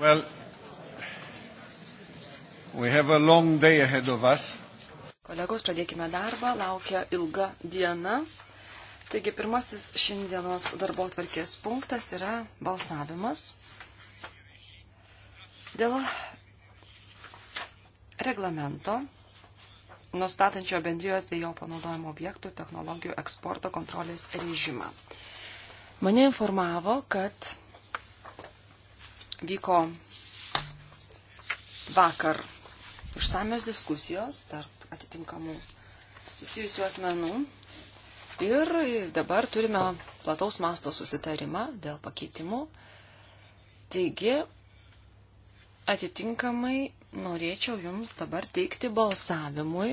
Well, we have a long day ahead of us. Kolegos, pradėkime darbą, laukia ilga diena. Taigi pirmasis šiandienos darbo tvarkės punktas yra balsavimas dėl reglamento nustatančio bendrijos dviejų panaudojimo objektų technologijų eksporto kontrolės režimą. Mane informavo, kad vyko vakar išsamios diskusijos tarp atitinkamų susijusių asmenų. Ir dabar turime plataus masto susitarimą dėl pakeitimų. Taigi, atitinkamai norėčiau Jums dabar teikti balsavimui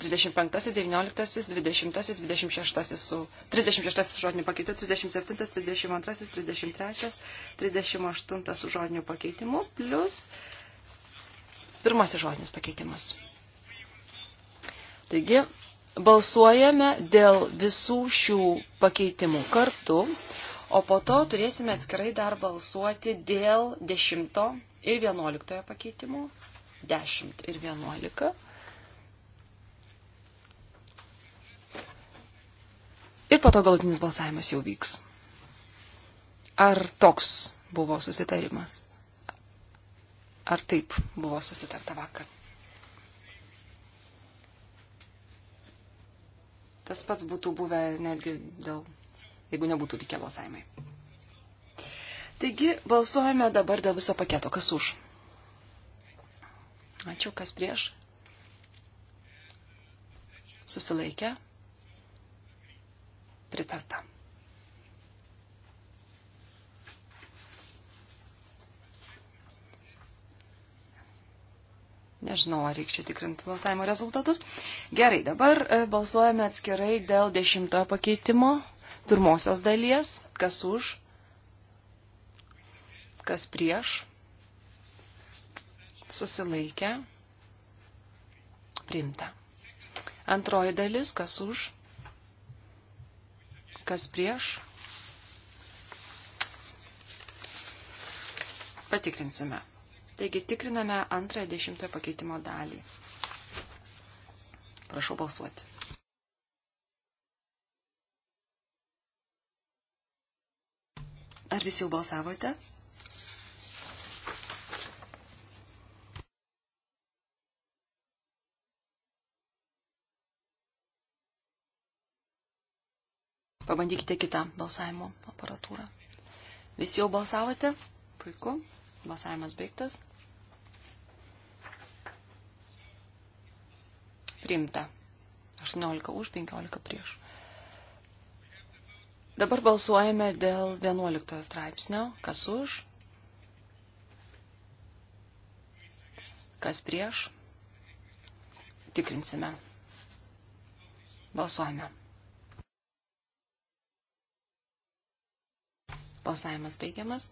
35, 19, 20, 26 su 36 su žodiniu pakeitimu, 37, 32, 33, 38 su žodiniu pakeitimu, plus pirmasis žodinis pakeitimas. Taigi, balsuojame dėl visų šių pakeitimų kartu, o po to turėsime atskirai dar balsuoti dėl 10 ir 11 pakeitimų. 10 ir 11. ir po to galutinis balsavimas jau vyks. Ar toks buvo susitarimas? Ar taip buvo susitarta vakar? Tas pats būtų buvę netgi dėl, jeigu nebūtų vykę balsavimai. Taigi balsuojame dabar dėl viso paketo. Kas už? Ačiū, kas prieš? Susilaikę pritarta. Nežinau, ar reikščia tikrinti balsavimo rezultatus. Gerai, dabar e, balsuojame atskirai dėl dešimtojo pakeitimo, pirmosios dalies, kas už, kas prieš, susilaikę, priimta. Antroji dalis, kas už, Kas prieš? Patikrinsime. Taigi tikriname antrąją dešimtojo pakeitimo dalį. Prašau balsuoti. Ar visi jau balsavote? Pabandykite kitą balsavimo aparatūrą. Visi jau balsavote? Puiku. Balsavimas baigtas. Priimta. 18 už, 15 prieš. Dabar balsuojame dėl 11 straipsnio. Kas už? Kas prieš? Tikrinsime. Balsuojame. Balsavimas baigiamas.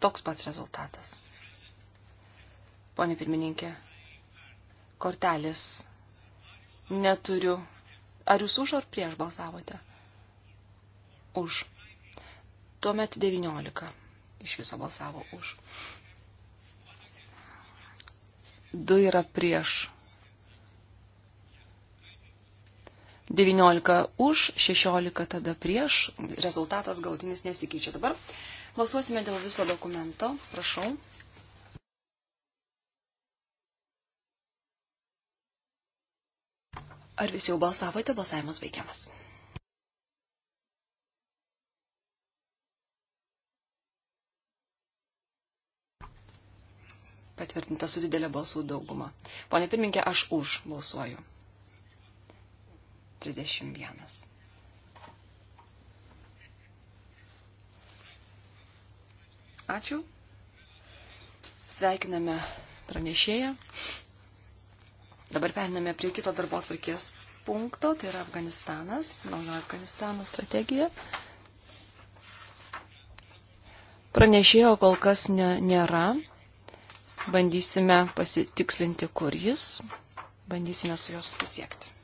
Toks pats rezultatas. Pone pirmininkė, kortelės neturiu. Ar jūs už ar prieš balsavote? Už. Tuomet 19 iš viso balsavo už. Du yra prieš 19 už, 16 tada prieš, rezultatas gautinis nesikeičia. Dabar balsuosime dėl viso dokumento, prašau. Ar visi jau balsavote, balsavimas baigiamas. Patvirtinta su didelė balsų dauguma. Pone pirminkė, aš už balsuoju. 31. Ačiū. Sveikiname pranešėją. Dabar periname prie kito darbo atvarkės punkto, tai yra Afganistanas, nauja Afganistano strategija. Pranešėjo kol kas ne, nėra. Bandysime pasitikslinti, kur jis. Bandysime su juo susisiekti.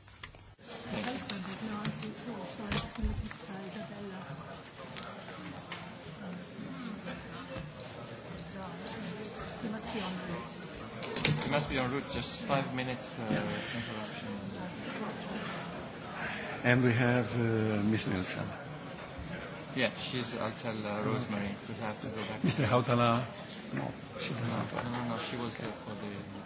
You must be en route, just five minutes uh, yeah. interruption. And we have uh, Miss Nilsson. Yeah, she's, I'll tell uh, Rosemary, because I have to go back. Mr. Hautala? No, she doesn't. No, no, no, she was there for the...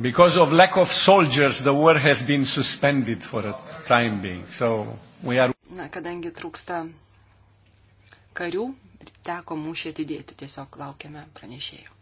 because of lack of soldiers, the war has been suspended for a time being. So we are. Na, kadangi trūksta karių, teko mūšį atidėti, tiesiog laukiame pranešėjų.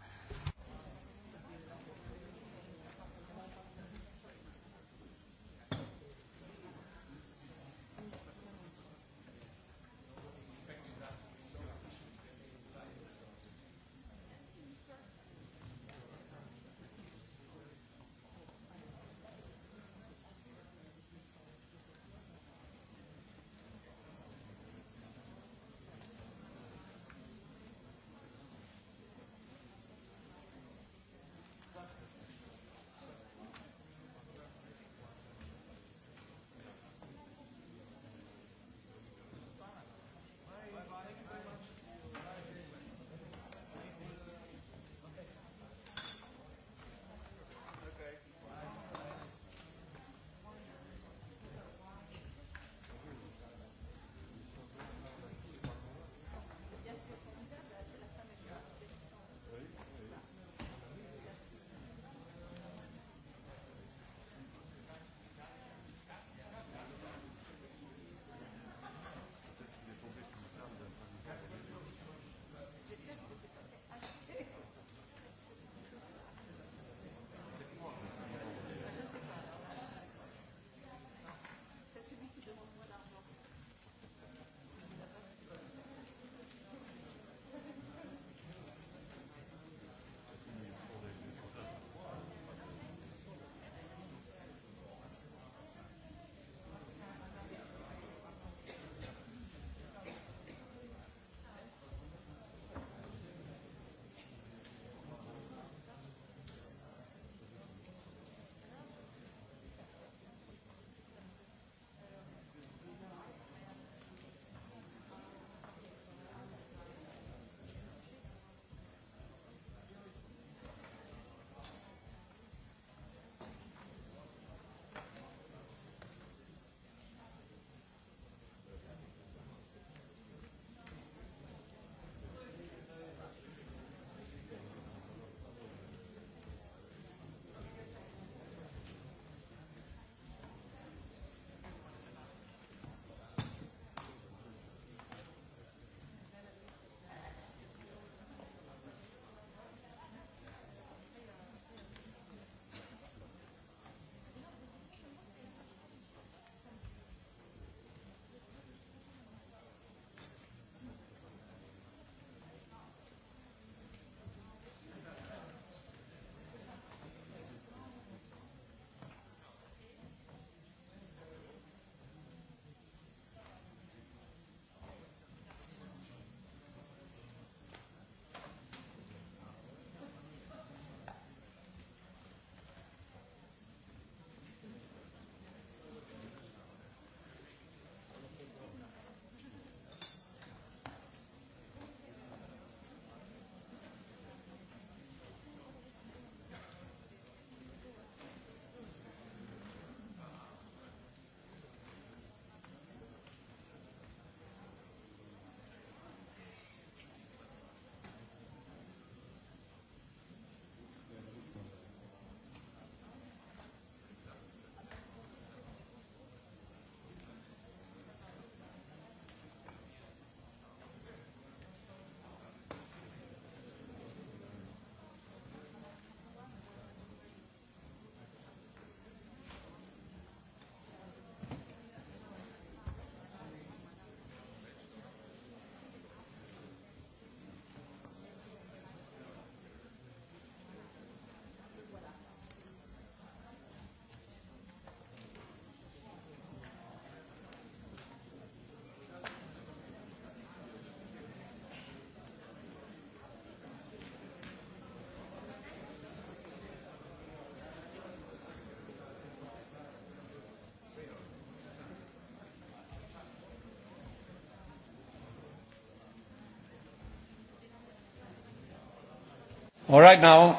All right now.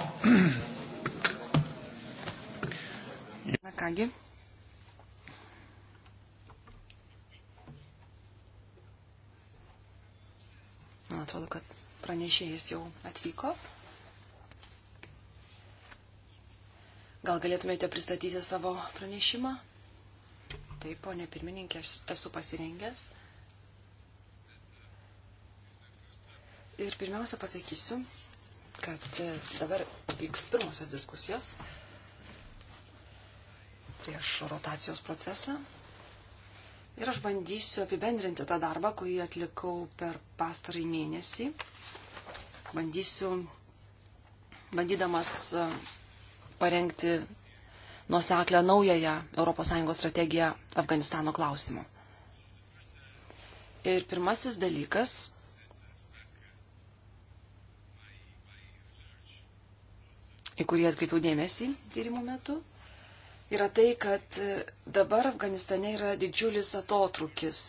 Na kągi. Man atrodo, kad pranešėjas jau atvyko. Gal galėtumėte pristatyti savo pranešimą? Taip, ponė pirmininkė, aš esu pasirengęs. Ir pirmiausia pasakysiu, kad e, dabar vyks pirmosios diskusijos prieš rotacijos procesą. Ir aš bandysiu apibendrinti tą darbą, kurį atlikau per pastarąjį mėnesį. Bandysiu, bandydamas e, parengti nuoseklę naująją ES strategiją Afganistano klausimu. Ir pirmasis dalykas į kurį atkreipiau dėmesį tyrimų metu, yra tai, kad dabar Afganistane yra didžiulis atotrukis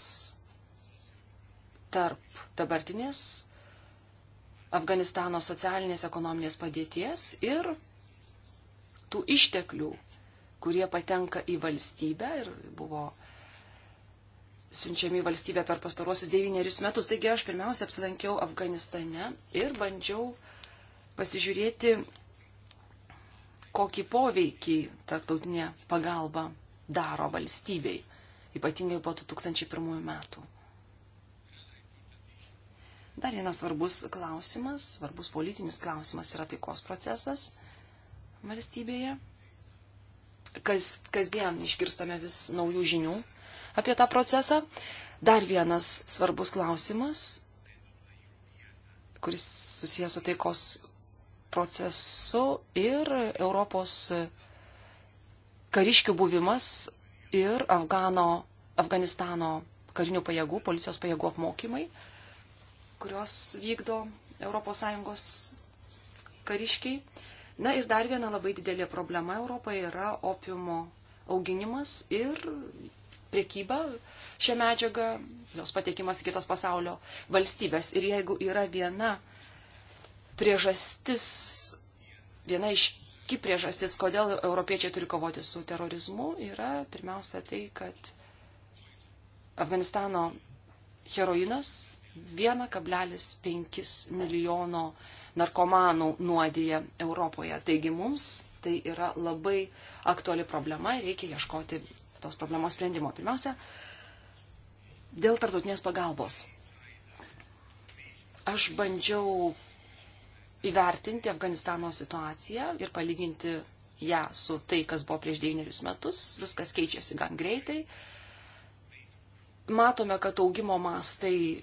tarp dabartinės Afganistano socialinės ekonominės padėties ir tų išteklių, kurie patenka į valstybę ir buvo siunčiami į valstybę per pastaruosius devynerius metus. Taigi aš pirmiausia apsilankiau Afganistane ir bandžiau pasižiūrėti, kokį poveikį tarptautinė pagalba daro valstybei, ypatingai po 2001 metų. Dar vienas svarbus klausimas, svarbus politinis klausimas yra taikos procesas valstybėje. Kas, kasdien išgirstame vis naujų žinių apie tą procesą. Dar vienas svarbus klausimas, kuris susijęs su taikos procesu ir Europos kariškių buvimas ir Afgano, Afganistano karinių pajėgų, policijos pajėgų apmokymai, kurios vykdo ES kariškiai. Na ir dar viena labai didelė problema Europoje yra opiumo auginimas ir priekyba šią medžiagą, jos patekimas į kitas pasaulio valstybės. Ir jeigu yra viena priežastis, viena iš ki priežastis, kodėl europiečiai turi kovoti su terorizmu, yra pirmiausia tai, kad Afganistano heroinas 1,5 milijono narkomanų nuodija Europoje. Taigi mums tai yra labai aktuali problema ir reikia ieškoti tos problemos sprendimo. Pirmiausia, dėl tartutinės pagalbos. Aš bandžiau įvertinti Afganistano situaciją ir palyginti ją su tai, kas buvo prieš devynerius metus. Viskas keičiasi gan greitai. Matome, kad augimo mastai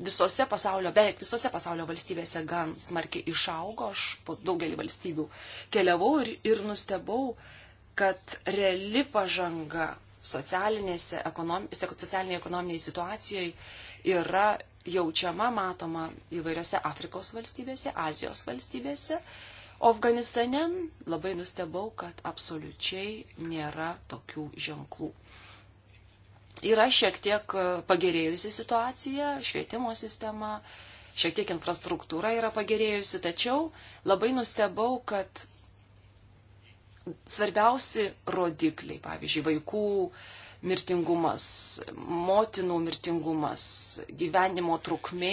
visose pasaulio, beveik visose pasaulio valstybėse gan smarkiai išaugo. Aš po daugelį valstybių keliavau ir, ir nustebau, kad reali pažanga socialinėje ekonominėje situacijoje yra jaučiama, matoma įvairiose Afrikos valstybėse, Azijos valstybėse. O Afganistane labai nustebau, kad absoliučiai nėra tokių ženklų. Yra šiek tiek pagerėjusi situacija, švietimo sistema, šiek tiek infrastruktūra yra pagerėjusi, tačiau labai nustebau, kad svarbiausi rodikliai, pavyzdžiui, vaikų mirtingumas, motinų mirtingumas, gyvenimo trukmė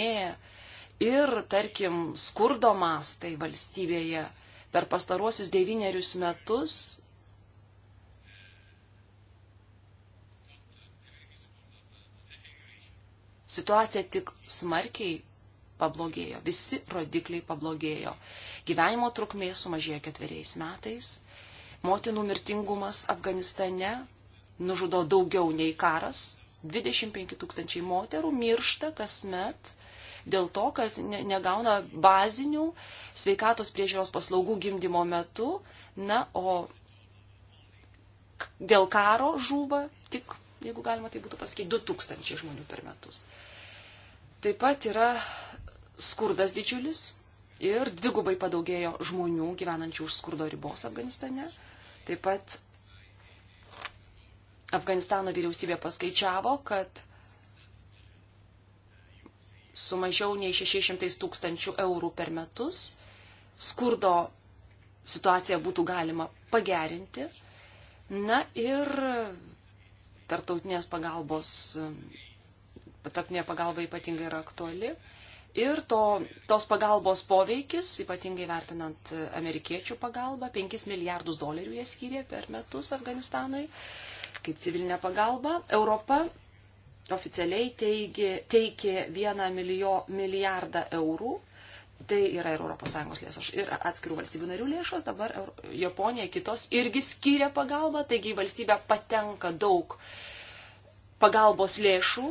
ir, tarkim, skurdo mastai valstybėje per pastaruosius devynerius metus. Situacija tik smarkiai pablogėjo, visi rodikliai pablogėjo. Gyvenimo trukmė sumažėjo ketveriais metais, motinų mirtingumas Afganistane nužudo daugiau nei karas. 25 tūkstančiai moterų miršta kasmet dėl to, kad negauna bazinių sveikatos priežiūros paslaugų gimdymo metu. Na, o dėl karo žūva tik, jeigu galima tai būtų pasakyti, 2000 žmonių per metus. Taip pat yra skurdas didžiulis ir dvigubai padaugėjo žmonių gyvenančių už skurdo ribos Afganistane. Taip pat Afganistano vyriausybė paskaičiavo, kad su mažiau nei 600 tūkstančių eurų per metus skurdo situaciją būtų galima pagerinti. Na ir tartautinės pagalbos, tarptautinė pagalba ypatingai yra aktuali. Ir to, tos pagalbos poveikis, ypatingai vertinant amerikiečių pagalbą, 5 milijardus dolerių jie skyrė per metus Afganistanui. Uh, kaip civilinę pagalbą. Europa oficialiai teigė, teikė 1 milijo, milijardą eurų. Tai yra ir ES lėšos, ir atskirų valstybių narių lėšos. Dabar Japonija kitos irgi skiria pagalbą, taigi į valstybę patenka daug pagalbos lėšų.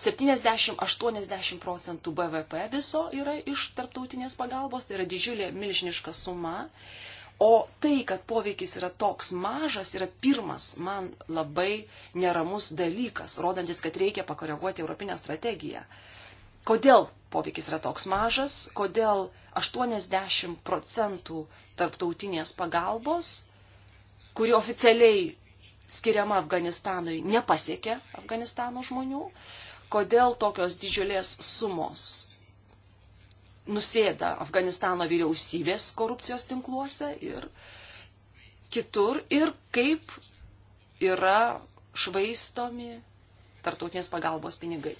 70-80 procentų BVP viso yra iš tarptautinės pagalbos, tai yra didžiulė milžiniška suma. Uh, O tai, kad poveikis yra toks mažas, yra pirmas man labai neramus dalykas, rodantis, kad reikia pakoreguoti Europinę strategiją. Kodėl poveikis yra toks mažas, kodėl 80 procentų tarptautinės pagalbos, kuri oficialiai skiriama Afganistanui, nepasiekia Afganistano žmonių, kodėl tokios didžiulės sumos nusėda Afganistano vyriausybės korupcijos tinkluose ir kitur ir kaip yra švaistomi tartautinės pagalbos pinigai.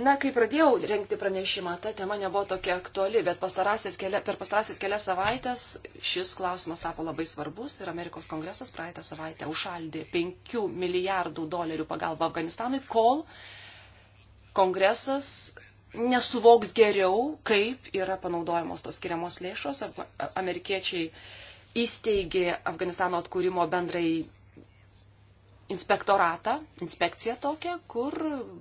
Na, kai pradėjau renkti pranešimą, ta tema nebuvo tokia aktuali, bet kelia, per pastarąsias kelias savaitės šis klausimas tapo labai svarbus ir Amerikos kongresas praeitą savaitę užšaldė 5 milijardų dolerių pagalbą Afganistanui, kol kongresas nesuvoks geriau, kaip yra panaudojamos tos skiriamos lėšos. Amerikiečiai įsteigė Afganistano atkūrimo bendrai inspektoratą, inspekciją tokią, kur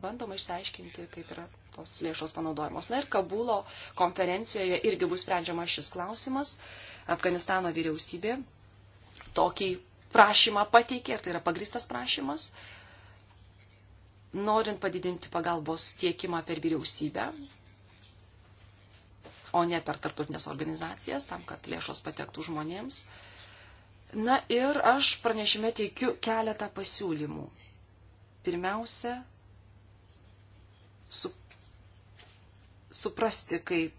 bandoma išsiaiškinti, kaip yra tos lėšos panaudojamos. Na ir Kabulo konferencijoje irgi bus sprendžiama šis klausimas. Afganistano vyriausybė tokį prašymą pateikė, ir tai yra pagristas prašymas. Uh, norint padidinti pagalbos tiekimą per vyriausybę, o ne per tarptautinės organizacijas, tam, kad lėšos patektų žmonėms. Na ir aš pranešime teikiu keletą pasiūlymų. Pirmiausia, su, suprasti, kaip,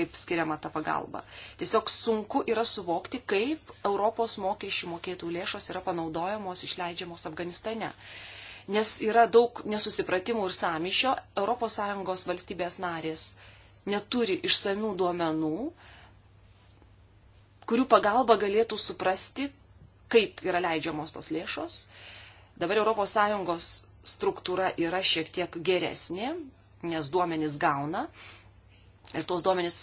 kaip skiriama ta pagalba. Tiesiog sunku yra suvokti, kaip Europos mokesčių mokėtų lėšos yra panaudojamos, išleidžiamos Afganistane. Uh, nes yra daug nesusipratimų ir samišio. ES valstybės narės neturi išsamių duomenų, kurių pagalba galėtų suprasti, kaip yra leidžiamos tos lėšos. Dabar ES struktūra yra šiek tiek geresnė, nes duomenys gauna ir tuos duomenys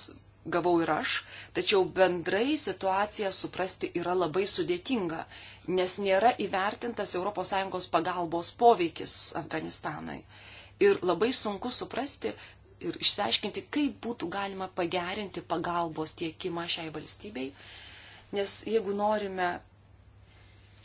gavau ir aš, tačiau bendrai situaciją suprasti yra labai sudėtinga nes nėra įvertintas ES pagalbos poveikis Afganistanui. Ir labai sunku suprasti ir išsiaiškinti, kaip būtų galima pagerinti pagalbos tiekimą šiai valstybei, nes jeigu norime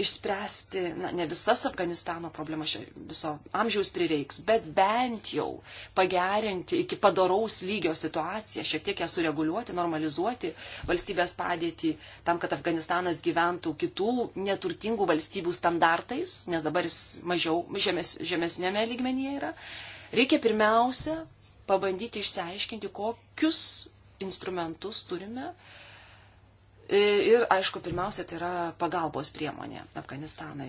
išspręsti, na, ne visas Afganistano problemas viso amžiaus prireiks, bet bent jau pagerinti iki padaraus lygio situaciją, šiek tiek ją sureguliuoti, normalizuoti valstybės padėtį, tam, kad Afganistanas gyventų kitų neturtingų valstybių standartais, nes dabar jis mažiau, žemes, žemesnėme lygmenyje yra. Reikia pirmiausia pabandyti išsiaiškinti, kokius instrumentus turime, uh, Ir, aišku, pirmiausia, tai yra pagalbos priemonė Afganistanui.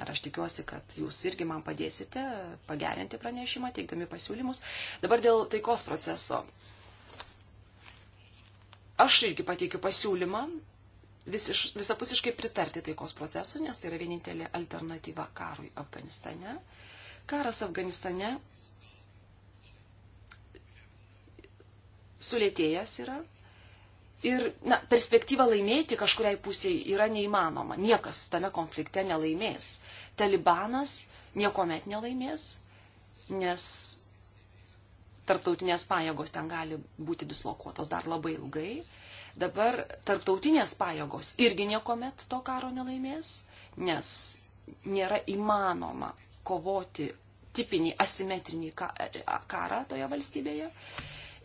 Ar aš tikiuosi, kad jūs irgi man padėsite pagerinti pranešimą, teikdami pasiūlymus. Dabar dėl taikos proceso. Aš irgi pateikiu pasiūlymą visiš, visapusiškai pritarti taikos procesui, nes tai yra vienintelė alternatyva karui Afganistane. Karas Afganistane sulėtėjęs yra Ir na, perspektyva laimėti kažkuriai pusiai yra neįmanoma. Niekas tame konflikte nelaimės. Talibanas nieko met nelaimės, nes tarptautinės pajėgos ten gali būti dislokuotos dar labai ilgai. Dabar tarptautinės pajėgos irgi nieko met to karo nelaimės, nes nėra įmanoma kovoti tipinį asimetrinį karą toje valstybėje.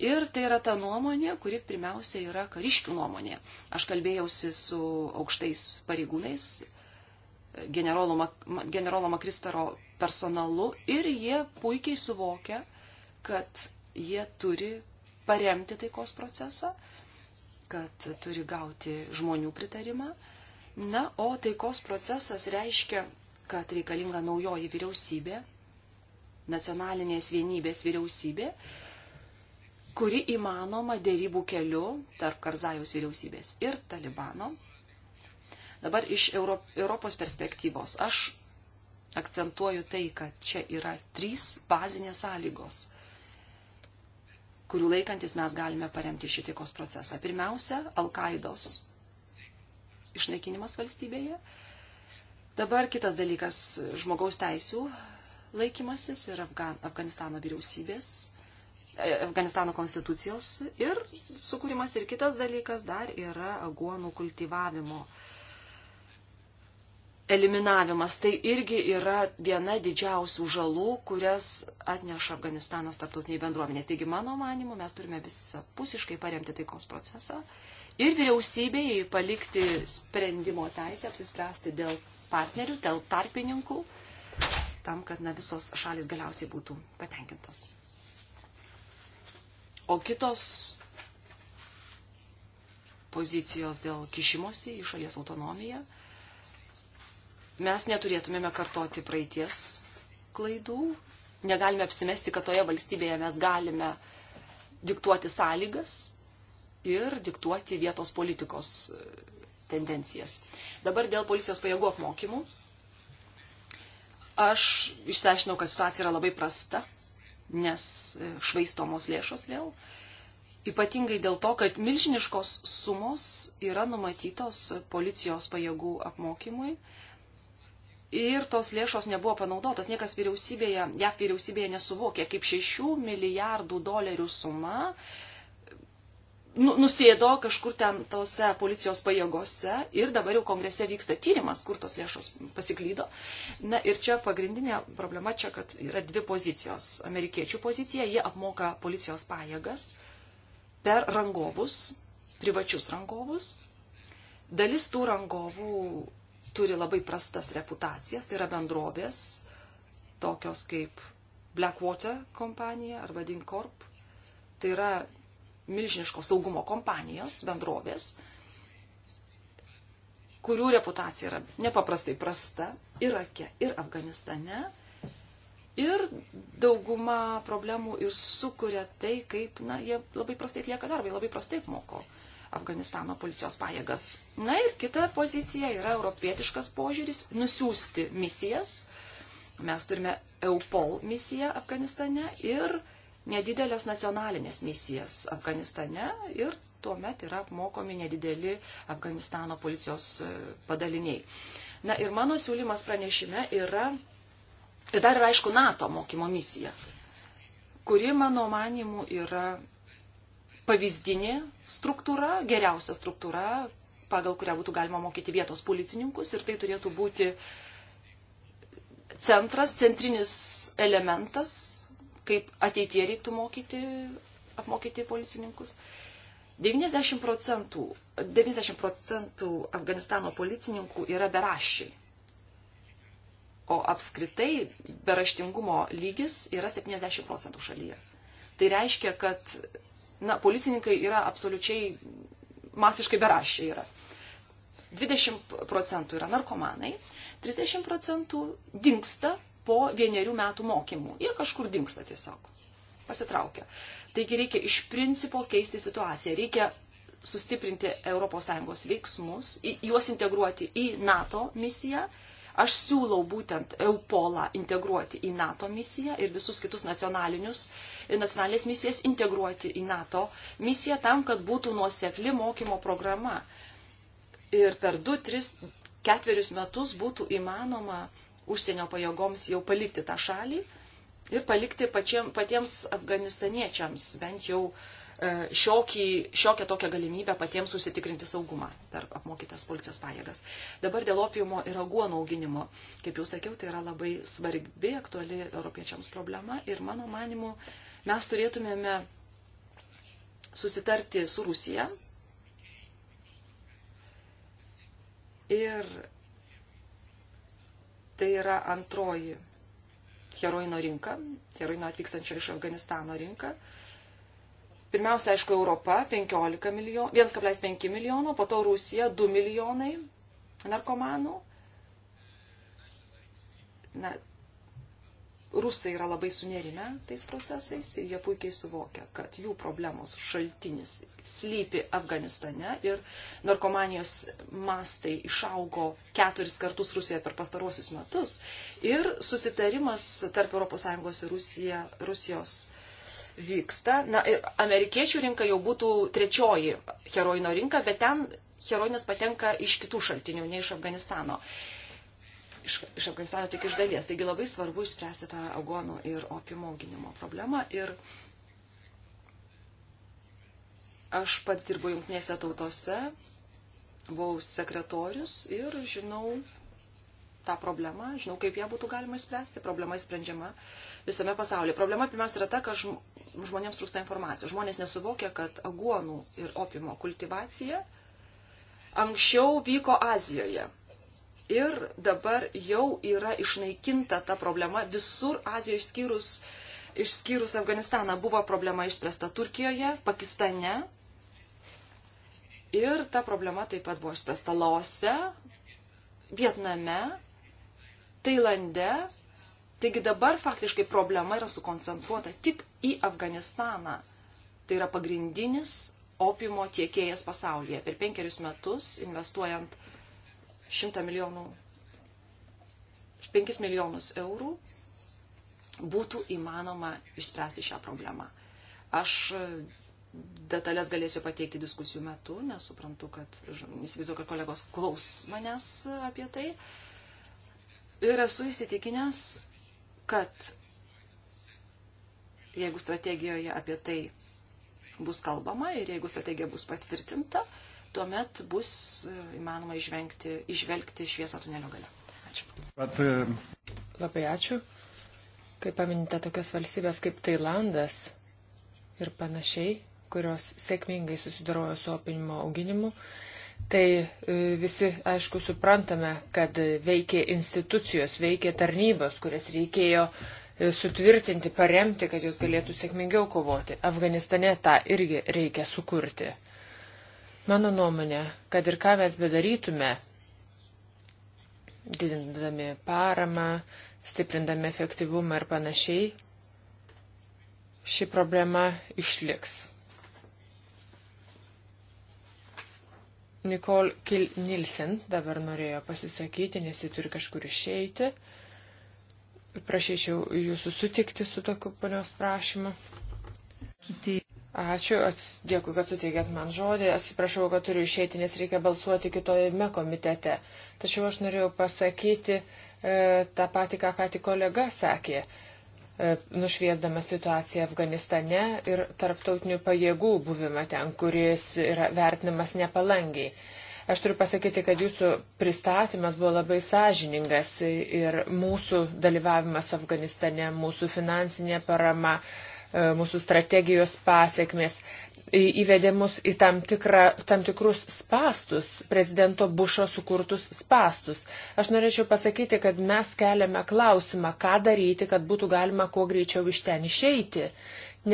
Ir tai yra ta nuomonė, kuri pirmiausia yra kariškių nuomonė. Aš kalbėjausi su aukštais pareigūnais, generolo, generolo Makristaro personalu ir jie puikiai suvokia, kad jie turi paremti taikos procesą, kad turi gauti žmonių pritarimą. Na, o taikos procesas reiškia, kad reikalinga naujoji vyriausybė, nacionalinės vienybės vyriausybė, kuri įmanoma dėrybų keliu tarp Karzajos vyriausybės ir Talibano. Dabar iš Europos perspektyvos aš akcentuoju tai, kad čia yra trys bazinės sąlygos, kurių laikantis mes galime paremti šitiekos procesą. Pirmiausia, Al-Qaidos išnaikinimas valstybėje. Dabar kitas dalykas - žmogaus teisų laikymasis ir Afgan Afganistano vyriausybės Afganistano konstitucijos ir sukūrimas ir kitas dalykas dar yra aguonų kultivavimo eliminavimas. Tai irgi yra viena didžiausių žalų, kurias atneša Afganistanas tarptautiniai bendruomenė. Taigi, mano manimu, mes turime visapusiškai paremti taikos procesą ir vyriausybėjai palikti sprendimo teisę apsispręsti dėl partnerių, dėl tarpininkų, tam, kad na, visos šalis galiausiai būtų patenkintos. O kitos pozicijos dėl kišimosi į šalies autonomiją, mes neturėtumėme kartoti praeities klaidų, negalime apsimesti, kad toje valstybėje mes galime diktuoti sąlygas ir diktuoti vietos politikos e, tendencijas. Dabar dėl policijos pajėgų apmokymų. Aš išsiaiškinau, kad situacija yra labai prasta nes e, švaistomos lėšos vėl. Ypatingai dėl to, kad milžiniškos sumos yra numatytos policijos pajėgų apmokymui ir tos lėšos nebuvo panaudotas. Niekas vyriausybėje, JAV vyriausybėje nesuvokė, kaip 6 milijardų dolerių suma Nu, nusėdo kažkur ten tose policijos pajėgose ir dabar jau kongrese vyksta tyrimas, kur tos lėšos pasiklydo. Na ir čia pagrindinė problema čia, kad yra dvi pozicijos. Amerikiečių pozicija, jie apmoka policijos pajėgas per rangovus, privačius rangovus. Dalis tų rangovų turi labai prastas reputacijas, tai yra bendrovės, tokios kaip Blackwater kompanija arba Dinkorp. Tai yra milžiniškos saugumo kompanijos, bendrovės, kurių reputacija yra nepaprastai prasta Irake ir Afganistane. Ir dauguma problemų ir sukuria tai, kaip, na, jie labai prastai atlieka darbą, jie labai prastai moko Afganistano policijos pajėgas. Na ir kita pozicija yra europietiškas požiūris - nusiųsti misijas. Mes turime EUPOL misiją Afganistane ir uh, nedidelės nacionalinės misijas Afganistane ir tuomet yra apmokomi nedideli Afganistano policijos e, padaliniai. Na ir mano siūlymas pranešime yra, ir dar yra aišku, NATO mokymo misija, kuri mano manimu yra pavyzdinė struktūra, geriausia struktūra, pagal kurią būtų galima mokyti vietos policininkus ir tai turėtų būti centras, centrinis elementas kaip ateitie reiktų mokyti, apmokyti policininkus. 90 procentų, 90 procentų Afganistano policininkų yra beraščiai. O apskritai beraštingumo lygis yra 70 procentų šalyje. Tai reiškia, kad na, policininkai yra absoliučiai masiškai beraščiai yra. 20 procentų yra narkomanai, 30 procentų dinksta po vienerių metų mokymų. Jie kažkur dinksta tiesiog. Pasitraukia. Taigi reikia iš principo keisti situaciją. Reikia sustiprinti ES veiksmus, juos integruoti į NATO misiją. Aš siūlau būtent EUPOLą integruoti į NATO misiją ir visus kitus nacionalinės misijas integruoti į NATO misiją tam, kad būtų nuosekli mokymo programa. Ir per 2, 3, 4 metus būtų įmanoma uh, užsienio pajėgoms jau palikti tą šalį ir palikti pačiem, patiems afganistaniečiams bent jau e, šiokį, šiokią tokią galimybę patiems susitikrinti saugumą per apmokytas policijos pajėgas. Dabar dėl opiumo ir aguonų auginimo, kaip jau sakiau, tai yra labai svarbi, aktuali europiečiams problema ir mano manimu mes turėtumėme susitarti su Rusija ir Tai yra antroji heroino rinka, heroino atvykstančio iš Afganistano rinka. Pirmiausia, aišku, Europa 1,5 milijono, milijono, po to Rusija 2 milijonai narkomanų. Na, rusai yra labai sunerime tais procesais ir jie puikiai suvokia, kad jų problemos šaltinis slypi Afganistane ir narkomanijos mastai išaugo keturis kartus Rusijoje per pastaruosius metus. Ir susitarimas tarp ES ir Rusija, Rusijos vyksta. Na, ir amerikiečių rinka jau būtų trečioji heroino rinka, bet ten heroinas patenka iš kitų šaltinių, ne iš Afganistano iš, iš Afganistano tik iš dalies. Taigi labai svarbu išspręsti tą agonų ir opimo auginimo problemą. Ir aš pats dirbu jungtinėse tautose, buvau sekretorius ir žinau tą problemą, žinau, kaip ją būtų galima spręsti. Problema sprendžiama visame pasaulyje. Problema pirmiausia yra ta, kad žmonėms trūksta informacijos. Žmonės nesuvokia, kad aguonų ir opimo kultivacija anksčiau vyko Azijoje. Ir dabar jau yra išnaikinta ta problema visur Azijoje išskyrus, išskyrus Afganistaną. Buvo problema išspręsta Turkijoje, Pakistane. Ir ta problema taip pat buvo išspręsta Laose, Vietname, Tailande. Taigi dabar faktiškai problema yra sukoncentruota tik į Afganistaną. Tai yra pagrindinis opimo tiekėjas pasaulyje. Per penkerius metus investuojant 100 milijonų, 5 milijonus eurų būtų įmanoma išspręsti šią problemą. Aš detalės galėsiu pateikti diskusijų metu, nes suprantu, kad įsivaizduoju, kad kolegos klaus manęs apie tai. Ir esu įsitikinęs, kad jeigu strategijoje apie tai bus kalbama ir jeigu strategija bus patvirtinta, tuomet bus e, įmanoma išvengti, išvelgti šviesą tunelio gale. Ačiū. But, um... E, Labai ačiū. Kaip paminite tokias valstybės kaip Tailandas ir panašiai, kurios sėkmingai susidarojo su opinimo auginimu, tai e, visi, aišku, suprantame, kad veikė institucijos, veikė tarnybos, kurias reikėjo sutvirtinti, paremti, kad jos galėtų sėkmingiau kovoti. Afganistane tą irgi reikia sukurti. Mano nuomonė, kad ir ką mes bedarytume, didindami paramą, stiprindami efektyvumą ir panašiai, ši problema išliks. Nikol Kil Nilsen dabar norėjo pasisakyti, nes ji turi kažkur išeiti. Prašyčiau jūsų sutikti su tokiu ponios prašymu. Kiti. Ačiū, dėkui, kad suteikėt man žodį. Atsiprašau, kad turiu išeiti, nes reikia balsuoti kitojame komitete. Tačiau aš norėjau pasakyti e, tą patį, ką ką tik kolega sakė, e, nušviesdama situaciją Afganistane ir tarptautinių pajėgų buvimą ten, kuris yra vertinamas nepalangiai. Aš turiu pasakyti, kad jūsų pristatymas buvo labai sąžiningas ir mūsų dalyvavimas Afganistane, mūsų finansinė parama, e, E, mūsų strategijos pasiekmes įvedė mus į tam, tikrą, tam tikrus spastus, prezidento Bušo sukurtus spastus. Aš norėčiau pasakyti, kad mes keliame klausimą, ką daryti, kad būtų galima kuo greičiau iš ten išeiti,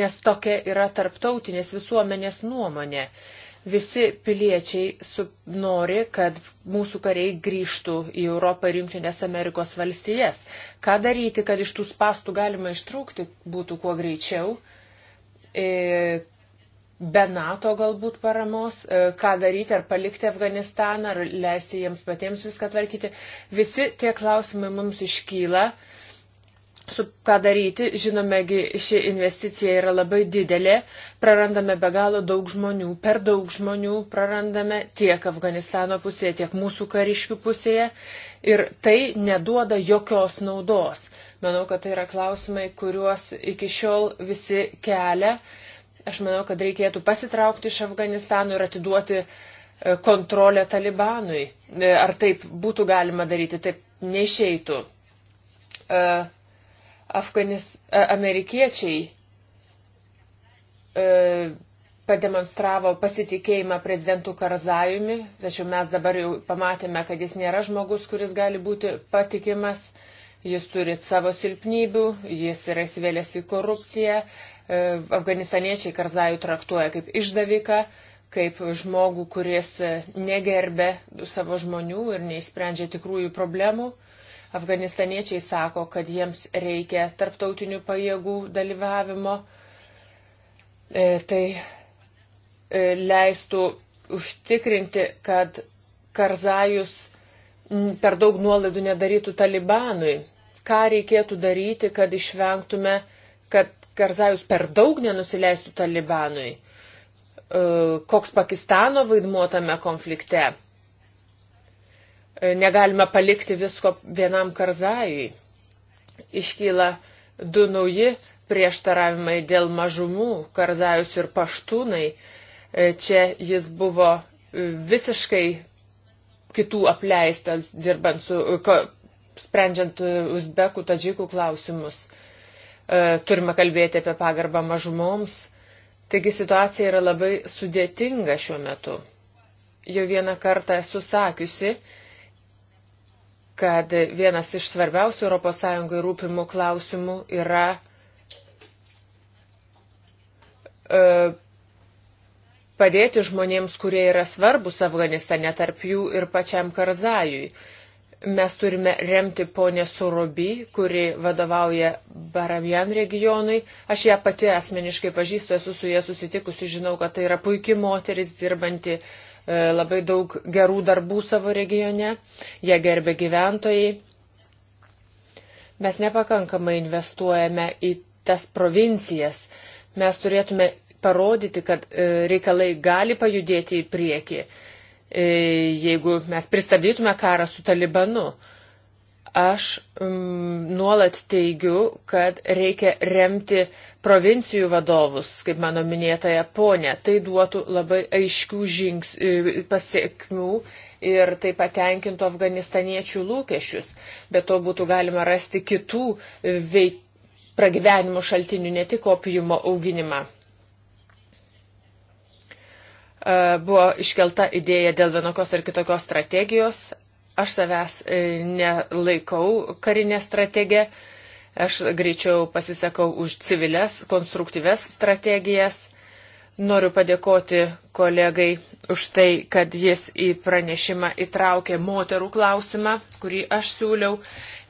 nes tokia yra tarptautinės visuomenės nuomonė. Uh, Visi piliečiai su, nori, kad mūsų kariai grįžtų į Europą ir Junktinės Amerikos valstijas. Ką daryti, kad iš tų spastų galima ištrūkti būtų kuo greičiau? E, be NATO galbūt paramos, e, ką daryti, ar palikti Afganistaną, ar leisti jiems patiems viską tvarkyti. Visi tie klausimai mums iškyla. E, su ką daryti, žinomegi ši investicija yra labai didelė, prarandame be galo daug žmonių, per daug žmonių prarandame tiek Afganistano pusėje, tiek mūsų kariškių pusėje ir tai neduoda jokios naudos. Manau, kad tai yra klausimai, kuriuos iki šiol visi kelia. Aš manau, kad reikėtų pasitraukti iš Afganistano ir atiduoti e, kontrolę talibanui. E, ar taip būtų galima daryti, taip neišeitų. Uh, Afganis, amerikiečiai e, pademonstravo pasitikėjimą prezidentu Karzajumi, tačiau mes dabar jau pamatėme, kad jis nėra žmogus, kuris gali būti patikimas, jis turi savo silpnybių, jis yra įsivėlęs į korupciją, e, afganistaniečiai Karzajų traktuoja kaip išdaviką, kaip žmogų, kuris negerbė savo žmonių ir neįsprendžia tikrųjų problemų. Afganistaniečiai sako, kad jiems reikia tarptautinių pajėgų dalyvavimo. E, tai e, leistų užtikrinti, kad Karzajus per daug nuolaidų nedarytų talibanui. Ką reikėtų daryti, kad išvengtume, kad Karzajus per daug nenusileistų talibanui? E, koks Pakistano vaidmuo tame konflikte? Negalime palikti visko vienam karzajui. Iškyla du nauji prieštaravimai dėl mažumų, karzajus ir paštūnai. E, čia jis buvo e, visiškai kitų apleistas, dirbant su, e, ka, sprendžiant uzbekų, tadžikų klausimus. Turime kalbėti apie pagarbą mažumoms. Taigi situacija yra labai sudėtinga šiuo metu. Jau vieną kartą esu sakiusi, kad vienas iš svarbiausių ES rūpimų klausimų yra e, padėti žmonėms, kurie yra svarbus Afganistane, tarp jų ir pačiam Karzajui. Mes turime remti ponę Surobi, kuri vadovauja Baramjan regionui. Aš ją pati asmeniškai pažįstu, esu su ja susitikusi, žinau, kad tai yra puikia moteris dirbanti uh, E, labai daug gerų darbų savo regione, jie gerbė gyventojai. Mes nepakankamai investuojame į tas provincijas. Mes turėtume parodyti, kad e, reikalai gali pajudėti į priekį, e, jeigu mes pristabdytume karą su Talibanu. Aš mm, nuolat teigiu, kad reikia remti provincijų vadovus, kaip mano minėtaja ponė. Tai duotų labai aiškių žings, e, pasiekmių ir tai patenkintų afganistaniečių lūkesčius. Bet to būtų galima rasti kitų e, veik, pragyvenimo šaltinių, ne tik opijumo auginimą e, buvo iškelta idėja dėl vienokios ar kitokios strategijos. Aš savęs e, nelaikau karinė strategija. Aš greičiau pasisakau už civilės, konstruktyves strategijas. Noriu padėkoti kolegai už tai, kad jis į pranešimą įtraukė moterų klausimą, kurį aš siūliau,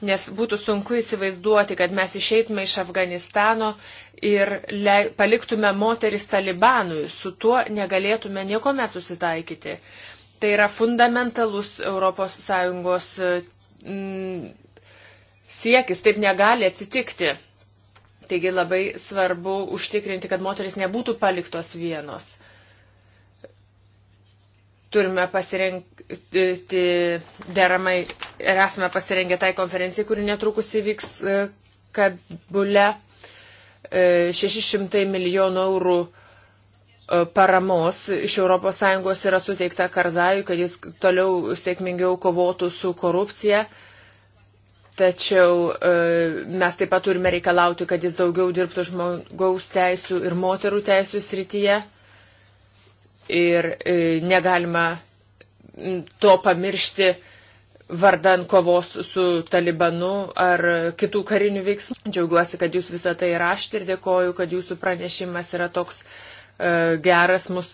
nes būtų sunku įsivaizduoti, kad mes išeitume iš Afganistano ir paliktume moteris talibanui, su tuo negalėtume nieko mes susitaikyti. Tai yra fundamentalus ES e, siekis, taip negali atsitikti. Taigi labai svarbu užtikrinti, kad moteris nebūtų paliktos vienos. Turime pasirinkti deramai ir esame pasirengę tai konferencijai, kuri netrukus įvyks e, Kabule. 600 e, milijonų eurų E, paramos iš ES yra suteikta Karzajui, kad jis toliau sėkmingiau kovotų su korupcija. Tačiau e, mes taip pat turime reikalauti, kad jis daugiau dirbtų žmogaus teisų ir moterų teisų srityje. Ir e, negalima to pamiršti vardan kovos su talibanu ar kitų karinių veiksmų. Džiaugiuosi, kad jūs visą tai rašti ir dėkoju, kad jūsų pranešimas yra toks uh, E, geras mus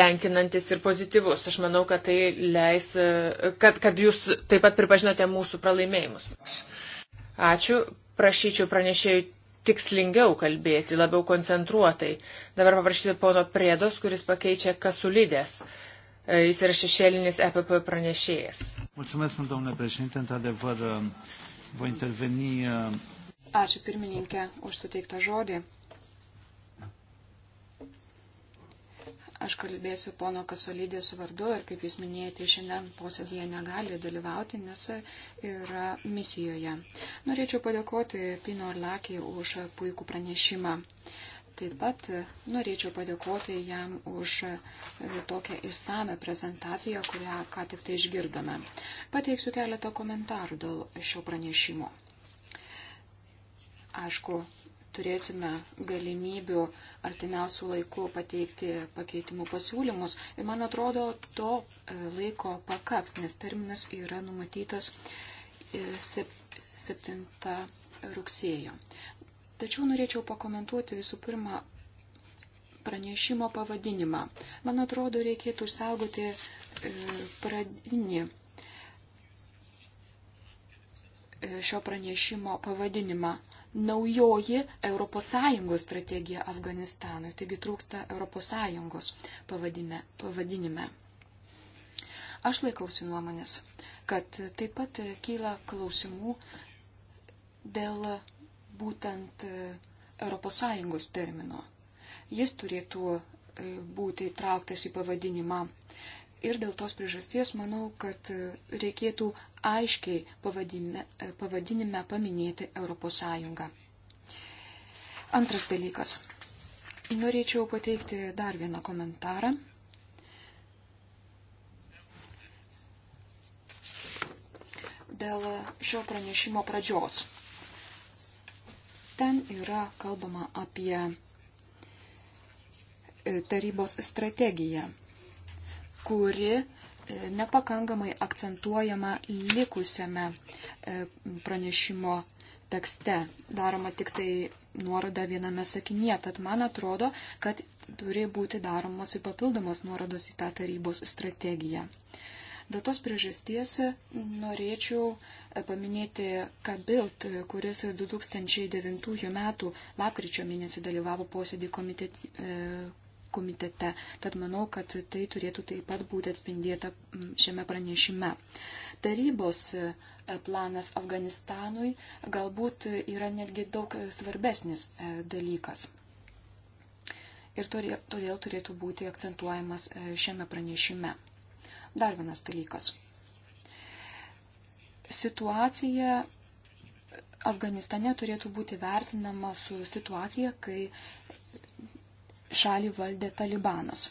tenkinantis ir pozityvus. Aš manau, kad tai leis, e, kad, kad jūs taip pat pripažinote mūsų pralaimėjimus. Ačiū. Prašyčiau pranešėjų tikslingiau kalbėti, labiau koncentruotai. Dabar paprašyti pono Priedos, kuris pakeičia kasulidės. E, jis yra šešėlinis EPP pranešėjas. Mulțumesc, domnule președinte, într-adevăr um, voi interveni. Um, Ačiū pirmininkė už suteiktą žodį. Aš kalbėsiu pono Kasolydės vardu ir, kaip jūs minėjote, šiandien posėdėje negali dalyvauti, nes yra misijoje. Norėčiau padėkoti Pino Arlakį už puikų pranešimą. Taip pat norėčiau padėkoti jam už tokią išsame prezentaciją, kurią ką tik tai išgirdome. Pateiksiu keletą komentarų dėl šio pranešimo. Aišku, turėsime galimybių artimiausių laikų pateikti pakeitimų pasiūlymus. Ir man atrodo, to e, laiko pakaks, nes terminas yra numatytas 7 e, rugsėjo. Tačiau norėčiau pakomentuoti visų pirma pranešimo pavadinimą. Man atrodo, reikėtų išsaugoti e, pradinį šio pranešimo pavadinimą naujoji ES strategija Afganistanui, taigi trūksta ES pavadime, pavadinime. Aš laikausi nuomonės, kad taip pat kyla klausimų dėl būtent ES termino. Jis turėtų e, būti įtrauktas į pavadinimą. Ir dėl tos priežasties manau, kad e, reikėtų aiškiai pavadinime, e, pavadinime paminėti ES. Antras dalykas. Norėčiau pateikti dar vieną komentarą. Dėl šio pranešimo pradžios. Ten yra kalbama apie e, tarybos strategiją kuri e, nepakankamai akcentuojama likusiame e, pranešimo tekste. Daroma tik tai nuoroda viename sakinyje, tad man atrodo, kad turi būti daromos ir papildomos nuorodos į tą tarybos strategiją. Dėl tos priežasties norėčiau e, paminėti Kabilt, kuris 2009 m. lapkričio mėnesį dalyvavo posėdį komitete, komitete. Tad manau, kad tai turėtų taip pat būti atspindėta šiame pranešime. Tarybos e, planas Afganistanui galbūt yra netgi daug e, svarbesnis e, dalykas. Ir todėl turėtų būti akcentuojamas šiame pranešime. Dar vienas dalykas. Situacija Afganistane turėtų būti vertinama su situacija, kai šalį valdė talibanas.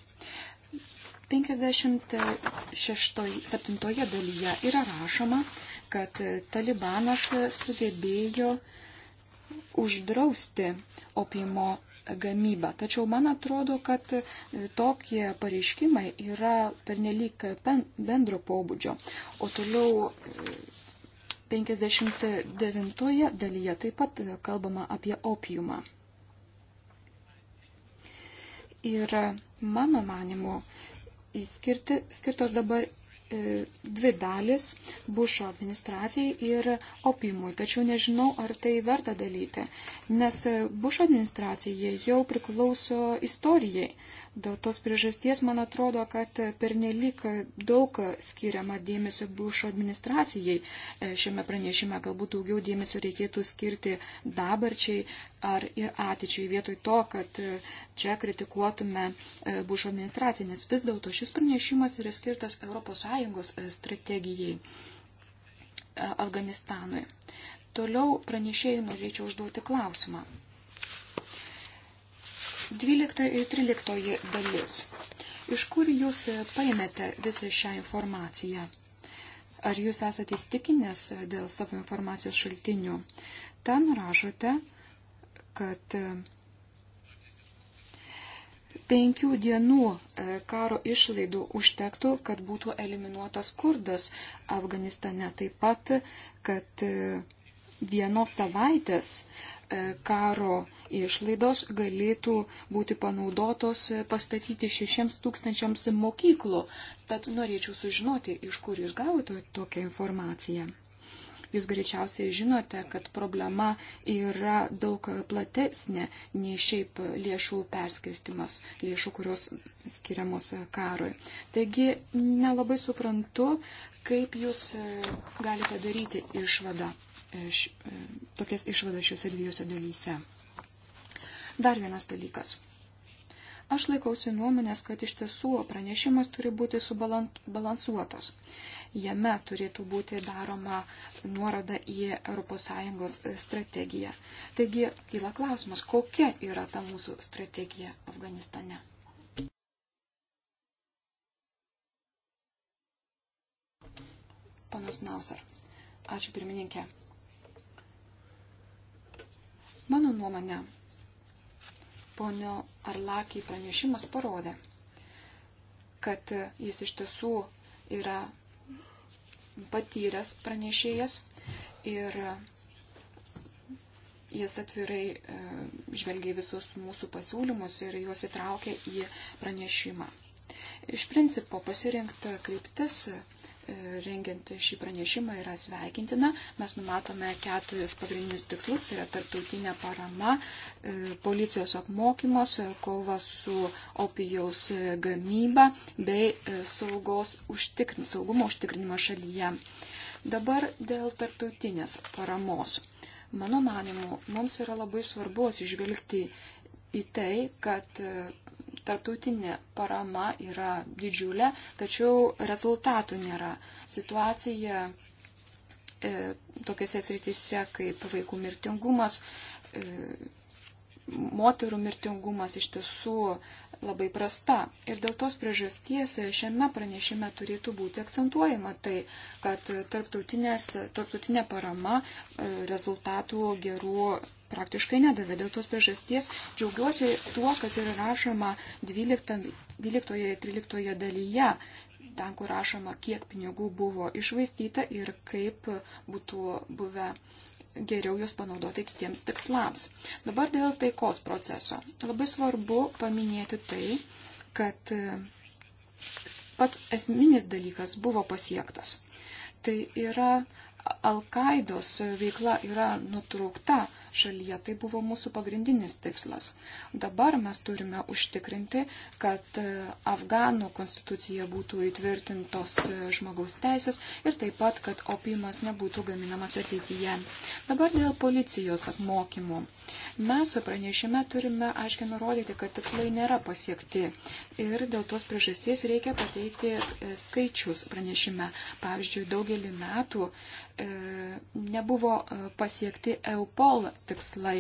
56-7 dalyje yra rašoma, kad talibanas sugebėjo uždrausti opimo gamybą. Tačiau man atrodo, kad tokie pareiškimai yra pernelyg bendro pobūdžio. O toliau 59 e, dalyje taip pat kalbama apie opiumą yra, mano manimu, skirti, skirtos dabar e, dvi dalis - Bušo administracijai ir opimui. Tačiau nežinau, ar tai verta dalyti, nes Bušo administracija jau priklauso istorijai. Dėl tos priežasties man atrodo, kad pernelyg daug skiriama dėmesio Bušo administracijai. E, šiame pranešime galbūt daugiau dėmesio reikėtų skirti dabarčiai, ar ir ateičiai, vietoj to, kad e, čia kritikuotume e, Bušo administraciją, nes vis dėlto šis pranešimas yra skirtas ES e, strategijai Afganistanui. Toliau pranešėjai norėčiau užduoti klausimą. 12 ir 13 dalis. Iš kur jūs paėmėte visą šią informaciją? Ar jūs esate įstikinęs dėl savo informacijos šaltinių? Ten rašote, kad e, penkių dienų e, karo išlaidų užtektų, kad būtų eliminuotas kurdas Afganistane. Taip pat, kad e, vienos savaitės karo išlaidos galėtų būti panaudotos pastatyti šešiems tūkstančiams mokyklų. Tad norėčiau sužinoti, iš kur jūs gavote tokią informaciją. Jūs greičiausiai žinote, kad problema yra daug platesnė nei šiaip lėšų perskirstimas, lėšų, kurios skiriamos karui. Taigi nelabai suprantu, kaip jūs e, galite daryti išvadą, e, š, e, tokias išvadas šiuose dviejose dalyse. Dar vienas dalykas. Aš laikausi nuomonės, kad iš tiesų pranešimas turi būti subalansuotas. Jame turėtų būti daroma nuorada į ES strategiją. Taigi, kyla klausimas, kokia yra ta mūsų strategija Afganistane. Panas Nausar. Ačiū pirmininkė. Mano nuomonė, ponio Arlakį pranešimas parodė, kad jis iš tiesų yra patyręs pranešėjas ir jis atvirai e, žvelgia visus mūsų pasiūlymus ir juos įtraukia į pranešimą. Iš principo pasirinkta kryptis rengiant šį pranešimą yra sveikintina. Mes numatome keturis pagrindinius tikslus, tai yra tarptautinė parama, e, policijos apmokymas, e, kova su opijaus e, gamyba bei saugos užtikrin, saugumo užtikrinimas šalyje. Dabar dėl tarptautinės paramos. Mano manimu, mums yra labai svarbu atsižvelgti į tai, kad tarptautinė parama yra didžiulė, tačiau rezultatų nėra. Situacija e, tokiuose srityse kaip vaikų mirtingumas, e, moterų mirtingumas iš tiesų labai prasta. Ir dėl tos priežasties šiame pranešime turėtų būti akcentuojama tai, kad tarptautinė parama e, rezultatų gerų praktiškai nedavė. Dėl tos priežasties džiaugiuosi tuo, kas yra rašoma 12-13 dalyje. Ten, kur rašoma, kiek pinigų buvo išvaistyta ir kaip būtų buvę geriau juos panaudoti kitiems tikslams. Dabar dėl taikos proceso. Labai svarbu paminėti tai, kad e, pats esminis dalykas buvo pasiektas. Tai yra Al-Qaidos veikla yra nutraukta šalyje. Tai buvo mūsų pagrindinis tikslas. Dabar mes turime užtikrinti, kad e, Afganų konstitucija būtų įtvirtintos e, žmogaus teisės ir taip pat, kad opimas nebūtų gaminamas ateityje. Dabar dėl policijos apmokymų. Mes pranešime turime aiškiai nurodyti, kad tikslai nėra pasiekti ir dėl tos priežasties reikia pateikti e, skaičius pranešime. Pavyzdžiui, daugelį metų e, nebuvo e, pasiekti EUPOL tikslai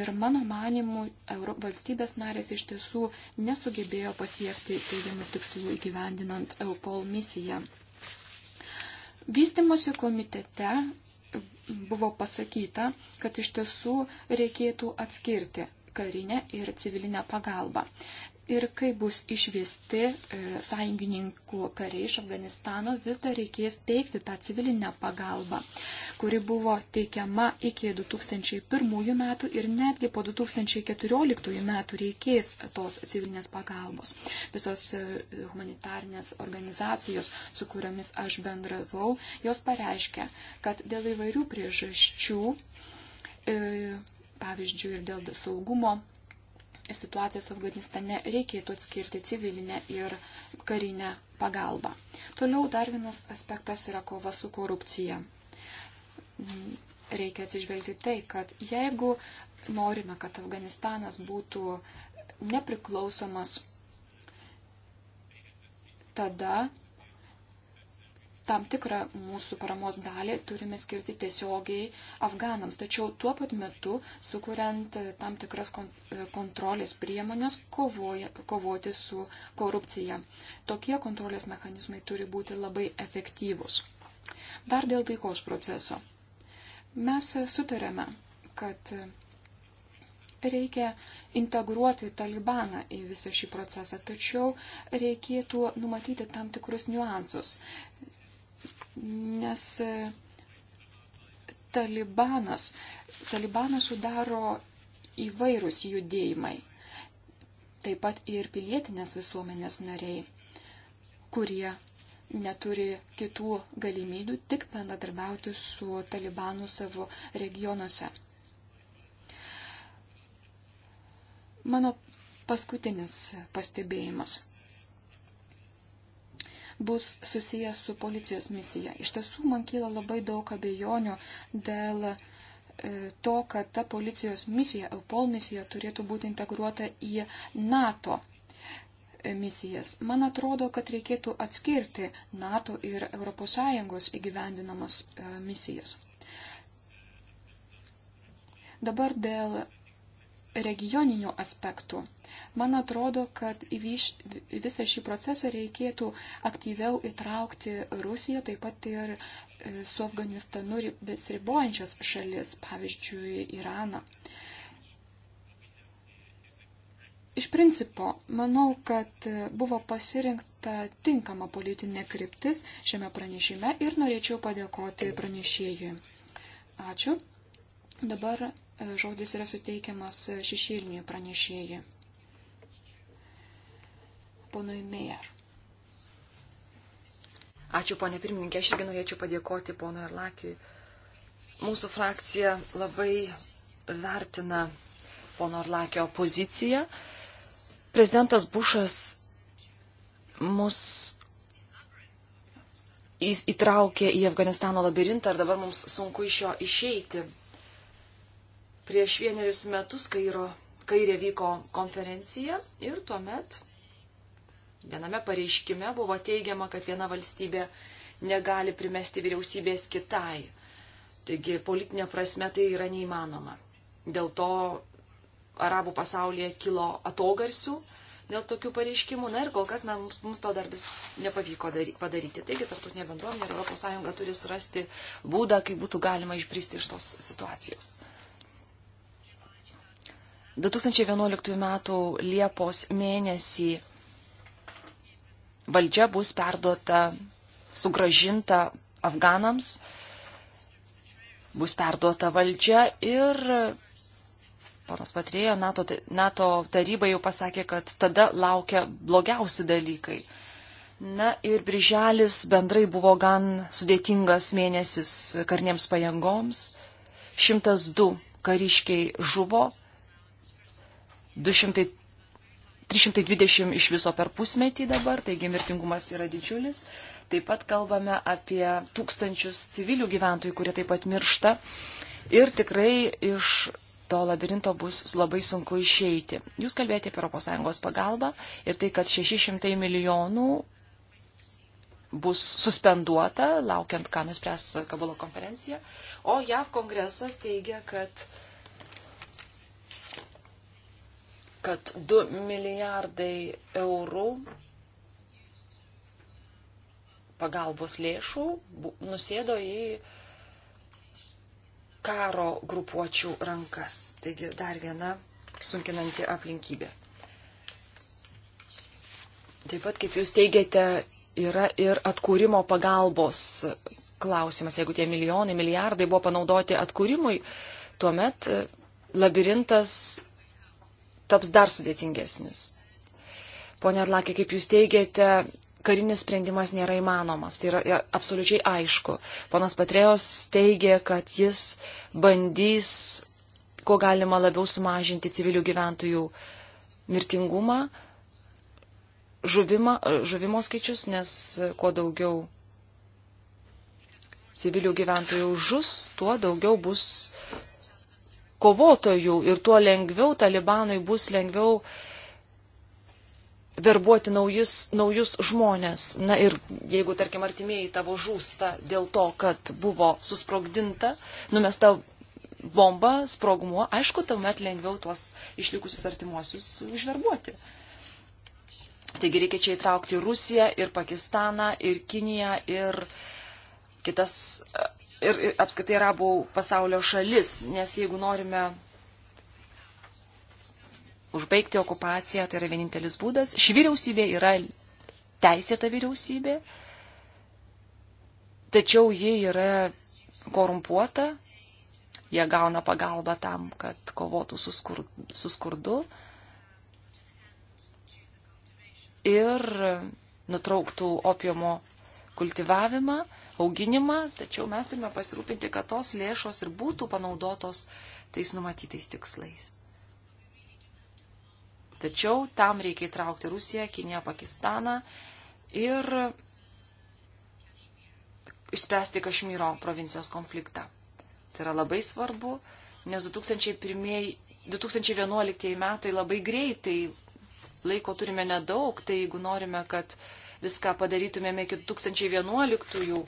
ir mano manimu Euro, valstybės narės iš tiesų nesugebėjo pasiekti teigiamų tikslų įgyvendinant EUPOL misiją. Vystimosi komitete buvo pasakyta, kad iš tiesų reikėtų atskirti karinę ir civilinę pagalbą ir kai bus išvesti e, sąjungininkų kariai iš Afganistano, vis dar reikės teikti tą civilinę pagalbą, kuri buvo teikiama iki 2001 metų ir netgi po 2014 metų reikės tos civilinės pagalbos. Visos e, humanitarnės organizacijos, su kuriomis aš bendravau, jos pareiškia, kad dėl įvairių priežasčių, e, pavyzdžiui, ir dėl saugumo situacijos Afganistane reikėtų atskirti civilinę ir karinę pagalbą. Toliau dar vienas aspektas yra kova su korupcija. Reikia atsižvelgti tai, kad jeigu norime, kad Afganistanas būtų nepriklausomas, tada tam tikrą mūsų paramos dalį turime skirti tiesiogiai afganams, tačiau tuo pat metu sukuriant e, tam tikras e, kontrolės priemonės kovoja, kovoti su korupcija. Tokie kontrolės mechanizmai turi būti labai efektyvūs. Dar dėl taikos proceso. Mes e, sutarėme, kad reikia integruoti Talibaną į visą šį procesą, tačiau reikėtų numatyti tam tikrus niuansus nes e, talibanas, talibaną sudaro įvairūs judėjimai, taip pat ir pilietinės visuomenės nariai, kurie neturi kitų galimybių tik bendradarbiauti su talibanu savo regionuose. Mano paskutinis pastebėjimas bus susijęs su policijos misija. Iš tiesų, man kyla labai daug abejonių dėl e, to, kad ta policijos misija, EUPOL misija, turėtų būti integruota į NATO e, misijas. Man atrodo, kad reikėtų atskirti NATO ir ES įgyvendinamas e, misijas. Dabar dėl regioninių aspektų. Man atrodo, kad į visą šį procesą reikėtų aktyviau įtraukti Rusiją, taip pat ir e, su Afganistanu besiribojančias šalis, pavyzdžiui, Iraną. Iš principo, manau, kad e, buvo pasirinkta tinkama politinė kryptis šiame pranešime ir norėčiau padėkoti pranešėjui. Ačiū. Dabar e, žodis yra suteikiamas šešėliniui pranešėjui ponui Meijer. Ačiū, ponė pirmininkė. Aš irgi norėčiau padėkoti ponui Arlakiui. Mūsų frakcija labai vertina pono Arlakio poziciją. Prezidentas Bušas mus įtraukė į Afganistano labirintą ir dabar mums sunku iš jo išeiti. Prieš vienerius metus Kairo, Kairė vyko konferencija ir tuomet Viename pareiškime buvo teigiama, kad viena valstybė negali primesti vyriausybės kitai. Taigi politinė prasme tai yra neįmanoma. Dėl to arabų pasaulyje kilo atogarsių dėl tokių pareiškimų. Na ir kol kas na, mums, mums to dar vis nepavyko padaryti. Taigi tarptautinė bendruomenė ir ES turi surasti būdą, kaip būtų galima išbristi iš tos situacijos. 2011 m. Liepos mėnesį valdžia bus perduota, sugražinta afganams, bus perduota valdžia ir ponas Patrėjo NATO, NATO taryba jau pasakė, kad tada laukia blogiausi dalykai. Na ir brželis bendrai buvo gan sudėtingas mėnesis karniems pajėgoms. 102 kariškiai žuvo, 200 320 iš viso per pusmetį dabar, taigi mirtingumas yra didžiulis. Taip pat kalbame apie tūkstančius civilių gyventojų, kurie taip pat miršta. Ir tikrai iš to labirinto bus labai sunku išeiti. Jūs kalbėjote apie ES pagalbą ir tai, kad 600 milijonų bus suspenduota, laukiant, ką nuspręs Kabulo konferencija. O JAV kongresas teigia, kad kad 2 milijardai eurų pagalbos lėšų nusėdo į karo grupuočių rankas. Taigi dar viena sunkinanti aplinkybė. Taip pat, kaip jūs teigiate, yra ir atkūrimo pagalbos klausimas. Jeigu tie milijonai, milijardai buvo panaudoti atkūrimui, tuomet labirintas taps dar sudėtingesnis. Pone Arlakė, kaip jūs teigiate, karinis sprendimas nėra įmanomas. Tai yra absoliučiai aišku. Ponas Patrėjos teigia, kad jis bandys, kuo galima labiau sumažinti civilių gyventojų mirtingumą, žuvimą, žuvimo skaičius, nes kuo daugiau civilių gyventojų žus, tuo daugiau bus kovotojų ir tuo lengviau talibanui bus lengviau verbuoti naujus, naujus žmonės. Na ir jeigu, tarkim, artimieji tavo žūsta dėl to, kad buvo susprogdinta, numesta bomba, sprogmuo, aišku, tuomet lengviau tuos išlikusius artimuosius užverbuoti. Taigi reikia čia įtraukti Rusiją ir Pakistaną ir Kiniją ir kitas ir, ir apskritai arabų pasaulio šalis, nes jeigu norime užbaigti okupaciją, tai yra vienintelis būdas. Ši vyriausybė yra teisėta vyriausybė, tačiau ji yra korumpuota, jie gauna pagalbą tam, kad kovotų su, skur, su skurdu ir nutrauktų opiumo kultivavimą, auginimą, tačiau mes turime pasirūpinti, kad tos lėšos ir būtų panaudotos tais numatytais tikslais. Tačiau tam reikia įtraukti Rusiją, Kiniją, Pakistaną ir išspręsti Kašmyro provincijos konfliktą. Tai yra labai svarbu, nes 2001, 2011 metai labai greitai, laiko turime nedaug, tai jeigu norime, kad uh, viską padarytumėme iki 2011-ųjų.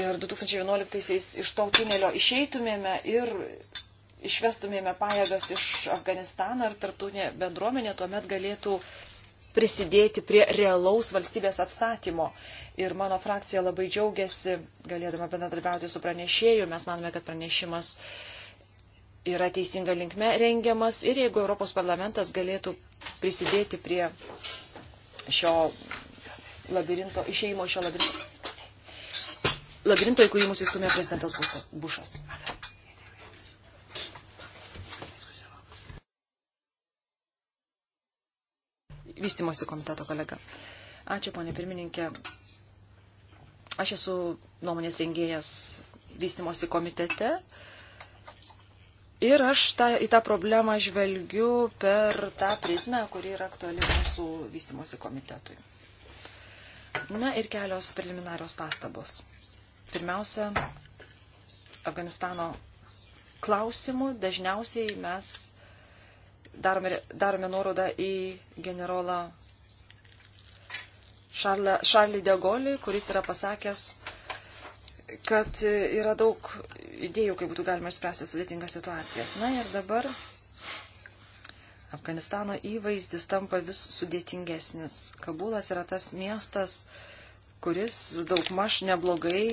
Ir 2011-aisiais iš to tunelio išeitumėme ir išvestumėme pajėgas iš Afganistano ir tarptautinė bendruomenė tuomet galėtų prisidėti prie realaus valstybės atstatymo. Ir mano frakcija labai džiaugiasi, galėdama bendradarbiauti su pranešėju. Mes manome, kad pranešimas yra teisinga linkme rengiamas ir jeigu Europos parlamentas galėtų prisidėti prie šio labirinto, išeimo šio labirinto. Labirinto, į kurį mus įstumė prezidentas Bušas. Vystimosi komiteto kolega. Ačiū, ponė pirmininkė. Aš esu nuomonės rengėjas vystimosi komitete. Uh, Ir aš tą, į tą problemą žvelgiu per tą prizmę, kuri yra aktuali mūsų vystimosi komitetui. Na ir kelios preliminarios pastabos. Pirmiausia, Afganistano klausimų dažniausiai mes darome, darome nuorodą į generolą Šarlį Degolį, kuris yra pasakęs, kad yra daug idėjų, kaip būtų galima išspręsti sudėtingas situacijas. Na ir dabar Afganistano įvaizdis tampa vis sudėtingesnis. Kabulas yra tas miestas, kuris daugmaž neblogai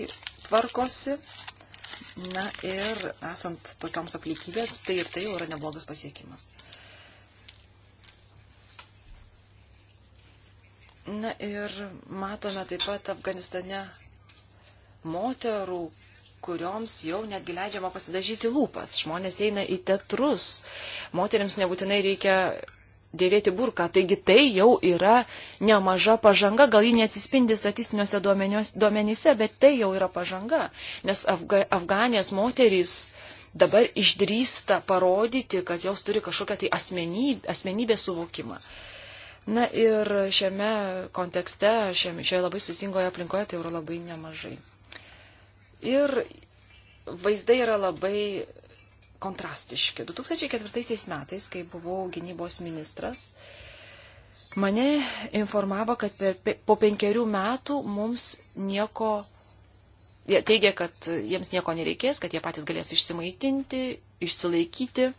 tvarkosi. Na ir esant tokioms aplinkybėms, tai ir tai jau yra neblogas pasiekimas. Na ir matome taip pat Afganistane moterų, kurioms jau netgi leidžiama pasidažyti lūpas. Žmonės eina į teatrus. Moteriams nebūtinai reikia dėvėti burką. Taigi tai jau yra nemaža pažanga, gal ji neatsispindi statistiniuose duomenyse, bet tai jau yra pažanga. Nes Afga, Afganės moterys dabar išdrįsta parodyti, kad jos turi kažkokią tai asmenybę, asmenybės suvokimą. Na ir šiame kontekste, šiame, šioje labai susingoje aplinkoje tai yra labai nemažai. Ir vaizdai yra labai kontrastiški. 2004 metais, kai buvau gynybos ministras, mane informavo, kad per, po penkerių metų mums nieko, jie teigia, kad jiems nieko nereikės, kad jie patys galės išsimaitinti, išsilaikyti.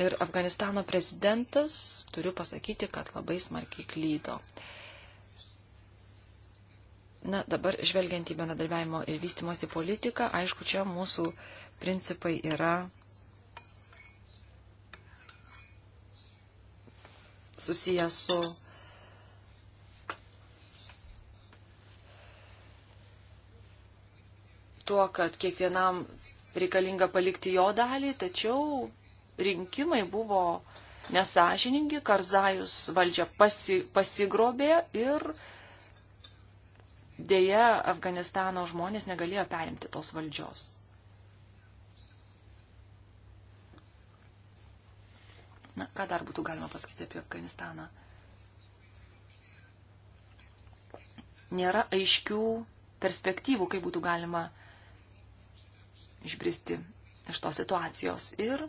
ir Afganistano prezidentas, turiu pasakyti, kad labai smarkiai klydo. Na, dabar žvelgiant į bendradarbiavimo ir vystimosi politiką, aišku, čia mūsų principai yra susiję su tuo, kad kiekvienam reikalinga palikti jo dalį, tačiau rinkimai buvo nesažiningi, Karzajus valdžia pasi, pasigrobė ir dėja Afganistano žmonės negalėjo perimti tos valdžios. Na, ką dar būtų galima pasakyti apie Afganistaną? Nėra aiškių perspektyvų, kaip būtų galima išbristi iš tos situacijos. Ir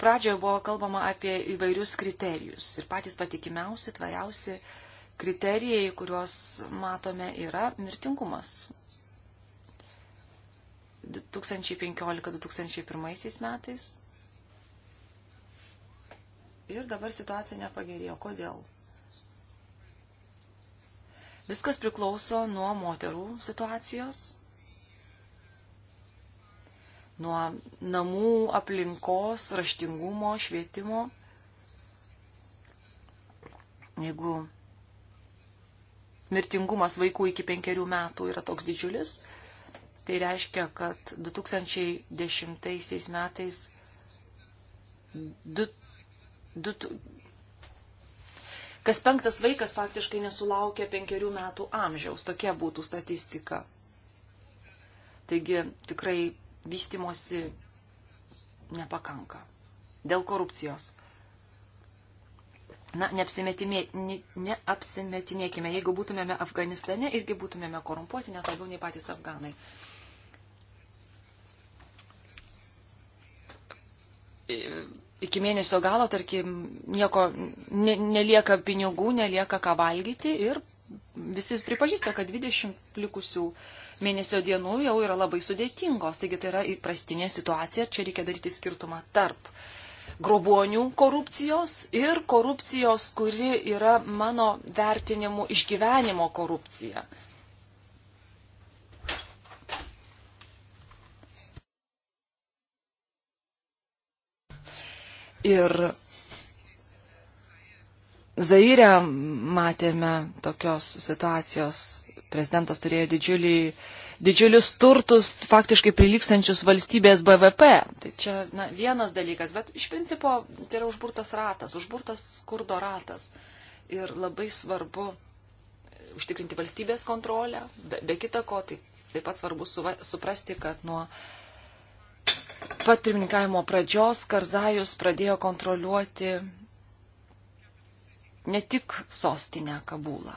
Pradžioje buvo kalbama apie įvairius kriterijus ir patys patikimiausi, tvariausi kriterijai, kuriuos matome, yra mirtingumas. 2015-2001 metais. Ir dabar situacija nepagerėjo. Kodėl? Viskas priklauso nuo moterų situacijos nuo namų aplinkos, raštingumo, švietimo. Jeigu mirtingumas vaikų iki penkerių metų yra toks didžiulis, tai reiškia, kad 2010 metais du, du, kas penktas vaikas faktiškai nesulaukia penkerių metų amžiaus. Tokia būtų statistika. Taigi tikrai vystimosi nepakanka. Dėl korupcijos. Na, neapsimetinėkime, jeigu būtumėme Afganistane, irgi būtumėme korumpuoti, net labiau nei patys afganai. Iki mėnesio galo, tarkim, nieko ne, nelieka pinigų, nelieka ką valgyti ir visi pripažįsta, kad 20 likusių mėnesio dienų jau yra labai sudėtingos. Taigi tai yra įprastinė situacija ir čia reikia daryti skirtumą tarp grobonių korupcijos ir korupcijos, kuri yra mano vertinimu išgyvenimo korupcija. Ir Zaire matėme tokios situacijos. Prezidentas turėjo didžiulį, didžiulius turtus, faktiškai prilikstančius valstybės BVP. Tai čia na, vienas dalykas, bet iš principo tai yra užburtas ratas, užburtas skurdo ratas. Ir labai svarbu užtikrinti valstybės kontrolę, be, be kita ko, taip, taip pat svarbu suva, suprasti, kad nuo pat pirmininkavimo pradžios Karzajus pradėjo kontroliuoti ne tik sostinę Kabulą.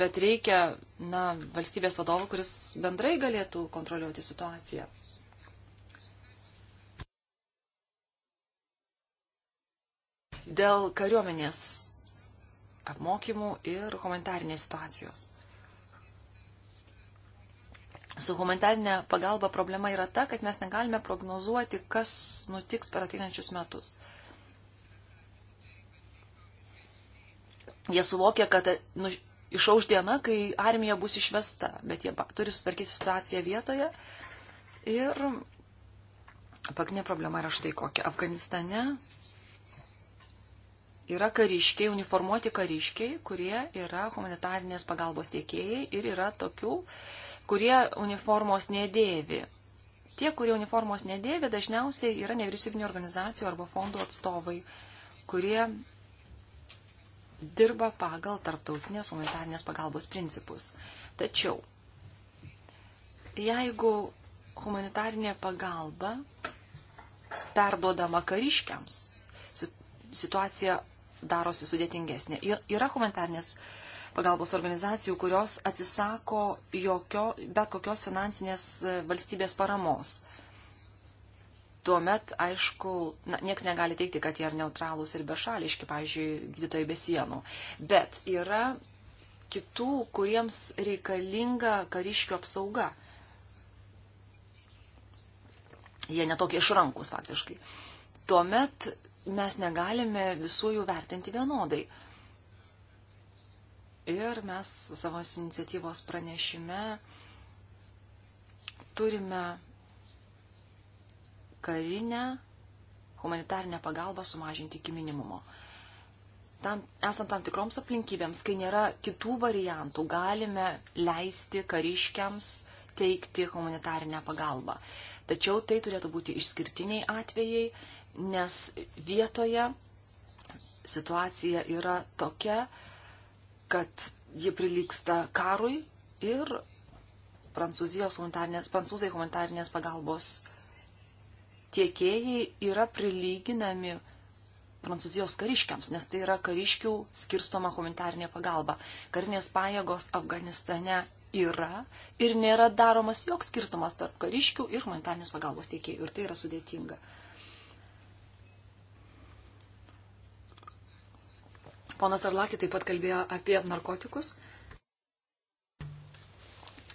Bet reikia na, valstybės vadovo, kuris bendrai galėtų kontroliuoti situaciją. Dėl kariuomenės apmokymų ir humanitarinės situacijos. Su humanitarinė pagalba problema yra ta, kad mes negalime prognozuoti, kas nutiks per ateinančius metus. Jie suvokė, kad nu, išauž diena, kai armija bus išvesta, bet jie turi sutvarkyti situaciją vietoje. Ir pagrindinė problema yra štai kokia. Afganistane yra kariškiai, uniformuoti kariškiai, kurie yra humanitarinės pagalbos tiekėjai ir yra tokių, kurie uniformos nedėvi. Tie, kurie uniformos nedėvi, dažniausiai yra nevyriausybinio organizacijų arba fondų atstovai, kurie dirba pagal tarptautinės humanitarnės pagalbos principus. Tačiau, jeigu humanitarnė pagalba perduodama kariškiams, situacija darosi sudėtingesnė. Yra humanitarnės pagalbos organizacijų, kurios atsisako jokio, bet kokios finansinės e, valstybės paramos tuomet, aišku, na, nieks negali teikti, kad jie yra neutralūs ir bešališki, pavyzdžiui, gydytojai be sienų. Bet yra kitų, kuriems reikalinga kariškių apsauga. Jie netokie išrankus faktiškai. Tuomet mes negalime visų jų vertinti vienodai. Ir mes savo iniciatyvos pranešime turime karinę humanitarinę pagalbą sumažinti iki minimumo. Tam, esant tam tikroms aplinkybėms, kai nėra kitų variantų, galime leisti kariškiams teikti humanitarinę pagalbą. Tačiau tai turėtų būti išskirtiniai atvejai, nes vietoje situacija yra tokia, kad ji prilyksta karui ir prancūzijos humanitarinės, prancūzai humanitarinės pagalbos tiekėjai yra prilyginami Prancūzijos kariškiams, nes tai yra kariškių skirstoma humanitarinė pagalba. Karinės pajėgos Afganistane yra ir nėra daromas joks skirtumas tarp kariškių ir humanitarnės pagalbos teikėjų. Ir tai yra sudėtinga. Ponas Arlaki taip pat kalbėjo apie narkotikus.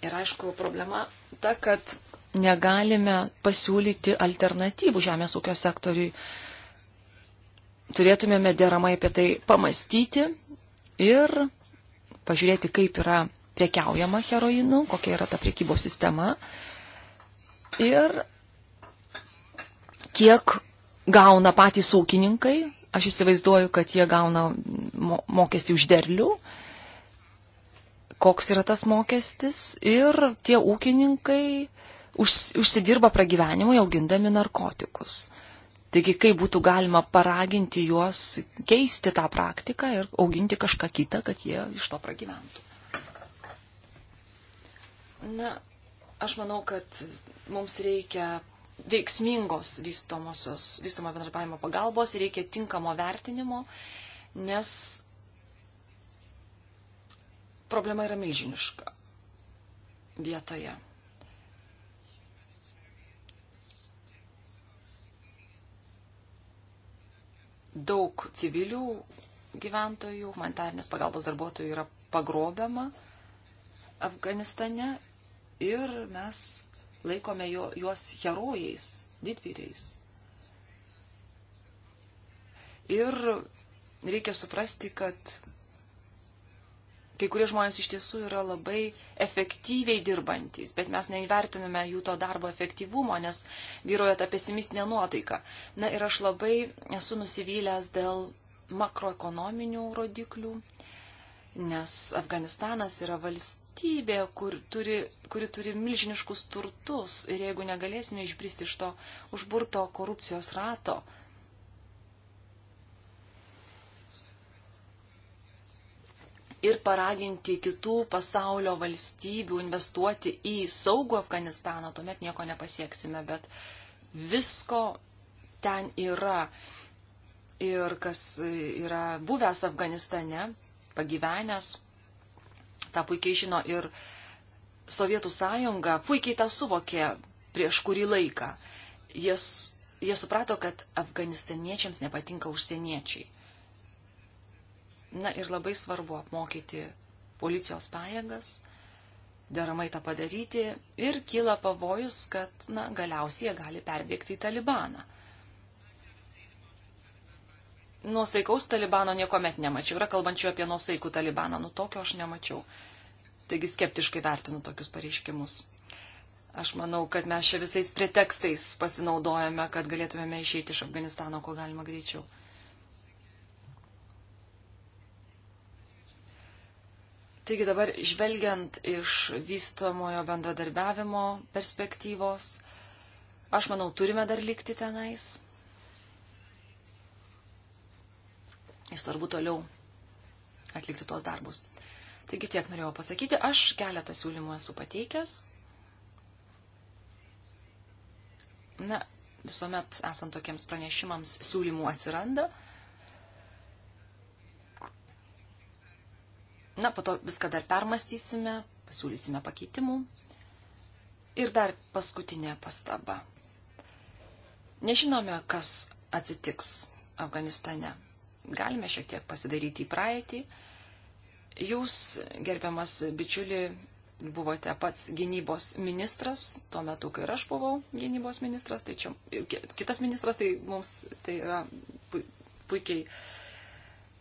Ir aišku, problema ta, kad negalime pasiūlyti alternatyvų žemės ūkio sektoriui. Turėtumėme deramai apie tai pamastyti ir pažiūrėti, kaip yra prekiaujama heroinu, kokia yra ta priekybos sistema ir kiek gauna patys ūkininkai. Aš įsivaizduoju, kad jie gauna mokestį už derlių, koks yra tas mokestis ir tie ūkininkai už, užsidirba pragyvenimui augindami narkotikus. Taigi, kaip būtų galima paraginti juos keisti tą praktiką ir auginti kažką kitą, kad jie iš to pragyventų. Na, aš manau, kad mums reikia veiksmingos vystomosios, vystomo bendradarbiavimo pagalbos, reikia tinkamo vertinimo, nes problema yra milžiniška vietoje. daug civilių gyventojų, humanitarnės pagalbos darbuotojų yra pagrobiama Afganistane ir mes laikome jo, juos herojais, didvyriais. Ir reikia suprasti, kad kai kurie žmonės iš tiesų yra labai efektyviai dirbantis, bet mes neįvertiname jų to darbo efektyvumo, nes vyroja ta pesimistinė nuotaika. Na ir aš labai esu nusivylęs dėl makroekonominių rodiklių, nes Afganistanas yra valstybė, kur turi, kuri turi milžiniškus turtus ir jeigu negalėsime išbristi iš to užburto korupcijos rato, ir paraginti kitų pasaulio valstybių investuoti į saugų Afganistaną, tuomet nieko nepasieksime, bet visko ten yra. Ir kas yra buvęs Afganistane, pagyvenęs, tą puikiai žino ir Sovietų sąjunga, puikiai tą suvokė prieš kurį laiką. Jie, jie suprato, kad afganistaniečiams nepatinka užsieniečiai Na ir labai svarbu apmokyti policijos pajėgas, deramai tą padaryti ir kyla pavojus, kad na, galiausiai jie gali perbėgti į Talibaną. Nuosaikaus Talibano niekuomet nemačiau. Yra kalbančių apie nuosaikų Talibaną, nu tokio aš nemačiau. Taigi skeptiškai vertinu tokius pareiškimus. Aš manau, kad mes čia visais pretekstais pasinaudojame, kad galėtumėme išeiti iš Afganistano, ko galima greičiau. Taigi dabar žvelgiant iš vystomojo bendradarbiavimo perspektyvos, aš manau, turime dar likti tenais. Ir svarbu toliau atlikti tuos darbus. Taigi tiek norėjau pasakyti. Aš keletą siūlymų esu pateikęs. Na, visuomet esant tokiems pranešimams siūlymų atsiranda. Na, po to viską dar permastysime, pasiūlysime pakeitimų. Ir dar paskutinė pastaba. Nežinome, kas atsitiks Afganistane. Galime šiek tiek pasidaryti į praeitį. Jūs, gerbiamas bičiuli, buvote pats gynybos ministras, tuo metu, kai ir aš buvau gynybos ministras, tai čia kitas ministras, tai mums tai yra puikiai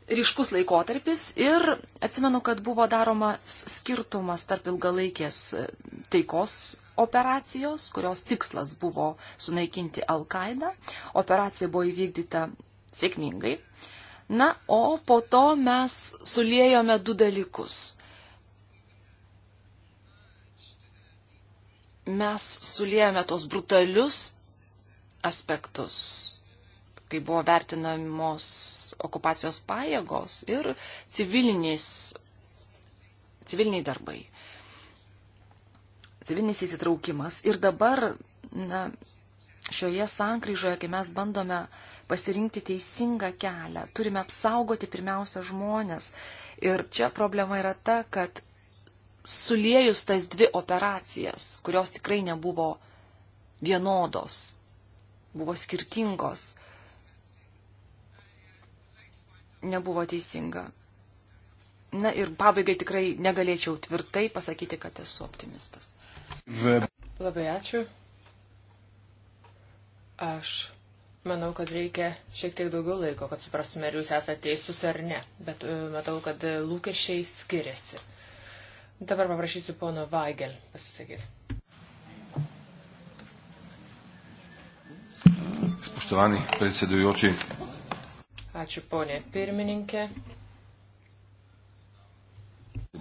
ryškus laikotarpis ir atsimenu, kad buvo daromas skirtumas tarp ilgalaikės e, taikos operacijos, kurios tikslas buvo sunaikinti Al-Qaidą. Operacija buvo įvykdyta sėkmingai. Na, o po to mes suliejome du dalykus. Mes suliejome tos brutalius aspektus kai buvo vertinamos okupacijos pajėgos ir civiliniai darbai, civilinis įsitraukimas. Ir dabar na, šioje sankryžoje, kai mes bandome pasirinkti teisingą kelią, turime apsaugoti pirmiausia žmonės. Ir čia problema yra ta, kad suliejus tas dvi operacijas, kurios tikrai nebuvo vienodos, buvo skirtingos, nebuvo teisinga. Na ir pabaigai tikrai negalėčiau tvirtai pasakyti, kad esu optimistas. Labai ačiū. Aš manau, kad reikia šiek tiek daugiau laiko, kad suprastume, ar jūs esate teisus ar ne. Bet e, matau, kad lūkesčiai skiriasi. Dabar paprašysiu pono Vaigel pasisakyti. Spoštovani predsedujoči, Ačiū ponė pirmininkė.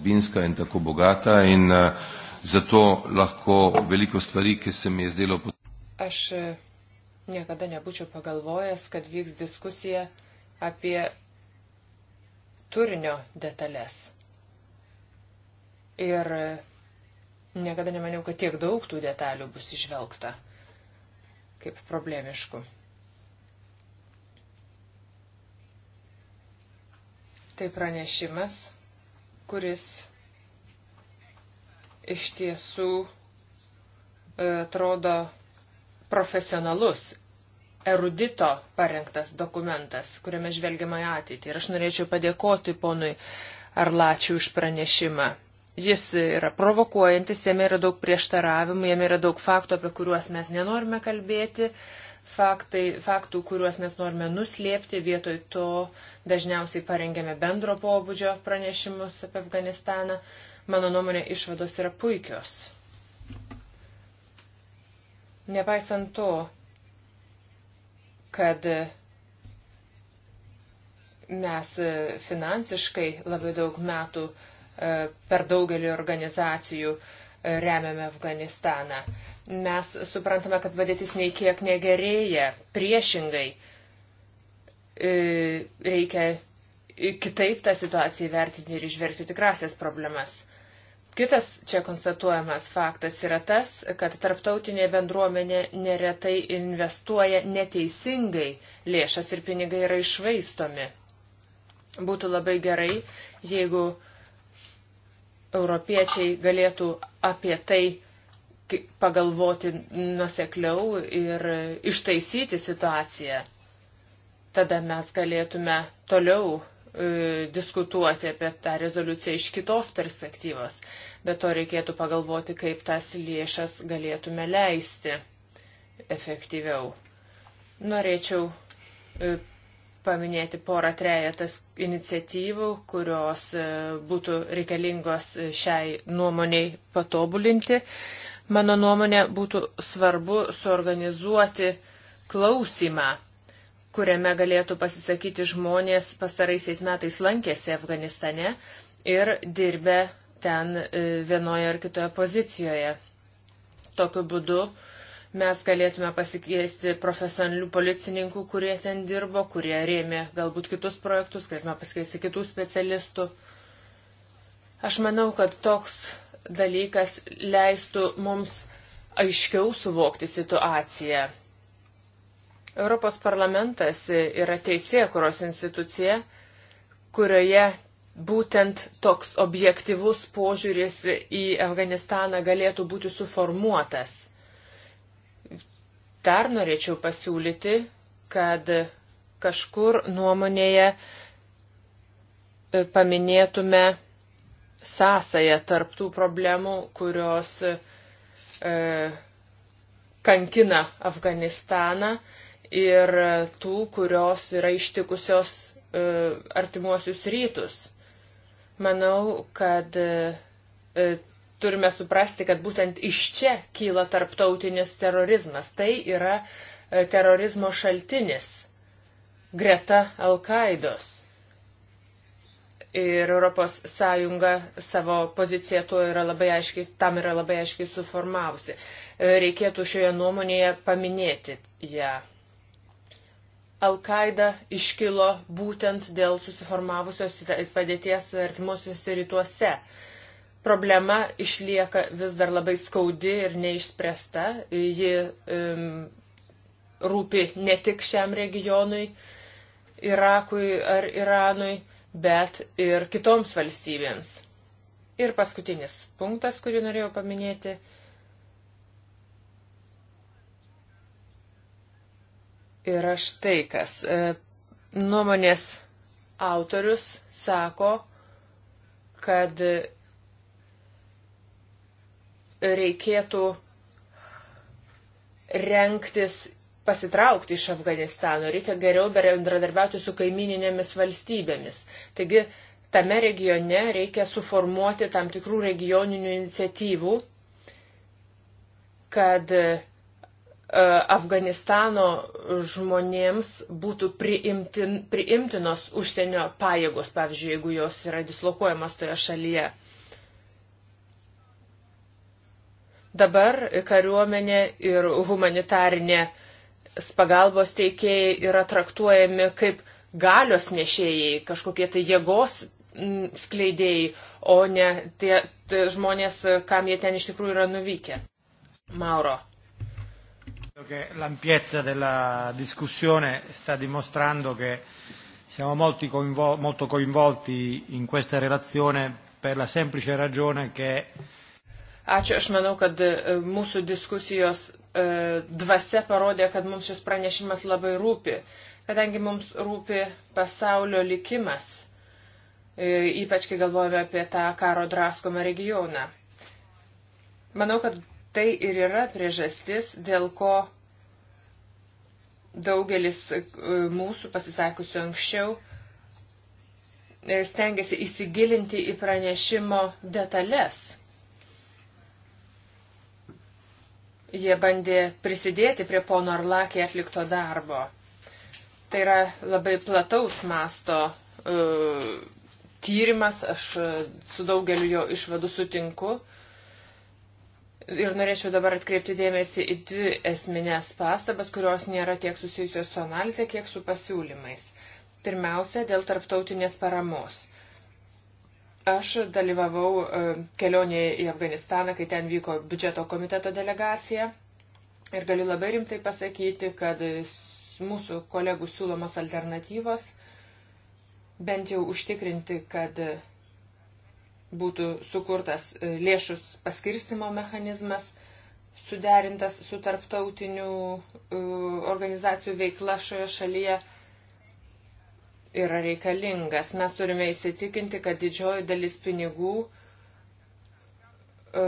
Binska in tako bogata in uh, zato lahko veliko stvari, ki se mi je zdelo. Aš eh, niekada nebūčiau pagalvojęs, kad vyks diskusija apie turinio detalės. Ir eh, niekada nemaniau, kad tiek daug tų detalių bus išvelgta kaip problemiškų. Tai pranešimas, kuris iš tiesų e, atrodo profesionalus, erudito parengtas dokumentas, kuriame žvelgiama į ateitį. Ir aš norėčiau padėkoti ponui Arlačiui už pranešimą. Jis yra provokuojantis, jame yra daug prieštaravimų, jame yra daug faktų, apie kuriuos mes nenorime kalbėti. Uh, faktai, faktų, kuriuos mes norime nuslėpti, vietoj to dažniausiai parengėme bendro pobūdžio pranešimus apie Afganistaną. Mano nuomonė, išvados yra puikios. Nepaisant to, kad mes e, finansiškai labai daug metų e, per daugelį organizacijų uh, remiame Afganistaną. Mes suprantame, kad padėtis nei kiek negerėja, priešingai e, reikia kitaip tą situaciją vertinti ir išverti tikrasias problemas. Kitas čia konstatuojamas faktas yra tas, kad tarptautinė bendruomenė neretai investuoja neteisingai, lėšas ir pinigai yra išvaistomi. Būtų labai gerai, jeigu uh, europiečiai galėtų apie tai pagalvoti nusekliau ir ištaisyti situaciją. Tada mes galėtume toliau e, diskutuoti apie tą rezoliuciją iš kitos perspektyvos, bet to reikėtų pagalvoti, kaip tas lėšas galėtume leisti efektyviau. Norėčiau e, paminėti porą trejetas iniciatyvų, kurios e, būtų reikalingos e, šiai nuomoniai patobulinti. Mano nuomonė būtų svarbu suorganizuoti klausimą, kuriame galėtų pasisakyti žmonės pastaraisiais metais lankėsi Afganistane ir dirbę ten e, vienoje ar kitoje pozicijoje. Tokiu būdu uh, Mes galėtume pasikviesti profesionalių policininkų, kurie ten dirbo, kurie rėmė galbūt kitus projektus, galėtume pasikviesti kitų specialistų. Aš manau, kad toks dalykas leistų mums aiškiau suvokti situaciją. Europos parlamentas yra teisė, kurios institucija, kurioje būtent toks objektivus požiūris į Afganistaną galėtų būti suformuotas. Dar norėčiau pasiūlyti, kad kažkur nuomonėje e, paminėtume sąsają tarptų problemų, kurios e, kankina Afganistaną ir tų, kurios yra ištikusios e, artimuosius rytus. Manau, kad e, turime suprasti, kad būtent iš čia kyla tarptautinis terorizmas. Tai yra e, terorizmo šaltinis greta Al-Qaidos. Ir ES savo poziciją tuo yra labai aiškiai, tam yra labai aiškiai suformavusi. E, reikėtų šioje nuomonėje paminėti ją. Al-Qaida iškilo būtent dėl susiformavusios padėties artimuosiuose rytuose. Uh, problema išlieka vis dar labai skaudi ir neišspręsta. Ji um, rūpi ne tik šiam regionui, Irakui ar Iranui, bet ir kitoms valstybėms. Ir paskutinis punktas, kurį norėjau paminėti. Yra štai kas. E, nuomonės autorius sako, kad reikėtų renktis pasitraukti iš Afganistano, reikia geriau bendradarbiauti su kaimininėmis valstybėmis. Taigi tame regione reikia suformuoti tam tikrų regioninių iniciatyvų, kad e, Afganistano žmonėms būtų priimtin, priimtinos užsienio pajėgos, pavyzdžiui, jeigu jos yra dislokuojamos toje šalyje. Dabar kariuomenė ir humanitarinės pagalbos teikėjai yra traktuojami kaip galios nešėjai, kažkokie tai jėgos mm, skleidėjai, o ne tie, tie žmonės, kam jie ten iš tikrųjų yra nuvykę. Mauro. L'ampiezza della discussione sta dimostrando che siamo molti coinvol- molto coinvolti in questa relazione per la semplice ragione che Ačiū, aš manau, kad e, mūsų diskusijos e, dvasia parodė, kad mums šis pranešimas labai rūpi, kadangi mums rūpi pasaulio likimas, e, ypač kai galvojame apie tą karo draskomą regioną. Manau, kad tai ir yra priežastis, dėl ko daugelis mūsų pasisakusių anksčiau stengiasi įsigilinti į pranešimo detalės jie bandė prisidėti prie pono Arlakė atlikto darbo. Tai yra labai plataus masto uh, tyrimas, aš e, su daugeliu jo išvadų sutinku. Ir norėčiau dabar atkreipti dėmesį į dvi esminės pastabas, kurios nėra tiek susijusios su analize, kiek su pasiūlymais. Pirmiausia, dėl tarptautinės paramos. Aš dalyvavau e, kelionėje į Afganistaną, kai ten vyko biudžeto komiteto delegacija. Ir galiu labai rimtai pasakyti, kad mūsų kolegų siūlomos alternatyvos bent jau užtikrinti, kad būtų sukurtas e, lėšus paskirstimo mechanizmas, suderintas su tarptautinių e, organizacijų veikla šioje šalyje yra reikalingas. Mes turime įsitikinti, kad didžioji dalis pinigų e,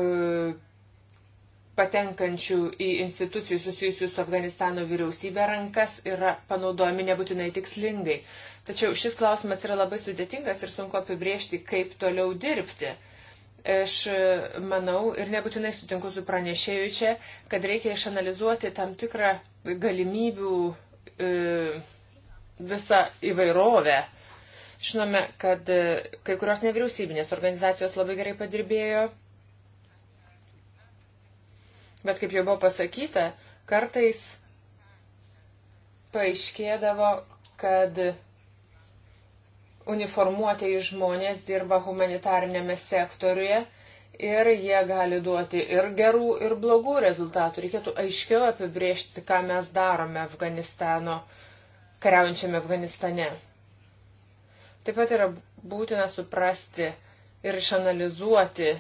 patenkančių į institucijų susijusių su Afganistano vyriausybė rankas yra panaudojami nebūtinai tikslingai. Tačiau šis klausimas yra labai sudėtingas ir sunku apibriežti, kaip toliau dirbti. Aš manau ir nebūtinai sutinku su pranešėju čia, kad reikia išanalizuoti tam tikrą galimybių. E, visą įvairovę. Žinome, kad e, kai kurios nevyriausybinės organizacijos labai gerai padirbėjo, bet kaip jau buvo pasakyta, kartais paaiškėdavo, kad uniformuotieji žmonės dirba humanitarinėme sektoriuje ir jie gali duoti ir gerų, ir blogų rezultatų. Reikėtų aiškiau apibriežti, ką mes darome Afganistano uh, kariaujančiame Afganistane. Taip pat yra būtina suprasti ir išanalizuoti e,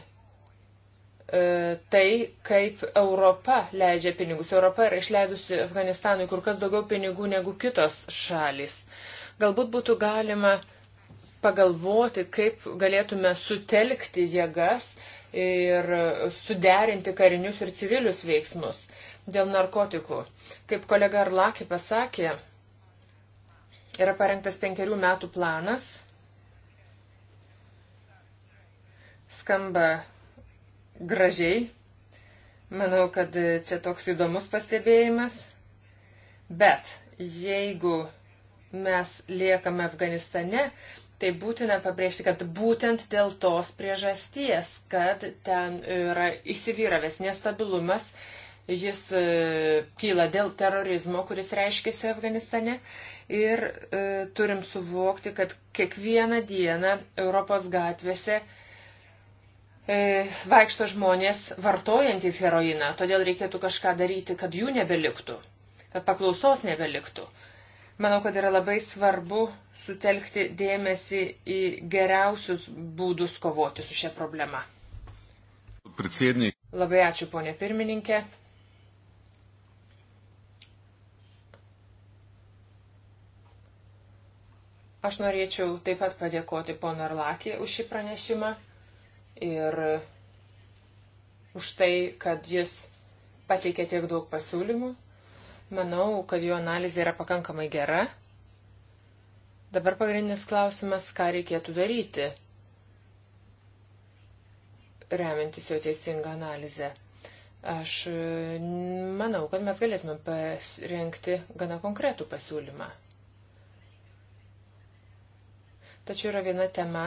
tai, kaip Europa leidžia pinigus. Europa yra išleidusi Afganistanui kur kas daugiau pinigų negu kitos šalis. Galbūt būtų galima pagalvoti, kaip galėtume sutelkti jėgas ir suderinti karinius ir civilius veiksmus dėl narkotikų. Kaip kolega Arlaki pasakė, Yra parengtas penkerių metų planas. Skamba gražiai. Manau, kad čia toks įdomus pastebėjimas. Bet jeigu mes liekame Afganistane, tai būtina pabrėžti, kad būtent dėl tos priežasties, kad ten yra įsivyravęs nestabilumas, Jis e, kyla dėl terorizmo, kuris reiškėsi Afganistane. Ir e, turim suvokti, kad kiekvieną dieną Europos gatvėse e, vaikšto žmonės vartojantis heroiną, todėl reikėtų kažką daryti, kad jų nebeliktų, kad paklausos nebeliktų. Manau, kad yra labai svarbu sutelkti dėmesį į geriausius būdus kovoti su šia problema. Labai ačiū, ponė pirmininkė. Aš norėčiau taip pat padėkoti pono Arlakį už šį pranešimą ir už tai, kad jis pateikė tiek daug pasiūlymų. Manau, kad jo analizė yra pakankamai gera. Dabar pagrindinis klausimas, ką reikėtų daryti, remiantis jo teisingą analizę. Aš e, manau, kad mes galėtume pasirinkti gana konkretų pasiūlymą. Tačiau yra viena tema,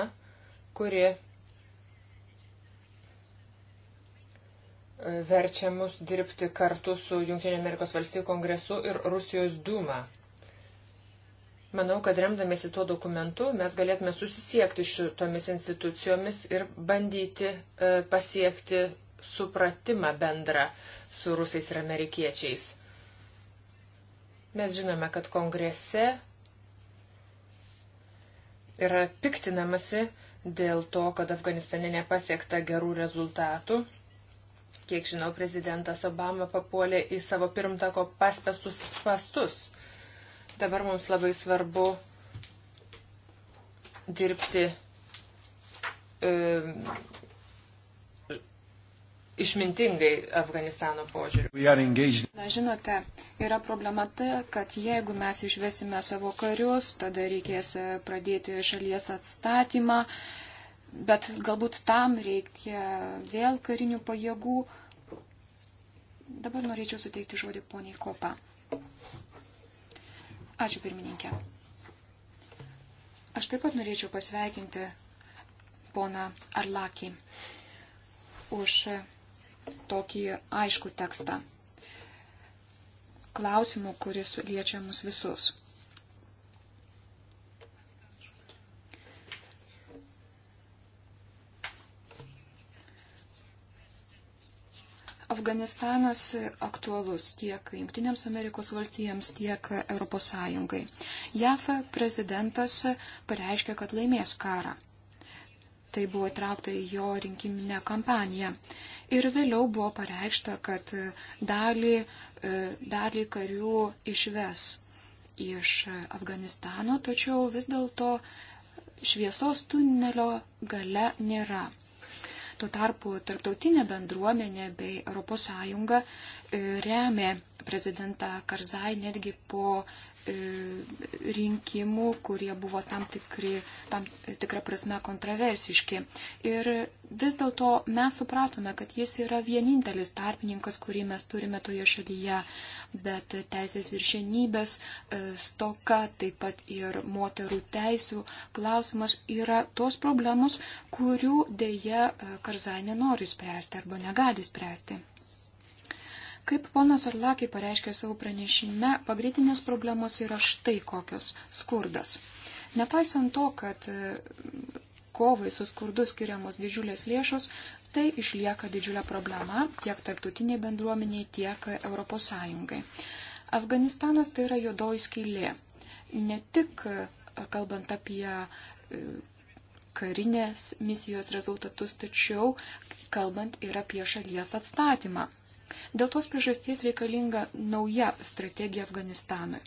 kuri e, verčia mus dirbti kartu su JAV kongresu ir Rusijos Duma. Manau, kad remdamėsi tuo dokumentu mes galėtume susisiekti su tomis institucijomis ir bandyti e, pasiekti supratimą bendrą su rusais ir amerikiečiais. Mes žinome, kad kongrese yra piktinamasi dėl to, kad Afganistane nepasiekta gerų rezultatų. Kiek žinau, prezidentas Obama papuolė į savo pirmtako paspestus spastus. Dabar mums labai svarbu dirbti e, išmintingai Afganistano požiūriu. Na, žinote, yra problema ta, kad jeigu mes išvesime savo karius, tada reikės e, pradėti šalies atstatymą, bet galbūt tam reikia vėl karinių pajėgų. Dabar norėčiau suteikti žodį poniai Kopa. Ačiū pirmininkė. Aš taip pat norėčiau pasveikinti poną Arlakį už tokį aišku tekstą. Klausimų, kuris liečia mus visus. Afganistanas aktualus tiek Junktinėms Amerikos valstijams, tiek ES. JAF prezidentas pareiškia, kad laimės karą tai buvo įtraukta į jo rinkiminę kampaniją. Ir vėliau buvo pareikšta, kad e, dalį, e, dalį karių išves iš Afganistano, tačiau vis dėlto šviesos tunelio gale nėra. Tuo tarpu tarptautinė bendruomenė bei ES e, remė prezidentą Karzai netgi po E, rinkimų, kurie buvo tam, tikri, tam tikrą prasme kontroversiški. Ir vis dėlto mes supratome, kad jis yra vienintelis tarpininkas, kurį mes turime toje šalyje, bet teisės viršenybės e, stoka, taip pat ir moterų teisų klausimas yra tos problemos, kurių dėja e, Karzai nenori spręsti arba negali spręsti. Kaip ponas Arlakiai pareiškė savo pranešime, pagrindinės problemos yra štai kokios - skurdas. Nepaisant to, kad e, kovai su skurdu skiriamos didžiulės lėšos, tai išlieka didžiulė problema tiek tarptautiniai bendruomeniai, tiek ES. Afganistanas tai yra juodoji skylė. Ne tik e, kalbant apie e, karinės misijos rezultatus, tačiau kalbant ir apie šalies atstatymą. Dėl tos priežasties reikalinga nauja strategija Afganistanui.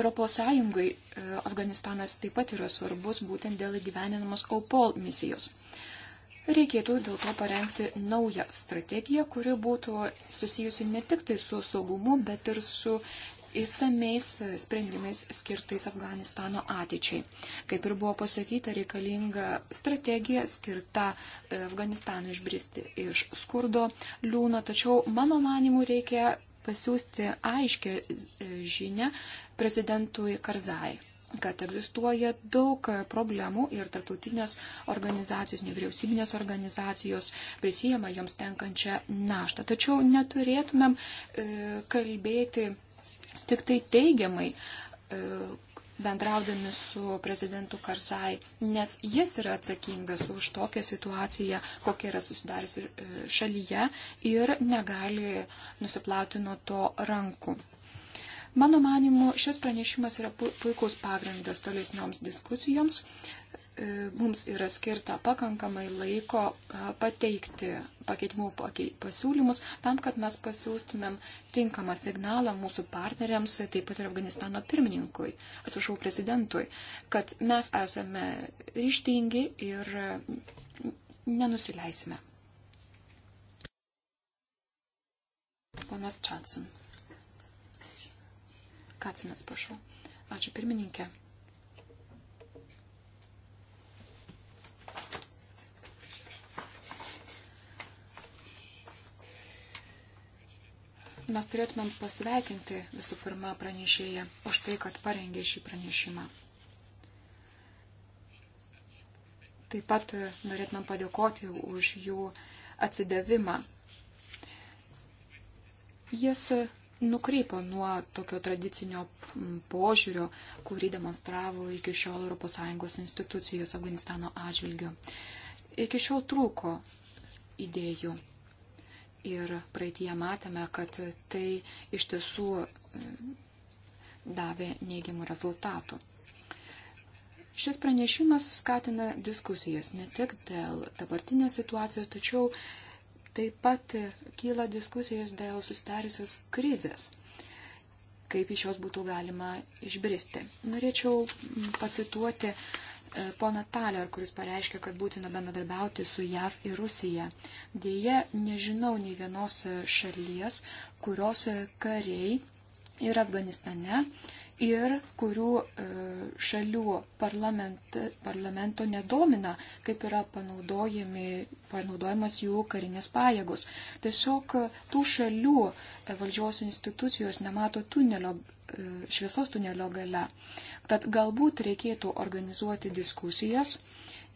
ES e, Afganistanas taip pat yra svarbus būtent dėl įgyveninamos OPOL misijos. Reikėtų dėl to parengti naują strategiją, kuri būtų susijusi ne tik tai su saugumu, bet ir su įsameis sprendimais skirtais Afganistano ateičiai. Kaip ir buvo pasakyta, reikalinga strategija skirta e, Afganistanui išbristi iš skurdo liūno, tačiau mano manimu reikia pasiūsti aiškę e, žinę prezidentui Karzai kad egzistuoja daug problemų ir tarptautinės organizacijos, nevyriausybinės organizacijos prisijama joms tenkančią naštą. Tačiau neturėtumėm e, kalbėti tik tai teigiamai e, bendraudami su prezidentu Karzai, nes jis yra atsakingas už tokią situaciją, kokia yra susidariusi e, šalyje ir negali nusiplauti nuo to rankų. Mano manimu, šis pranešimas yra puikus pagrindas tolesnioms diskusijoms. E, mums yra skirta pakankamai laiko e, pateikti pakeitimų pasiūlymus tam, kad mes pasiūstumėm tinkamą signalą mūsų partneriams, taip pat ir Afganistano pirmininkui, atsiprašau, prezidentui, kad mes esame ryštingi ir nenusileisime. Ponas Čatsin. Kacinas, prašau. Ačiū pirmininkė. mes turėtumėm pasveikinti visų pirma pranešėją už tai, kad parengė šį pranešimą. Taip pat norėtumėm padėkoti už jų atsidavimą. Jis nukrypo nuo tokio tradicinio požiūrio, kurį demonstravo iki šiol ES institucijos Afganistano atžvilgiu. Iki šiol trūko idėjų. Ir praeitie matėme, kad tai iš tiesų e, davė neigiamų rezultatų. Šis pranešimas skatina diskusijas ne tik dėl dabartinės situacijos, tačiau taip pat kyla diskusijos dėl susidariusios krizės, kaip iš jos būtų galima išbristi. Norėčiau pacituoti E, pona Taler, kuris pareiškia, kad būtina bendradarbiauti su JAV ir Rusija. Dėje nežinau nei vienos šalies, kurios kariai ir Afganistane, ir kurių e, šalių parlament, parlamento nedomina, kaip yra panaudojamas jų karinės pajėgos. Tiesiog e, tų šalių e, valdžios institucijos nemato tunelio šviesos tunelio gale. Tad galbūt reikėtų organizuoti diskusijas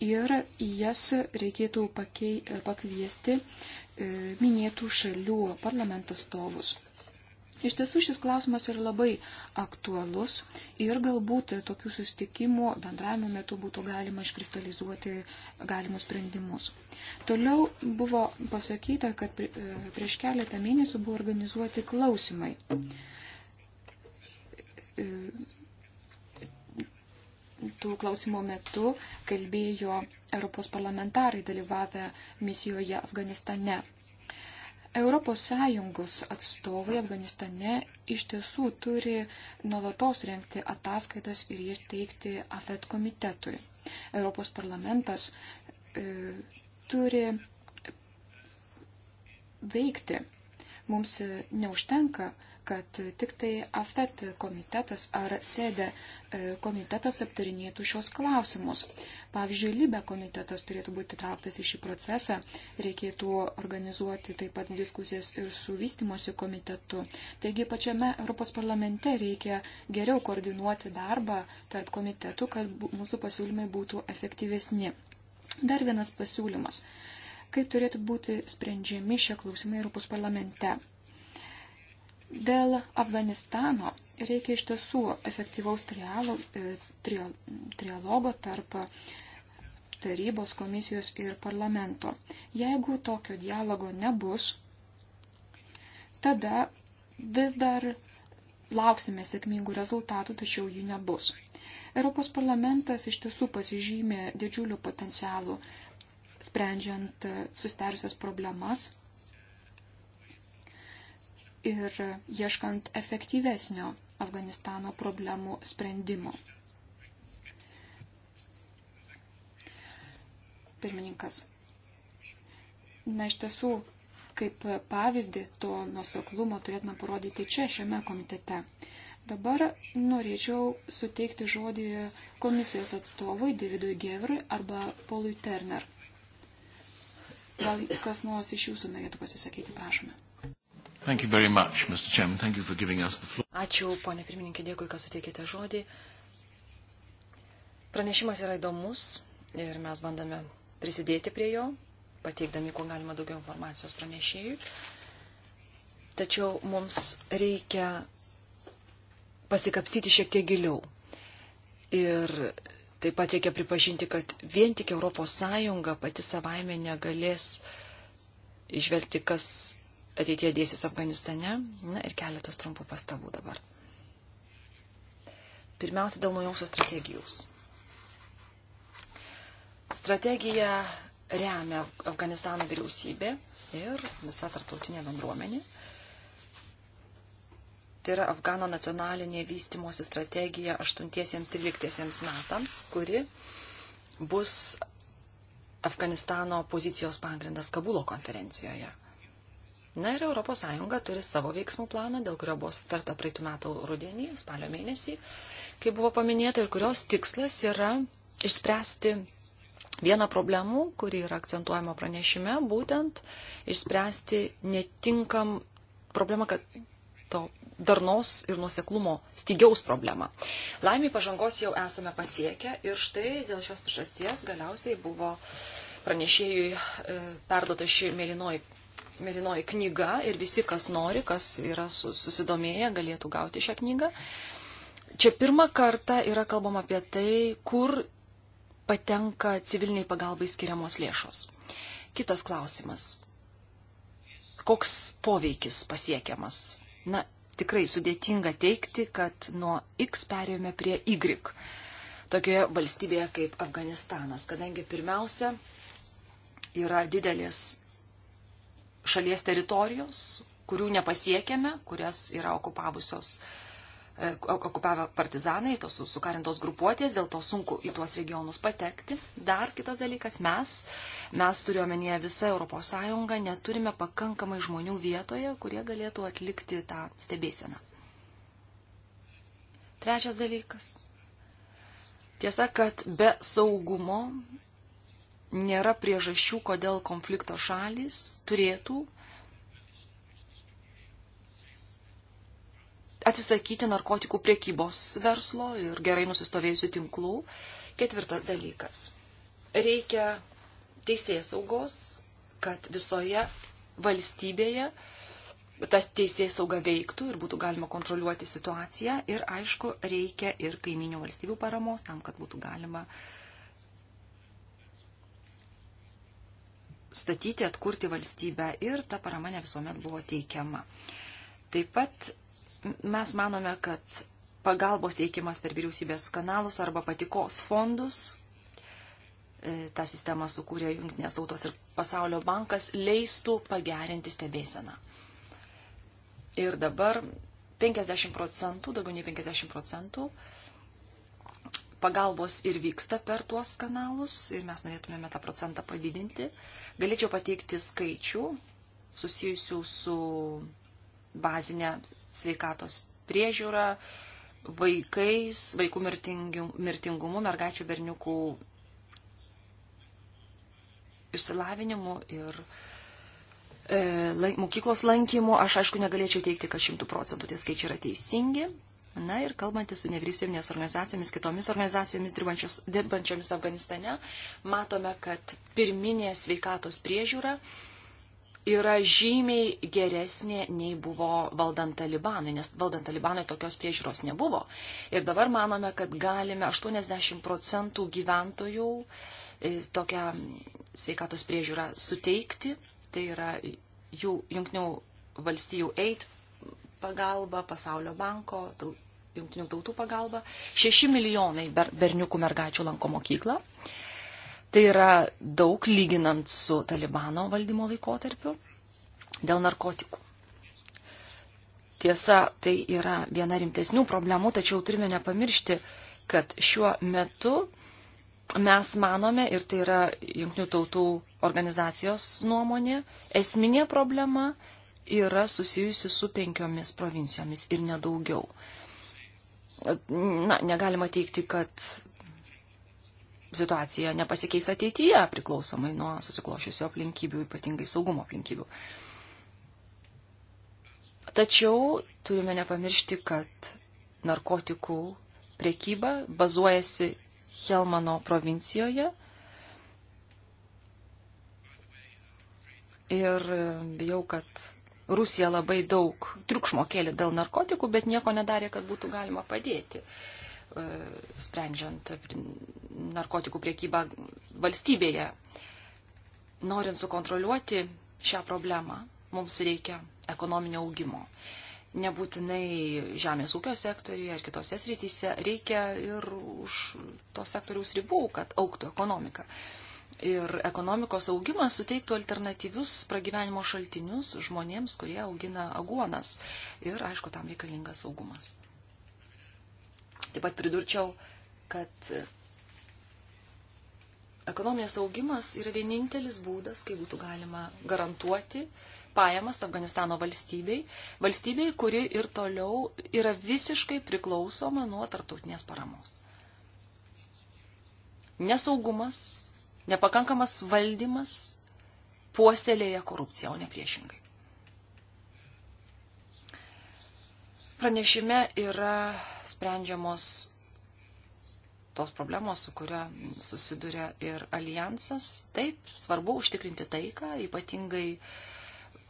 ir į jas reikėtų pakei, pakviesti minėtų šalių parlamento stovus. Iš tiesų šis klausimas yra labai aktualus ir galbūt tokių sustikimų bendravimo metu būtų galima iškristalizuoti galimus sprendimus. Toliau buvo pasakyta, kad e, prieš keletą mėnesių buvo organizuoti klausimai e, tų klausimų metu kalbėjo Europos parlamentarai dalyvavę misijoje Afganistane. ES atstovai Afganistane iš tiesų turi nuolatos renkti ataskaitas ir jas teikti AFET komitetui. Europos parlamentas e, turi veikti. Mums e, neužtenka e, kad tik tai AFET komitetas ar sėdė e, komitetas aptarinėtų šios klausimus. Pavyzdžiui, Libe komitetas turėtų būti trauktas į šį procesą, reikėtų organizuoti taip pat diskusijas ir su vystimosi komitetu. Taigi pačiame Europos parlamente reikia geriau koordinuoti darbą tarp komitetų, kad mūsų pasiūlymai būtų efektyvesni. Dar vienas pasiūlymas. Kaip turėtų būti sprendžiami šie klausimai Europos parlamente? Dėl Afganistano reikia iš tiesų efektyvaus trialo, e, trio, trialogo tarp tarybos komisijos ir parlamento. Jeigu tokio dialogo nebus, tada vis dar lauksime sėkmingų rezultatų, tačiau jų nebus. Europos parlamentas iš tiesų pasižymė didžiulių potencialų, sprendžiant e, sustarusias problemas ir ieškant efektyvesnio Afganistano problemų sprendimo. Pirmininkas. Na, iš tiesų, kaip pavyzdį to nuseklumo turėtume parodyti čia, šiame komitete. Dabar norėčiau suteikti žodį komisijos atstovui Davidui Gevrui arba Polui Turner. Gal kas nors iš jūsų norėtų pasisakyti, prašome. Much, Ačiū, ponė pirmininkė, dėkui, kad suteikėte žodį. Pranešimas yra įdomus ir mes bandame prisidėti prie jo, pateikdami, kuo galima daugiau informacijos pranešėjui. Tačiau mums reikia pasikapstyti šiek tiek giliau. Ir taip pat reikia pripažinti, kad vien tik ES pati savaime negalės išvelgti, kas ateitie dėsis Afganistane. Na ir keletas trumpų pastabų dabar. Pirmiausia, dėl naujausios strategijos. Strategija remia Afganistano vyriausybė ir visa tarptautinė bendruomenė. Tai yra Afgano nacionalinė vystimosi strategija 8-13 metams, kuri bus Afganistano pozicijos pagrindas Kabulo konferencijoje. Na ir ES turi savo veiksmų planą, dėl kurio buvo sustarta praeitų metų rudenį, spalio mėnesį, kaip buvo paminėta, ir kurios tikslas yra išspręsti vieną problemų, kuri yra akcentuojama pranešime, būtent išspręsti netinkam problemą, kad to darnos ir nuoseklumo stygiaus problemą. Laimiai pažangos jau esame pasiekę ir štai dėl šios priežasties galiausiai buvo pranešėjui e, perduota ši mėlynoji mėlynoji knyga ir visi, kas nori, kas yra susidomėję, galėtų gauti šią knygą. Čia pirmą kartą yra kalbama apie tai, kur patenka civiliniai pagalbai skiriamos lėšos. Kitas klausimas. Koks poveikis pasiekiamas? Na, tikrai sudėtinga teikti, kad nuo X perėjome prie Y tokioje valstybėje kaip Afganistanas, kadangi pirmiausia yra didelės šalies teritorijos, kurių nepasiekėme, kurias yra okupavusios e, okupavę partizanai, tos sukarintos grupuotės, dėl to sunku į tuos regionus patekti. Dar kitas dalykas, mes, mes turiuomenėje visą ES, neturime pakankamai žmonių vietoje, kurie galėtų atlikti tą stebėseną. Trečias dalykas. Tiesa, kad be saugumo nėra priežasčių, kodėl konflikto šalis turėtų atsisakyti narkotikų priekybos verslo ir gerai nusistovėjusių tinklų. Ketvirtas dalykas. Reikia teisės saugos, kad visoje valstybėje tas teisės sauga veiktų ir būtų galima kontroliuoti situaciją. Ir aišku, reikia ir kaiminių valstybių paramos tam, kad būtų galima uh, statyti, atkurti valstybę ir ta parama ne visuomet buvo teikiama. Taip pat mes manome, kad pagalbos teikimas per vyriausybės kanalus arba patikos fondus, e, tą sistemą sukūrė Junktinės tautos ir pasaulio bankas, leistų pagerinti stebėseną. Ir dabar 50 procentų, daugiau nei 50 procentų pagalbos ir vyksta per tuos kanalus ir mes norėtumėme tą procentą padidinti. Galėčiau pateikti skaičių susijusių su bazinė sveikatos priežiūra, vaikais, vaikų mirtingumu, mergaičių berniukų išsilavinimu ir e, mokyklos lankymu. Aš aišku negalėčiau teikti, kad šimtų procentų tie skaičiai yra teisingi, Na ir kalbantis su nevyriausybinės organizacijomis, kitomis organizacijomis dirbančiomis Afganistane, matome, kad pirminė sveikatos priežiūra yra žymiai geresnė nei buvo valdant Talibanui, nes valdant Talibanui tokios priežiūros nebuvo. Ir dabar manome, kad galime 80 procentų gyventojų e, tokią sveikatos priežiūrą suteikti. Tai yra jų jungtinių valstijų aid pagalba, Pasaulio banko, Junktinių tautų pagalba. 6 milijonai berniukų mergaičių lanko mokyklą. Tai yra daug lyginant su Talibano valdymo laikotarpiu dėl narkotikų. Tiesa, tai yra viena rimtesnių problemų, tačiau turime nepamiršti, kad šiuo metu mes manome, ir tai yra Junktinių tautų organizacijos nuomonė, esminė problema yra susijusi su penkiomis provincijomis ir nedaugiau. Na, negalima teikti, kad situacija nepasikeis ateityje priklausomai nuo susiklošiusio aplinkybių, ypatingai saugumo aplinkybių. Tačiau turime nepamiršti, kad narkotikų priekyba bazuojasi Helmano provincijoje. Ir bijau, kad Rusija labai daug triukšmo kėlė dėl narkotikų, bet nieko nedarė, kad būtų galima padėti, e, sprendžiant narkotikų priekybą valstybėje. Norint sukontroliuoti šią problemą, mums reikia ekonominio augimo. Nebūtinai žemės ūkio sektoriuje ar kitose srityse reikia ir už to sektoriaus ribų, kad auktų ekonomika. Uh, ir ekonomikos augimas suteiktų alternatyvius pragyvenimo šaltinius žmonėms, kurie augina aguonas. Ir, aišku, tam reikalingas saugumas. Taip pat pridurčiau, kad ekonominės augimas yra vienintelis būdas, kai būtų galima garantuoti pajamas Afganistano valstybei, valstybei, kuri ir toliau yra visiškai priklausoma nuo tarptautinės paramos. Nesaugumas Nepakankamas valdymas puoselėja korupciją, o ne priešingai. Pranešime yra sprendžiamos tos problemos, su kuria susiduria ir alijansas. Taip, svarbu užtikrinti taiką, ypatingai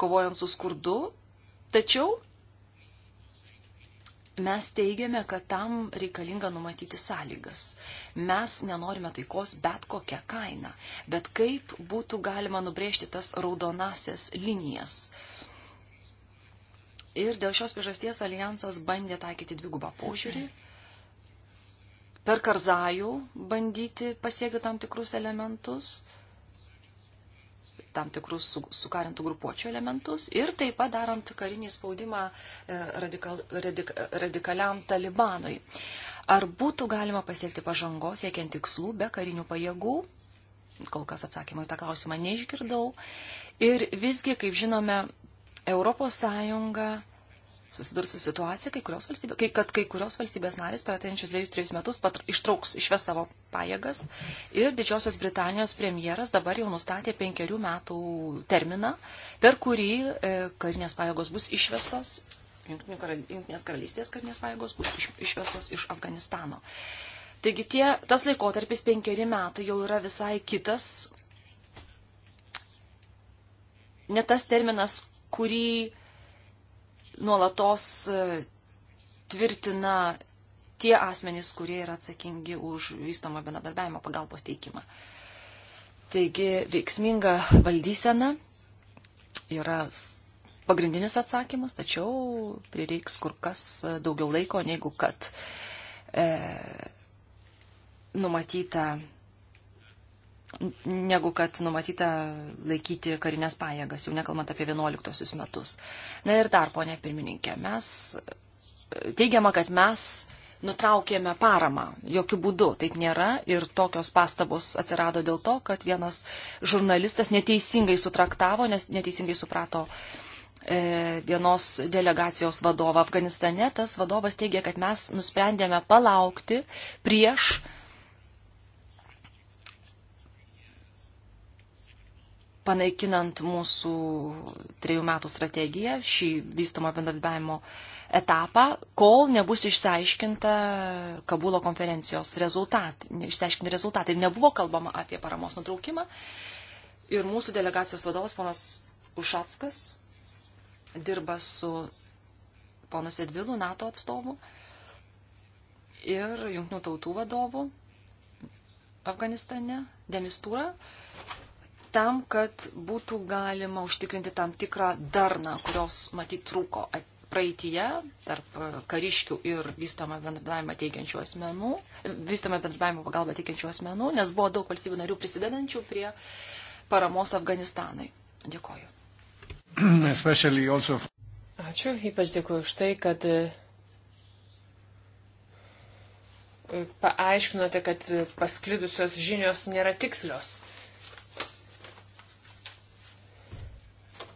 kovojant su skurdu. Tačiau mes teigiame, kad tam reikalinga numatyti sąlygas. Mes nenorime taikos bet kokią kainą. Bet kaip būtų galima nubrėžti tas raudonasias linijas? Ir dėl šios priežasties alijansas bandė taikyti dvigubą požiūrį. Per Karzajų bandyti pasiekti tam tikrus elementus tam tikrus su, sukarintų grupuočių elementus ir taip pat darant karinį spaudimą e, radikal, radik, radikaliam talibanui. Ar būtų galima pasiekti pažangos, siekiant tikslų be karinių pajėgų? Kol kas atsakymą į tą klausimą neišgirdau. Ir visgi, kaip žinome, ES susidurs su situacija, kai kurios valstybės, kai, kad kai kurios valstybės narės per ateinančius dviejus, trejus metus pat, ištrauks, išves savo pajėgas. Ir Didžiosios Britanijos premjeras dabar jau nustatė penkerių metų terminą, per kurį e, karinės pajėgos bus išvestos Junktinės karalystės karinės pajėgos bus iš, išvestos iš Afganistano. Taigi tie, tas laikotarpis penkeri metai jau yra visai kitas, ne tas terminas, kurį nuolatos e, tvirtina tie asmenys, kurie yra atsakingi už vystomą bendradarbiavimo pagalbos teikimą. Taigi veiksminga valdysena yra pagrindinis atsakymas, tačiau prireiks kur kas e, daugiau laiko, negu kad e, numatyta negu kad numatyta laikyti karinės pajėgas, jau nekalbant apie 11 metus. Na ir dar, ponė pirmininkė, mes e, teigiama, kad mes nutraukėme paramą. Jokių būdų taip nėra ir tokios pastabos atsirado dėl to, kad vienas žurnalistas neteisingai sutraktavo, nes neteisingai suprato uh, E, vienos delegacijos vadovą Afganistane. Tas vadovas teigia, kad mes nusprendėme palaukti prieš panaikinant mūsų trejų metų strategiją, šį vystomą bendradarbiavimo etapą, kol nebus išsiaiškinta Kabulo konferencijos rezultatai, išsiaiškinti rezultatai. Nebuvo kalbama apie paramos nutraukimą. Ir mūsų delegacijos vadovas, ponas Ušackas, dirba su ponas Edvilu, NATO atstovu ir jungtinių tautų vadovu Afganistane, Demistūra, tam, kad būtų galima užtikrinti tam tikrą darną, kurios matyt trūko praeitie tarp e, kariškių ir vystamą bendradavimą teikiančių asmenų, vystamą bendradavimą pagalbą teikiančių asmenų, nes buvo daug valstybių narių prisidedančių prie paramos Afganistanui. Dėkoju. Ačiū, ypač dėkuoju už tai, kad e, paaiškinote, kad pasklidusios žinios nėra tikslios.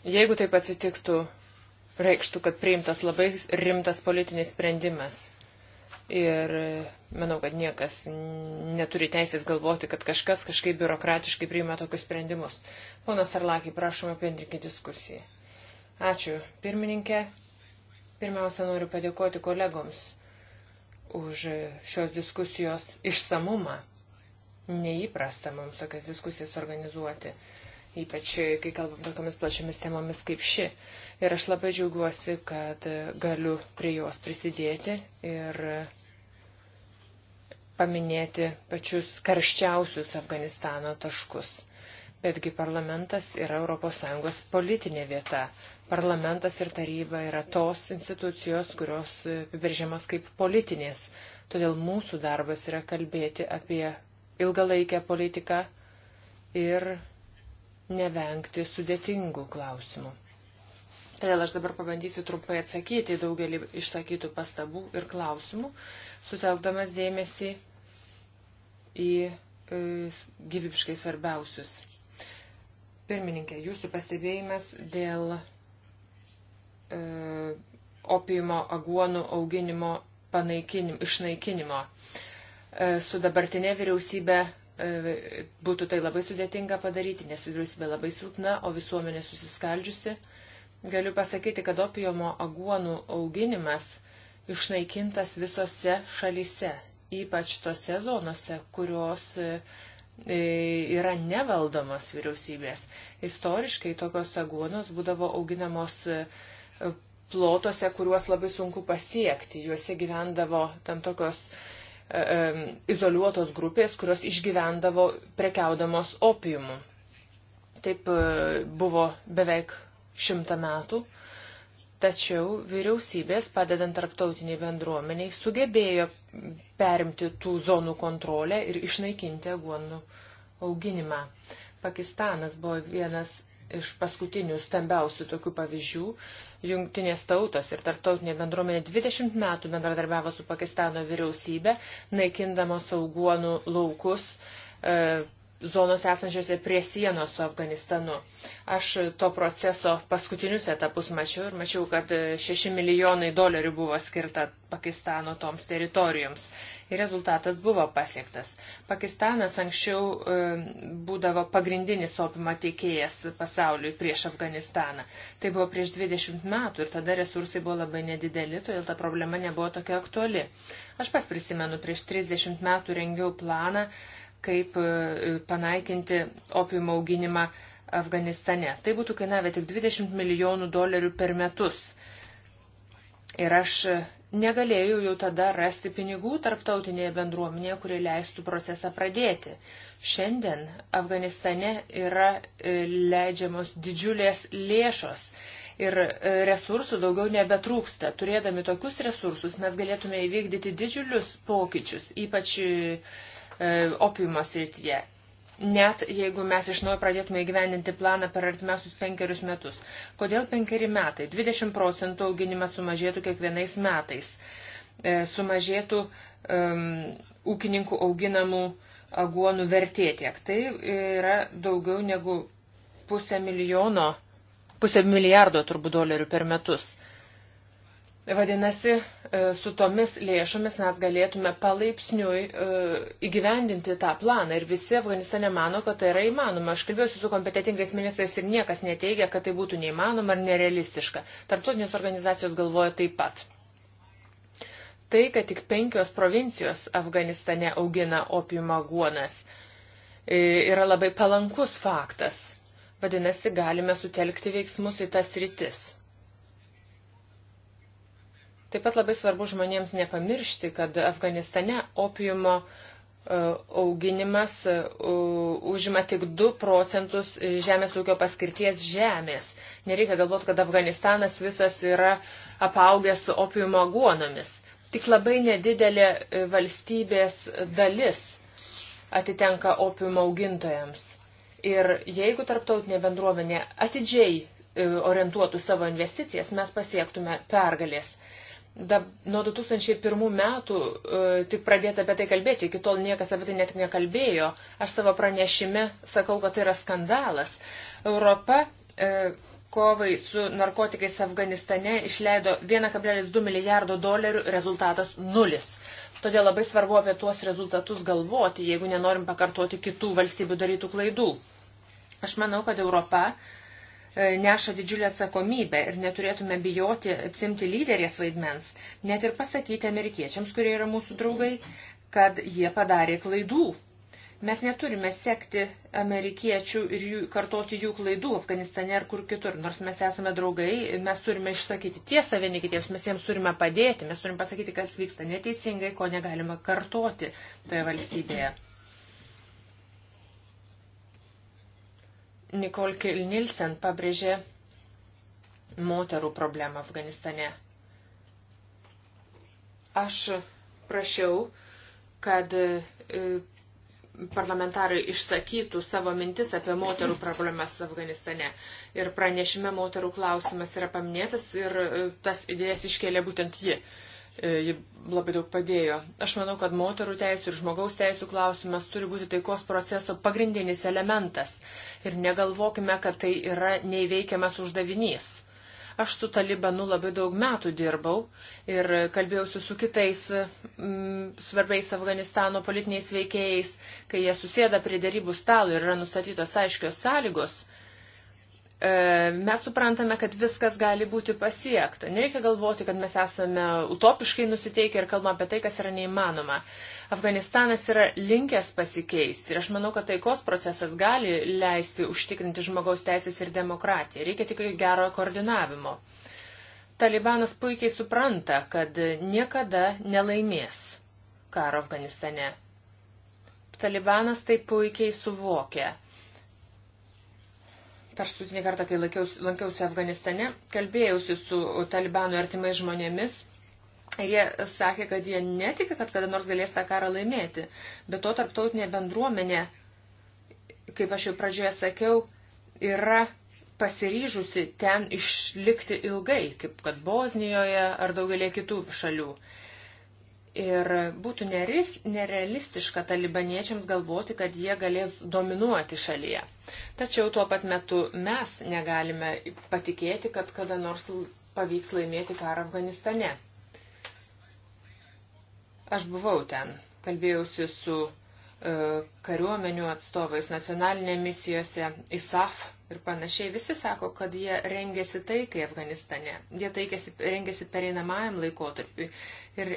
Jeigu taip atsitiktų, reikštų, kad priimtas labai rimtas politinis sprendimas. Ir e, manau, kad niekas neturi teisės galvoti, kad kažkas kažkaip biurokratiškai priima tokius sprendimus. Ponas Arlakiai, prašom apendrinkį diskusiją. Ačiū, pirmininkė. Pirmiausia, noriu padėkoti kolegoms už šios diskusijos išsamumą. Neįprasta mums tokias diskusijas organizuoti ypač kai kalbam tokiamis plačiamis temomis kaip ši. Ir aš labai džiaugiuosi, kad galiu prie jos prisidėti ir paminėti pačius karščiausius Afganistano taškus. Betgi parlamentas yra ES politinė vieta. Parlamentas ir taryba yra tos institucijos, kurios apibrėžiamas kaip politinės. Todėl mūsų darbas yra kalbėti apie ilgalaikę politiką ir nevengti sudėtingų klausimų. Todėl aš dabar pabandysiu trumpai atsakyti į daugelį išsakytų pastabų ir klausimų, sutelkdamas dėmesį į e, gyvybiškai svarbiausius. Pirmininkė, jūsų pastebėjimas dėl e, opiumo aguonų auginimo panaikinimo, išnaikinimo. E, su dabartinė vyriausybė E, būtų tai labai sudėtinga padaryti, nes vyriausybė labai silpna, o visuomenė susiskaldžiusi. Galiu pasakyti, kad opiumo aguonų auginimas išnaikintas visose šalyse, ypač tose zonose, kurios e, e, yra nevaldomos vyriausybės. Istoriškai tokios aguonos būdavo auginamos plotuose, kuriuos labai sunku pasiekti. Juose gyvendavo tam tokios uh, izoliuotos grupės, kurios išgyvendavo prekiaudamos opiumu. Taip e, buvo beveik šimta metų, tačiau vyriausybės, padedant tarptautiniai bendruomeniai, sugebėjo perimti tų zonų kontrolę ir išnaikinti aguonų auginimą. Pakistanas buvo vienas iš paskutinių stambiausių tokių pavyzdžių Jungtinės tautos ir tarptautinė bendruomenė 20 metų bendradarbiavo su Pakistano vyriausybė, naikindama sauguonų laukus e, zonos esančiose prie sienos su Afganistanu. Aš to proceso paskutinius etapus mačiau ir mačiau, kad 6 milijonai dolerių buvo skirta Pakistano toms teritorijoms ir rezultatas buvo pasiektas. Pakistanas anksčiau e, būdavo pagrindinis opimo teikėjas pasauliui prieš Afganistaną. Tai buvo prieš 20 metų ir tada resursai buvo labai nedideli, todėl ta problema nebuvo tokia aktuali. Aš pas prisimenu, prieš 30 metų rengiau planą, kaip e, panaikinti opimo auginimą Afganistane. Tai būtų kainavę tik 20 milijonų dolerių per metus. Ir aš Negalėjau jau tada rasti pinigų tarptautinėje bendruomenėje, kurie leistų procesą pradėti. Šiandien Afganistane yra e, leidžiamos didžiulės lėšos ir e, resursų daugiau nebetrūksta. Turėdami tokius resursus mes galėtume įvykdyti didžiulius pokyčius, ypač e, opiumo srityje net jeigu mes iš naujo pradėtume įgyvendinti planą per artimiausius penkerius metus. Kodėl penkeri metai? 20 procentų auginimas sumažėtų kiekvienais metais. E, sumažėtų um, ūkininkų auginamų aguonų vertė tiek. Tai yra daugiau negu pusę milijono, pusę milijardo turbūt dolerių per metus. Vadinasi, E, su tomis lėšomis mes galėtume palaipsniui e, įgyvendinti tą planą. Ir visi Afganistane mano, kad tai yra įmanoma. Aš kalbėjausi su kompetitingais ministrais ir niekas neteigia, kad tai būtų neįmanoma ar nerealistiška. Tarptautinės organizacijos galvoja taip pat. Tai, kad tik penkios provincijos Afganistane augina opiumą guonas, e, yra labai palankus faktas. Vadinasi, galime sutelkti veiksmus į tas rytis. Taip pat labai svarbu žmonėms nepamiršti, kad Afganistane opiumo e, auginimas e, užima tik 2 procentus e, žemės ūkio paskirties žemės. Nereikia galvoti, kad Afganistanas visas yra apaugęs opiumo guonomis. Tik labai nedidelė valstybės dalis atitenka opiumo augintojams. Ir jeigu tarptautinė bendruomenė atidžiai orientuotų savo investicijas, mes pasiektume pergalės. Dab, nuo 2001 metų e, tik pradėta apie tai kalbėti, iki tol niekas apie tai net nekalbėjo. Aš savo pranešime sakau, kad tai yra skandalas. Europa e, kovai su narkotikais Afganistane išleido 1,2 milijardo dolerių, rezultatas nulis. Todėl labai svarbu apie tuos rezultatus galvoti, jeigu nenorim pakartoti kitų valstybių darytų klaidų. Aš manau, kad Europa E, neša didžiulę atsakomybę ir neturėtume bijoti apsimti lyderės vaidmens, net ir pasakyti amerikiečiams, kurie yra mūsų draugai, kad jie padarė klaidų. Mes neturime sekti amerikiečių ir jų, kartoti jų klaidų Afganistane ar kur kitur. Nors mes esame draugai, mes turime išsakyti tiesą vieni kitiems, mes jiems turime padėti, mes turime pasakyti, kas vyksta neteisingai, ko negalima kartoti toje valstybėje. Nikol Nilsen pabrėžė moterų problemą Afganistane. Aš prašiau, kad e, parlamentarai išsakytų savo mintis apie moterų problemas Afganistane. Ir pranešime moterų klausimas yra paminėtas ir e, tas idėjas iškėlė būtent ji. Uh, E, ji labai daug padėjo. Aš manau, kad moterų teisų ir žmogaus teisų klausimas turi būti taikos proceso pagrindinis elementas. Ir negalvokime, kad tai yra neįveikiamas uždavinys. Aš su Talibanu labai daug metų dirbau ir kalbėjausi su kitais mm, svarbiais Afganistano politiniais veikėjais, kai jie susėda prie dėrybų stalo ir yra nustatytos aiškios sąlygos E, mes suprantame, kad viskas gali būti pasiekta. Nereikia galvoti, kad mes esame utopiškai nusiteikę ir kalbame apie tai, kas yra neįmanoma. Afganistanas yra linkęs pasikeisti ir aš manau, kad taikos procesas gali leisti užtikrinti žmogaus teisės ir demokratiją. Reikia tik gero koordinavimo. Talibanas puikiai supranta, kad niekada nelaimės karo Afganistane. Talibanas tai puikiai suvokia paskutinį kartą, kai lankiausi, lankiausi Afganistane, kalbėjausi su talibanų artimai žmonėmis ir jie sakė, kad jie netikė, kad kada nors galės tą karą laimėti. Bet to tarptautinė bendruomenė, kaip aš jau pradžioje sakiau, yra pasiryžusi ten išlikti ilgai, kaip kad Bosnijoje ar daugelį kitų šalių. Ir būtų neris, nerealistiška talibaniečiams galvoti, kad jie galės dominuoti šalyje. Tačiau tuo pat metu mes negalime patikėti, kad kada nors pavyks laimėti karą Afganistane. Aš buvau ten, kalbėjausi su E, kariuomenių atstovais, nacionalinė misijose, ISAF ir panašiai, visi sako, kad jie rengėsi taikai Afganistane, jie taikėsi, rengėsi pereinamajam laikotarpiui ir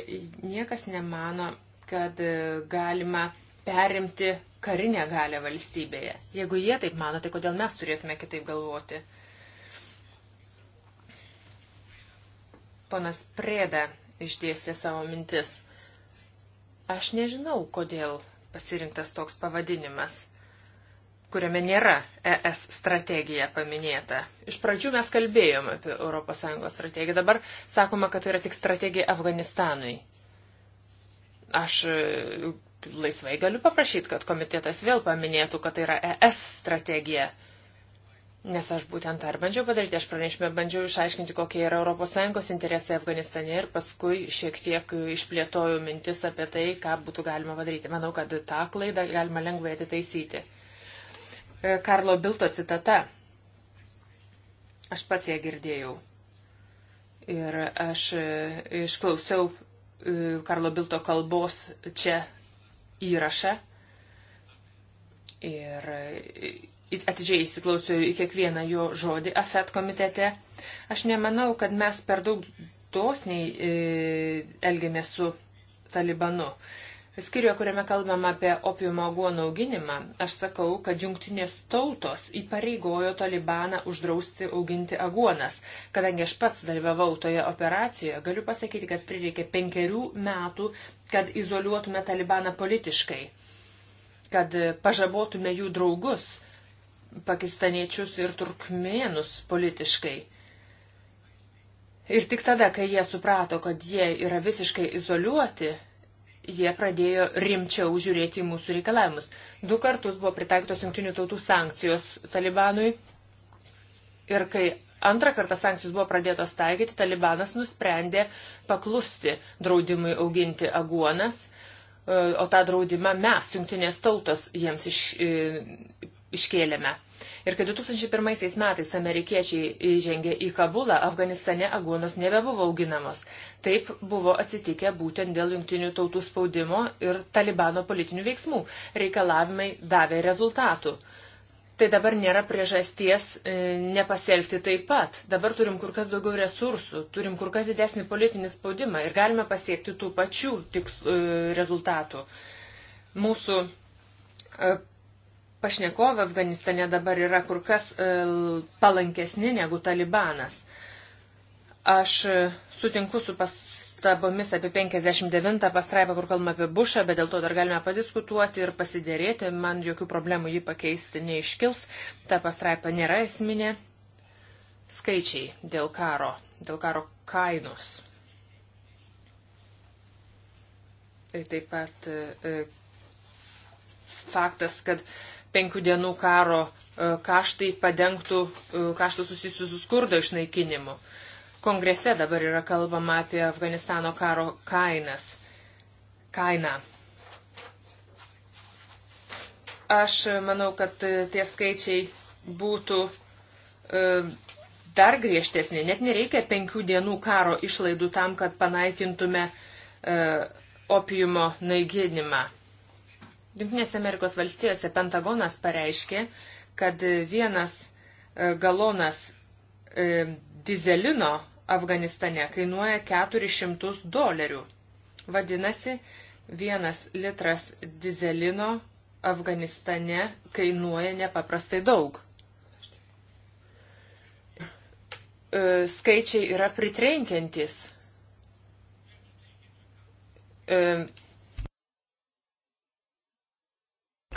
niekas nemano, kad e, galima perimti karinę galę valstybėje. Jeigu jie taip mano, tai kodėl mes turėtume kitaip galvoti? Ponas Prėda išdėstė savo mintis. Aš nežinau, kodėl pasirinktas toks pavadinimas, kuriame nėra ES strategija paminėta. Iš pradžių mes kalbėjome apie ES strategiją, dabar sakoma, kad tai yra tik strategija Afganistanui. Aš e, laisvai galiu paprašyti, kad komitetas vėl paminėtų, kad tai yra ES strategija Nes aš būtent tą ir bandžiau padaryti, aš pranešime bandžiau išaiškinti, kokie yra ES interesai Afganistane ir paskui šiek tiek išplėtojau mintis apie tai, ką būtų galima padaryti. Manau, kad tą klaidą galima lengvai atitaisyti. E, Karlo Bilto citata. Aš pats ją girdėjau. Ir aš e, išklausiau e, Karlo Bilto kalbos čia įrašą. Ir atidžiai įsiklausiau į kiekvieną jo žodį AFET komitete. Aš nemanau, kad mes per daug dosniai e, elgiamės su Talibanu. Skirio, kuriame kalbam apie opiumo guono auginimą, aš sakau, kad jungtinės tautos įpareigojo Talibaną uždrausti auginti aguonas. Kadangi aš pats dalyvavau toje operacijoje, galiu pasakyti, kad prireikė penkerių metų, kad izoliuotume Talibaną politiškai, kad pažabotume jų draugus pakistaniečius ir turkmėnus politiškai. Ir tik tada, kai jie suprato, kad jie yra visiškai izoliuoti, jie pradėjo rimčiau žiūrėti į mūsų reikalavimus. Du kartus buvo pritaiktos jungtinių tautų sankcijos talibanui. Ir kai antrą kartą sankcijos buvo pradėtos taikyti, talibanas nusprendė paklusti draudimui auginti aguonas, e, o tą draudimą mes, jungtinės tautos, jiems iš, e, iškėlėme. Ir kai 2001 metais amerikiečiai įžengė į Kabulą, Afganistane aguonos nebebuvo auginamos. Taip buvo atsitikę būtent dėl jungtinių tautų spaudimo ir talibano politinių veiksmų. Reikalavimai davė rezultatų. Tai dabar nėra priežasties e, nepasielgti taip pat. Dabar turim kur kas daugiau resursų, turim kur kas didesnį politinį spaudimą ir galime pasiekti tų pačių tiks, e, rezultatų. Mūsų e, pašnekovai Afganistane dabar yra kur kas e, palankesni negu Talibanas. Aš e, sutinku su pastabomis apie 59 pastraipą, kur kalbame apie Bušą, bet dėl to dar galime padiskutuoti ir pasidėrėti. Man jokių problemų jį pakeisti neiškils. Ta pastraipa nėra esminė. Skaičiai dėl karo, dėl karo kainos. Ir taip pat e, faktas, kad penkių dienų karo e, kaštai padengtų e, kaštus susijusius su skurdo išnaikinimu. Kongrese dabar yra kalbama apie Afganistano karo kainas. Kainą. Aš manau, kad e, tie skaičiai būtų dar griežtesnė. Net nereikia penkių dienų karo išlaidų tam, kad panaikintume e, opiumo naiginimą. Junktinėse Amerikos valstijose Pentagonas pareiškė, kad vienas e, galonas e, dizelino Afganistane kainuoja 400 dolerių. Vadinasi, vienas litras dizelino Afganistane kainuoja nepaprastai daug. E, skaičiai yra pritrenkiantis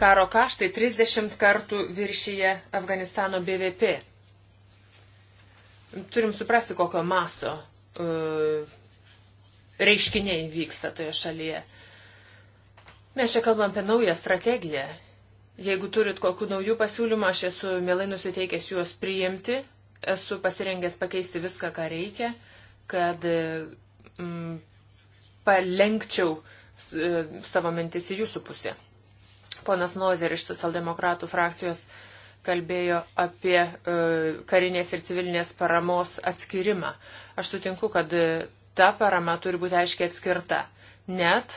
Karo kaštai 30 kartų viršyje Afganistano BVP. Turim suprasti, kokio masto uh, reiškiniai vyksta toje šalyje. Mes čia kalbam apie naują strategiją. Jeigu turit kokių naujų pasiūlymų, aš esu mielai nusiteikęs juos priimti, esu pasirengęs pakeisti viską, ką reikia, kad mm, palenkčiau e, savo mintis į jūsų pusę. Ponas Nozer iš socialdemokratų frakcijos kalbėjo apie e, karinės ir civilinės paramos atskirimą. Aš sutinku, kad e, ta parama turi būti aiškiai atskirta. Net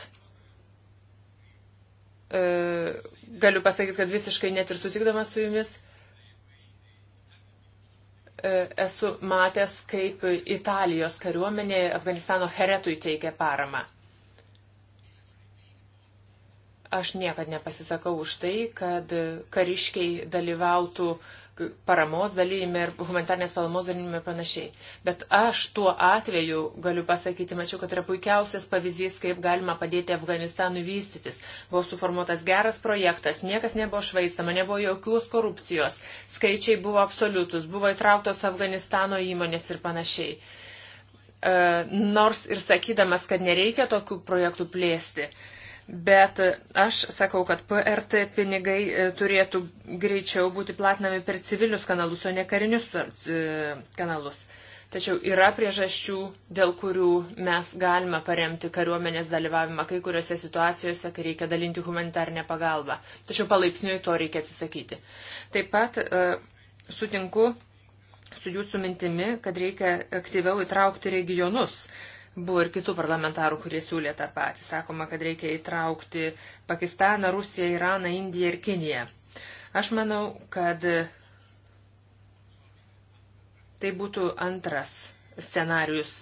e, galiu pasakyti, kad visiškai net ir sutikdamas su jumis e, esu matęs, kaip Italijos kariuomenė Afganistano heretui teikia paramą. Aš niekad nepasisakau už tai, kad kariškiai dalyvautų paramos dalyjime ir humanitarnės paramos dalyjime ir panašiai. Bet aš tuo atveju galiu pasakyti, mačiau, kad yra puikiausias pavyzdys, kaip galima padėti Afganistanui vystytis. Buvo suformuotas geras projektas, niekas nebuvo švaistama, nebuvo jokios korupcijos, skaičiai buvo absoliutus, buvo įtrauktos Afganistano įmonės ir panašiai. E, nors ir sakydamas, kad nereikia tokių projektų plėsti, e, Bet aš sakau, kad PRT pinigai e, turėtų greičiau būti platinami per civilius kanalus, o ne karinius e, kanalus. Tačiau yra priežasčių, dėl kurių mes galime paremti kariuomenės dalyvavimą kai kuriuose situacijose, kai reikia dalinti humanitarnę pagalbą. Tačiau palaipsniui to reikia atsisakyti. Taip pat e, sutinku su jūsų mintimi, kad reikia aktyviau įtraukti regionus Buvo ir kitų parlamentarų, kurie siūlė tą patį. Sakoma, kad reikia įtraukti Pakistaną, Rusiją, Iraną, Indiją ir Kiniją. Aš manau, kad tai būtų antras scenarius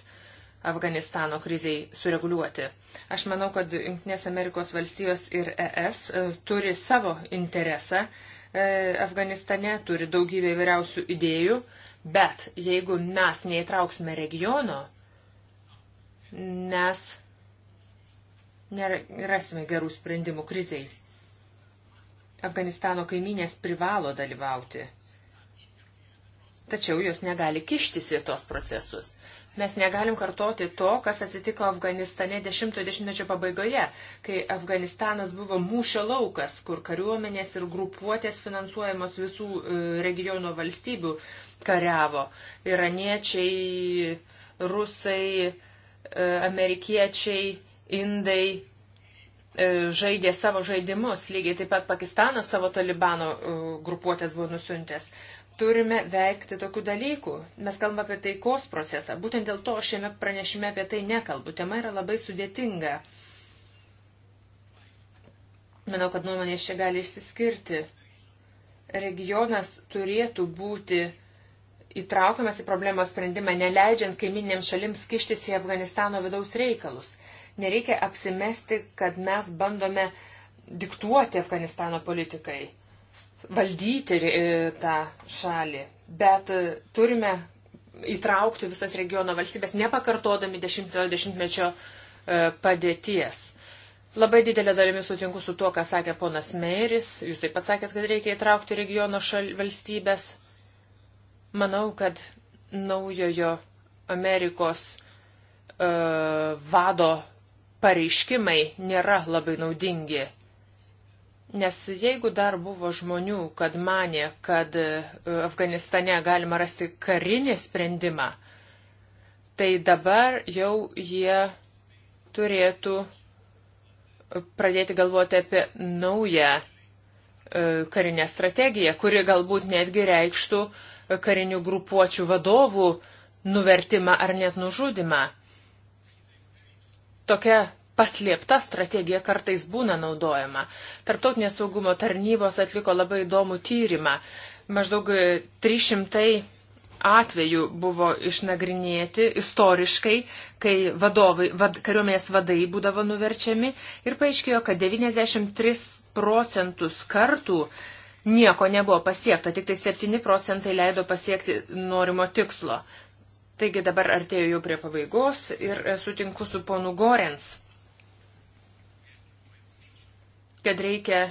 Afganistano kriziai sureguliuoti. Aš manau, kad Junktinės Amerikos valstijos ir ES e, turi savo interesą e, Afganistane, turi daugybę įvairiausių idėjų, bet jeigu mes neįtrauksime regiono, mes nerasime gerų sprendimų kriziai. Afganistano kaiminės privalo dalyvauti. Tačiau jos negali kištis į tos procesus. Mes negalim kartoti to, kas atsitiko Afganistane 10-20 pabaigoje, kai Afganistanas buvo mūšio laukas, kur kariuomenės ir grupuotės finansuojamos visų e, regiono valstybių kariavo. Iraniečiai, rusai, E, amerikiečiai, indai e, žaidė savo žaidimus, lygiai taip pat Pakistanas savo talibano e, grupuotės buvo nusiuntęs. Turime veikti tokių dalykų. Mes kalbame apie taikos procesą. Būtent dėl to šiame pranešime apie tai nekalbu. Tema yra labai sudėtinga. Manau, kad nuomonės čia gali išsiskirti. Regionas turėtų būti įtraukiamas į problemos sprendimą, neleidžiant kaiminėms šalims kištis į Afganistano vidaus reikalus. Nereikia apsimesti, kad mes bandome diktuoti Afganistano politikai, valdyti e, tą šalį, bet e, turime įtraukti visas regiono valstybės, nepakartodami dešimtojo dešimtmečio e, padėties. Labai didelė dalimi sutinku su tuo, ką sakė ponas Meiris. Jūs taip pat sakėt, kad reikia įtraukti regiono šal, valstybės. Manau, kad naujojo Amerikos uh, vado pareiškimai nėra labai naudingi. Nes jeigu dar buvo žmonių, kad manė, kad e, Afganistane galima rasti karinį sprendimą, tai dabar jau jie turėtų pradėti galvoti apie naują e, karinę strategiją, kuri galbūt netgi reikštų uh, karinių grupuočių vadovų nuvertimą ar net nužudimą. Tokia paslėpta strategija kartais būna naudojama. Tarptautinės saugumo tarnybos atliko labai įdomų tyrimą. Maždaug 300 atvejų buvo išnagrinėti istoriškai, kai vadovai, vad, kariuomenės vadai būdavo nuverčiami ir paaiškėjo, kad 93 procentus kartų uh, nieko nebuvo pasiekta, tik tai 7 procentai leido pasiekti norimo tikslo. Taigi dabar artėjau jau prie pabaigos ir sutinku su ponu Gorens, kad reikia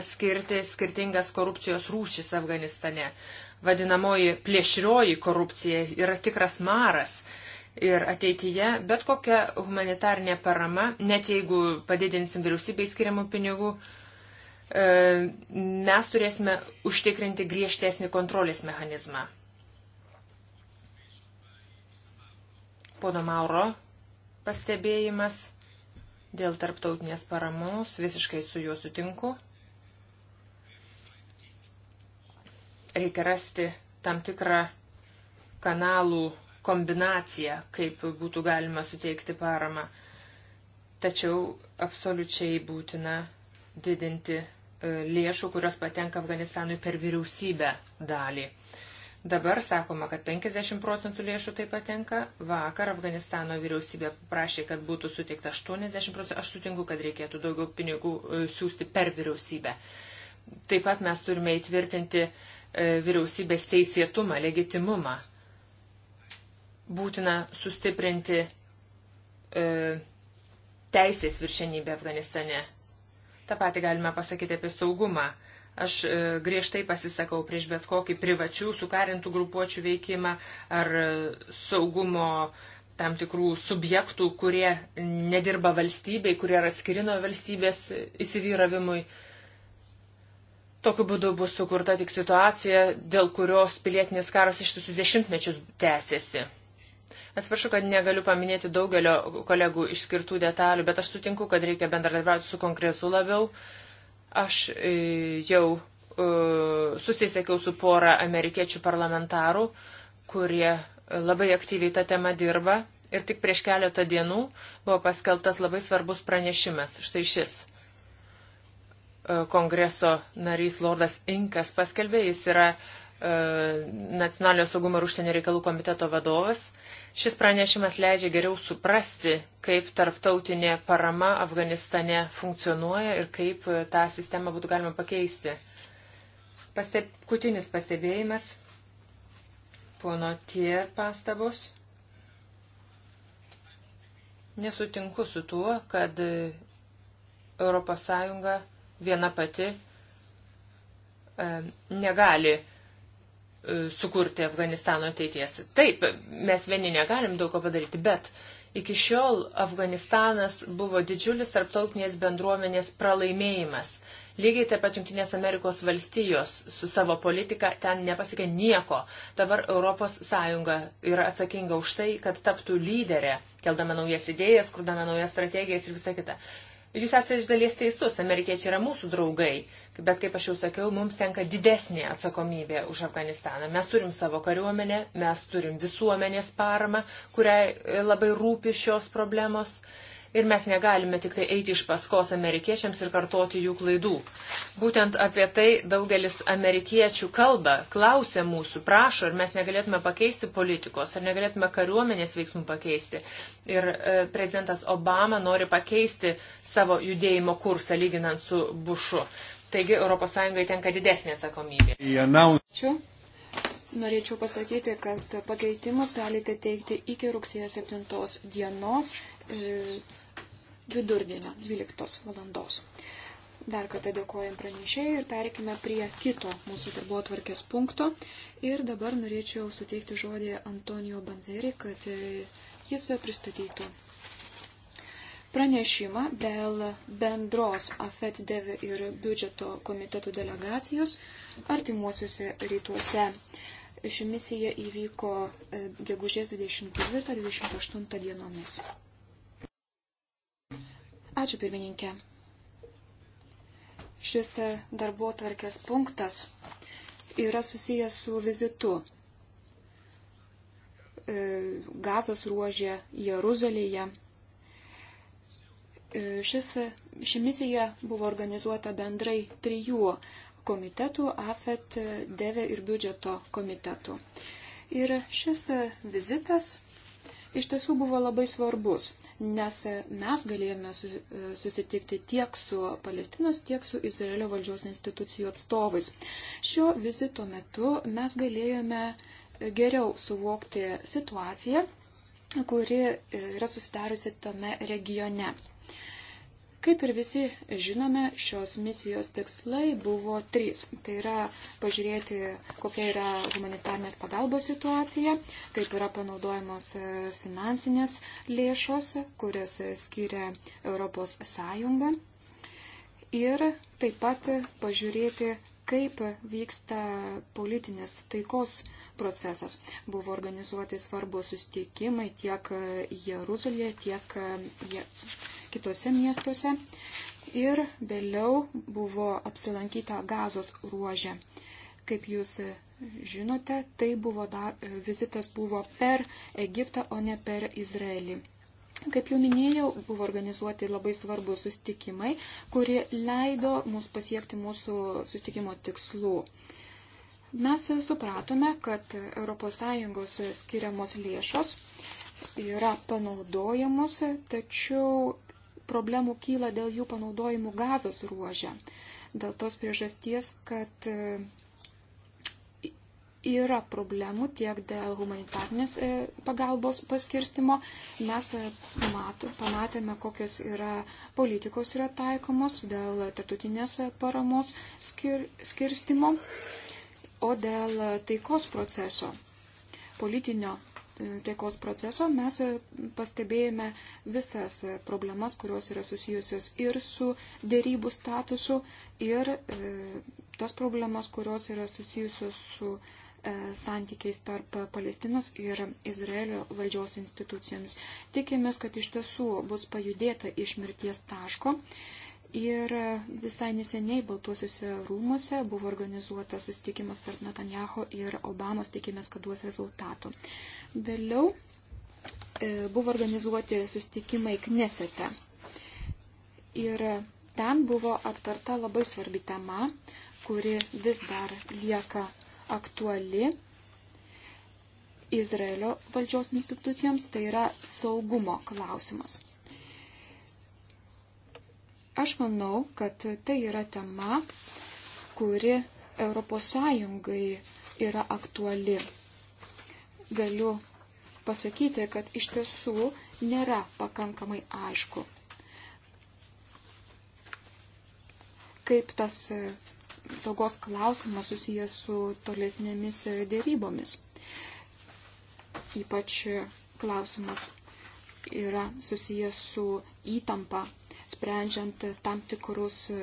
atskirti skirtingas korupcijos rūšis Afganistane. Vadinamoji plėšrioji korupcija yra tikras maras. Ir ateityje bet kokia humanitarnė parama, net jeigu padidinsim vyriausybei skiriamų pinigų, uh, E, mes turėsime užtikrinti griežtesnį kontrolės mechanizmą. Pono Mauro pastebėjimas dėl tarptautinės paramos, visiškai su juo sutinku. Reikia rasti tam tikrą kanalų kombinaciją, kaip būtų galima suteikti paramą. Tačiau absoliučiai būtina didinti e, lėšų, kurios patenka Afganistanui per vyriausybę dalį. Dabar sakoma, kad 50 procentų lėšų tai patenka. Vakar Afganistano vyriausybė paprašė, kad būtų suteikta 80 procentų. Aš sutinku, kad reikėtų daugiau pinigų e, siūsti per vyriausybę. Taip pat mes turime įtvirtinti e, vyriausybės teisėtumą, legitimumą. Būtina sustiprinti teisės viršenybę Afganistane. Ta pati galime pasakyti apie saugumą. Aš e, griežtai pasisakau prieš bet kokį privačių sukarintų grupuočių veikimą ar e, saugumo tam tikrų subjektų, kurie nedirba valstybei, kurie yra atskirino valstybės įsivyravimui. Tokiu būdu bus sukurta tik situacija, dėl kurios pilietinis karas ištisus dešimtmečius tęsiasi. Atsiprašau, kad negaliu paminėti daugelio kolegų išskirtų detalių, bet aš sutinku, kad reikia bendradarbiauti su konkretu labiau. Aš e, jau e, susisiekiau su pora amerikiečių parlamentarų, kurie labai aktyviai tą temą dirba. Ir tik prieš keletą dienų buvo paskelbtas labai svarbus pranešimas. Štai šis e, kongreso narys Lordas Inkas paskelbė, jis yra uh, E, nacionalinio saugumo ir užsienio reikalų komiteto vadovas. Šis pranešimas leidžia geriau suprasti, kaip tarptautinė parama Afganistane funkcionuoja ir kaip e, tą sistemą būtų galima pakeisti. Paskutinis pastebėjimas. Pono Tier pastabos. Nesutinku su tuo, kad ES viena pati e, negali sukurti Afganistano ateities. Taip, mes vieni negalim daug ko padaryti, bet iki šiol Afganistanas buvo didžiulis tarptautinės bendruomenės pralaimėjimas. Lygiai taip pat Junktinės Amerikos valstijos su savo politika ten nepasakė nieko. Dabar ES yra atsakinga už tai, kad taptų lyderė, keldama naujas idėjas, kurdama naujas strategijas ir visą kitą. Jūs esate iš dalies teisus, amerikiečiai yra mūsų draugai, bet kaip aš jau sakiau, mums tenka didesnė atsakomybė už Afganistaną. Mes turim savo kariuomenę, mes turim visuomenės paramą, kuriai labai rūpi šios problemos. Uh, ir mes negalime tik tai eiti iš paskos amerikiečiams ir kartoti jų klaidų. Būtent apie tai daugelis amerikiečių kalba, klausia mūsų, prašo, ar mes negalėtume pakeisti politikos, ar negalėtume kariuomenės veiksmų pakeisti. Ir e, prezidentas Obama nori pakeisti savo judėjimo kursą lyginant su Bušu. Taigi ES tenka didesnė atsakomybė. Ačiū. Norėčiau pasakyti, kad pakeitimus galite teikti iki rugsėjo 7 dienos. E, vidurdienio 12 valandos. Dar kartą dėkojam pranešėjai ir perikime prie kito mūsų darbo atvarkės punkto. Ir dabar norėčiau suteikti žodį Antonijo Banzerį, kad e, jis pristatytų pranešimą dėl bendros AFET DEV ir biudžeto komitetų delegacijos artimuosiuose rytuose. Ši misija įvyko e, gegužės 24-28 dienomis. Ačiū pirmininkė. Šis darbo tvarkės punktas yra susijęs su vizitu e, gazos ruožė Jeruzalėje. E, šis, ši misija buvo organizuota bendrai trijų komitetų - AFET, DEVE ir biudžeto komitetų. Ir šis vizitas iš tiesų buvo labai svarbus nes mes galėjome susitikti tiek su Palestinos, tiek su Izraelio valdžios institucijų atstovais. Šio vizito metu mes galėjome geriau suvokti situaciją, kuri yra susidariusi tame regione. Kaip ir visi žinome, šios misijos tikslai buvo trys. Tai yra pažiūrėti, kokia yra humanitarnės pagalbos situacija, kaip yra panaudojamos e, finansinės lėšos, kurias skiria Europos Sąjunga. Ir taip pat pažiūrėti, kaip vyksta politinės taikos procesas. Buvo organizuoti svarbus susitikimai tiek Jeruzalėje, tiek e, kitose miestuose. Ir vėliau buvo apsilankyta gazos ruožė. Kaip jūs žinote, tai buvo dar, e, vizitas buvo per Egiptą, o ne per Izraelį. Kaip jau minėjau, buvo organizuoti labai svarbus sustikimai, kurie leido mus pasiekti mūsų sustikimo tikslų. Mes supratome, kad ES skiriamos lėšos yra panaudojamos, tačiau problemų kyla dėl jų panaudojimų gazos ruožę. Dėl tos priežasties, kad yra problemų tiek dėl humanitarnės e, pagalbos paskirstimo. Mes e, matų, pamatėme, kokios yra politikos yra taikomos dėl tartutinės paramos skir, skirstimo. O dėl taikos proceso, politinio e, taikos proceso mes e, pastebėjome visas e, problemas, kurios yra susijusios ir su dėrybų statusu, ir tas problemas, kurios yra susijusios su santykiais tarp Palestinos ir Izraelio valdžios institucijomis. Tikimės, kad iš tiesų bus pajudėta iš mirties taško Ir visai neseniai Baltuosiuose rūmuose buvo organizuotas susitikimas tarp Netanjaho ir Obamos, tikimės, kad duos rezultatų. Vėliau e, buvo organizuoti susitikimai Knesete. Ir ten buvo aptarta labai svarbi tema, kuri vis dar lieka aktuali Izraelio valdžios institucijoms, tai yra saugumo klausimas. Aš manau, kad tai yra tema, kuri ES yra aktuali. Galiu pasakyti, kad iš tiesų nėra pakankamai aišku, kaip tas saugos klausimas susijęs su tolesnėmis dėrybomis. Ypač klausimas yra susijęs su įtampa sprendžiant tam tikrus e,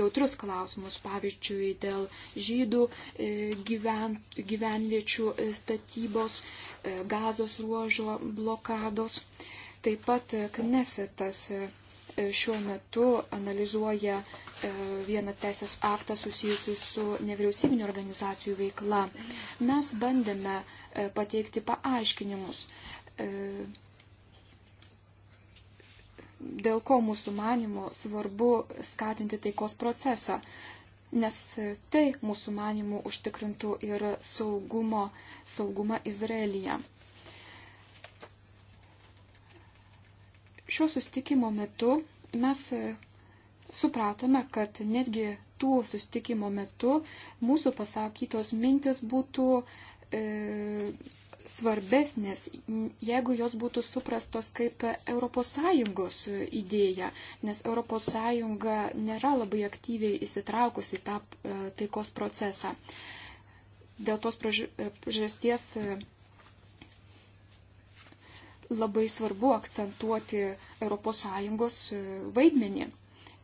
jautrus klausimus, pavyzdžiui, dėl žydų e, gyven, gyvenviečių e, statybos, gazos ruožo blokados. Taip pat Knesetas šiuo metu analizuoja vieną teisės aktą susijusiu su nevyriausybinio organizacijų veikla. Mes bandėme pateikti paaiškinimus dėl ko mūsų manimo svarbu skatinti taikos procesą, nes tai mūsų manimo užtikrintų ir saugumo, saugumą Izraelyje. Šio sustikimo metu mes supratome, kad netgi tų sustikimo metu mūsų pasakytos mintis būtų e, svarbesnės, jeigu jos būtų suprastos kaip ES idėja, nes ES nėra labai aktyviai įsitraukusi tą e, taikos procesą. Dėl tos e, priežasties e, labai svarbu akcentuoti ES vaidmenį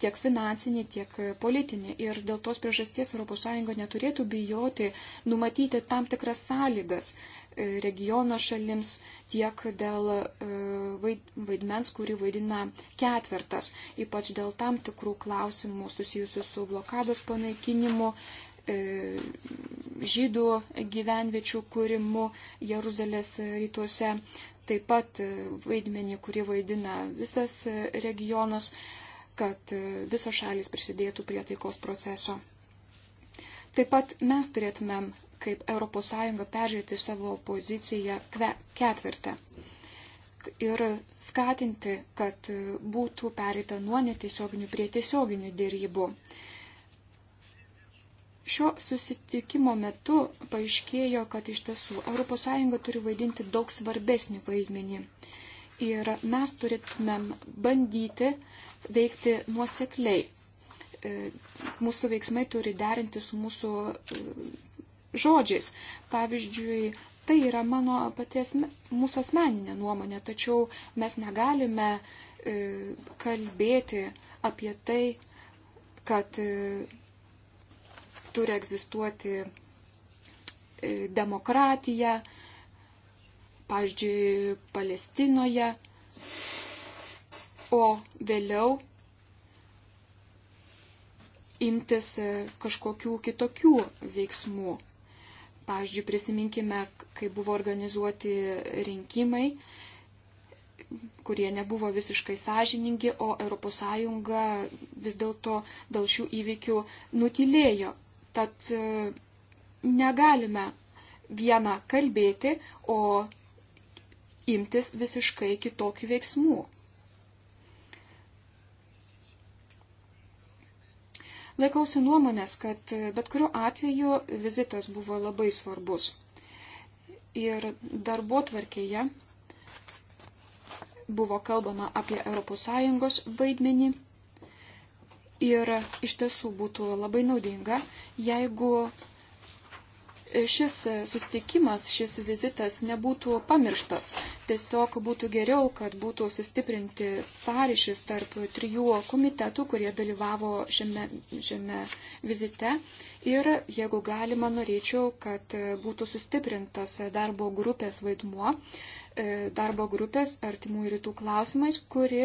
tiek finansinį, tiek politinį. Ir dėl tos priežasties ES neturėtų bijoti numatyti tam tikras sąlygas, regiono šalims, tiek dėl e, vaidmens, kurį vaidina ketvertas, ypač dėl tam tikrų klausimų susijusių su blokados panaikinimu, e, žydų gyvenviečių kūrimu Jeruzalės rytuose, taip pat e, vaidmenį, kurį vaidina visas regionas kad visos šalis prisidėtų prie taikos proceso. Taip pat mes turėtumėm kaip ES peržiūrėti savo poziciją ketvirtę ir skatinti, kad būtų pereita nuo netiesioginių prie tiesioginių dėrybų. Šio susitikimo metu paaiškėjo, kad iš tiesų ES turi vaidinti daug svarbesnį vaidmenį. Ir mes turėtumėm bandyti veikti nuosekliai. E, mūsų veiksmai turi derinti su mūsų e, žodžiais. Pavyzdžiui, tai yra mano paties, mūsų asmeninė nuomonė, tačiau mes negalime e, kalbėti apie tai, kad e, turi egzistuoti e, demokratija, pavyzdžiui, Palestinoje, o vėliau imtis kažkokių kitokių veiksmų. Pavyzdžiui, prisiminkime, kai buvo organizuoti rinkimai, kurie nebuvo visiškai sąžiningi, o ES vis dėlto dėl šių įvykių nutilėjo. Tad e, negalime vieną kalbėti, o imtis visiškai kitokių veiksmų. Laikausi nuomonės, kad bet kuriuo atveju vizitas buvo labai svarbus. Ir darbo tvarkėje buvo kalbama apie ES vaidmenį. Ir iš tiesų būtų labai naudinga, jeigu šis sustikimas, šis vizitas nebūtų pamirštas. Tiesiog būtų geriau, kad būtų sustiprinti sąryšis tarp trijų komitetų, kurie dalyvavo šiame, šiame vizite. Ir jeigu galima, norėčiau, kad būtų sustiprintas darbo grupės vaidmuo E, darbo grupės artimų rytų klausimais, kuri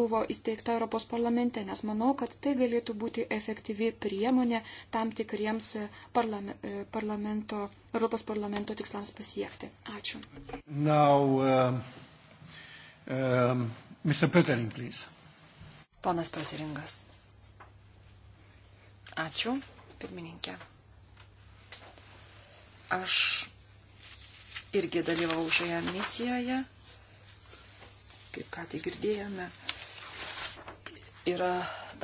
buvo įsteigta Europos parlamente, nes manau, kad tai galėtų būti efektyvi priemonė tam tikriems e, e, parlamento, Europos parlamento tikslams pasiekti. Ačiū. Now, um, um, Mr. Petering, please. Ponas Peteringas. Ačiū, pirmininkė. Aš irgi dalyvau šioje misijoje, kaip ką tai girdėjome. Yra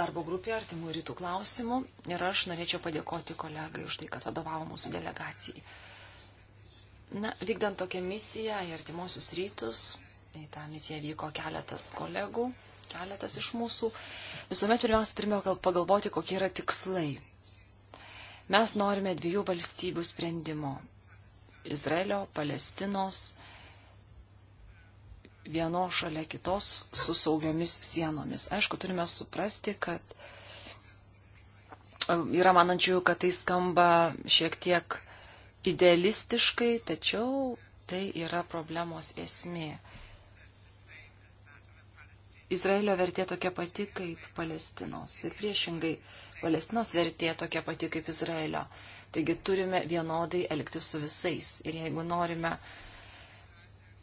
darbo grupė artimų rytų klausimų ir aš norėčiau padėkoti kolegai už tai, kad vadovavo mūsų delegacijai. Na, vykdant tokią misiją į artimuosius rytus, į tą misiją vyko keletas kolegų, keletas iš mūsų, visuomet pirmiausia turime pagalvoti, kokie yra tikslai. Mes norime dviejų valstybių sprendimo Izraelio, Palestinos, vieno šalia kitos su saugiomis sienomis. Aišku, turime suprasti, kad um, yra manančių, kad tai skamba šiek tiek idealistiškai, tačiau tai yra problemos esmė. Izraelio vertė tokia pati kaip Palestinos ir priešingai Palestinos vertė tokia pati kaip Izraelio. Taigi turime vienodai elgtis su visais. Ir jeigu norime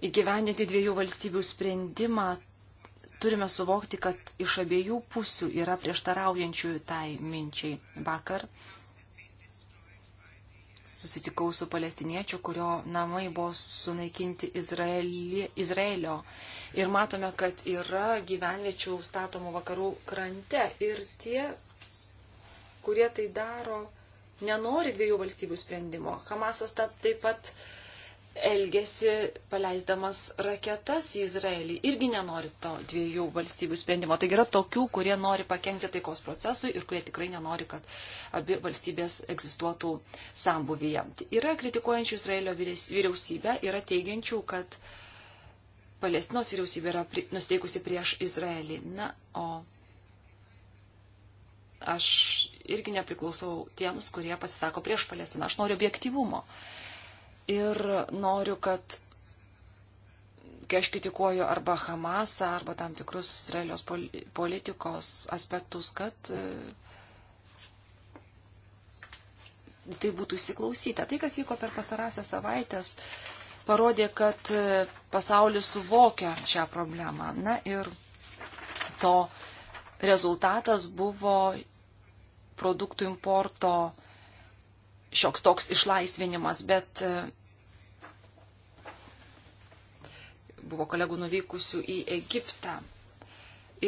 įgyvendinti dviejų valstybių sprendimą, turime suvokti, kad iš abiejų pusių yra prieštaraujančių tai minčiai. Vakar susitikau su palestiniečiu, kurio namai buvo sunaikinti Izraeli, Izraelio. Ir matome, kad yra gyvenviečių statomų vakarų krante. Ir tie, kurie tai daro, nenori dviejų valstybių sprendimo. Hamasas taip pat elgesi paleisdamas raketas į Izraelį. Irgi nenori to dviejų valstybių sprendimo. Taigi yra tokių, kurie nori pakengti taikos procesui ir kurie tikrai nenori, kad abi valstybės egzistuotų sambuvyje. Yra kritikuojančių Izraelio vyriausybę, yra teigiančių, kad Palestinos vyriausybė yra pri, nusteikusi prieš Izraelį. Na, o aš irgi nepriklausau tiems, kurie pasisako prieš Palestiną. Aš noriu objektivumo. Ir noriu, kad kai aš kritikuoju arba Hamasą, arba tam tikrus Izraelios politikos aspektus, kad e, tai būtų įsiklausyta. Tai, kas vyko per pastarąsią savaitęs, parodė, kad e, pasaulis suvokia šią problemą. Na ir to rezultatas buvo produktų importo šioks toks išlaisvinimas, bet e, buvo kolegų nuvykusių į Egiptą.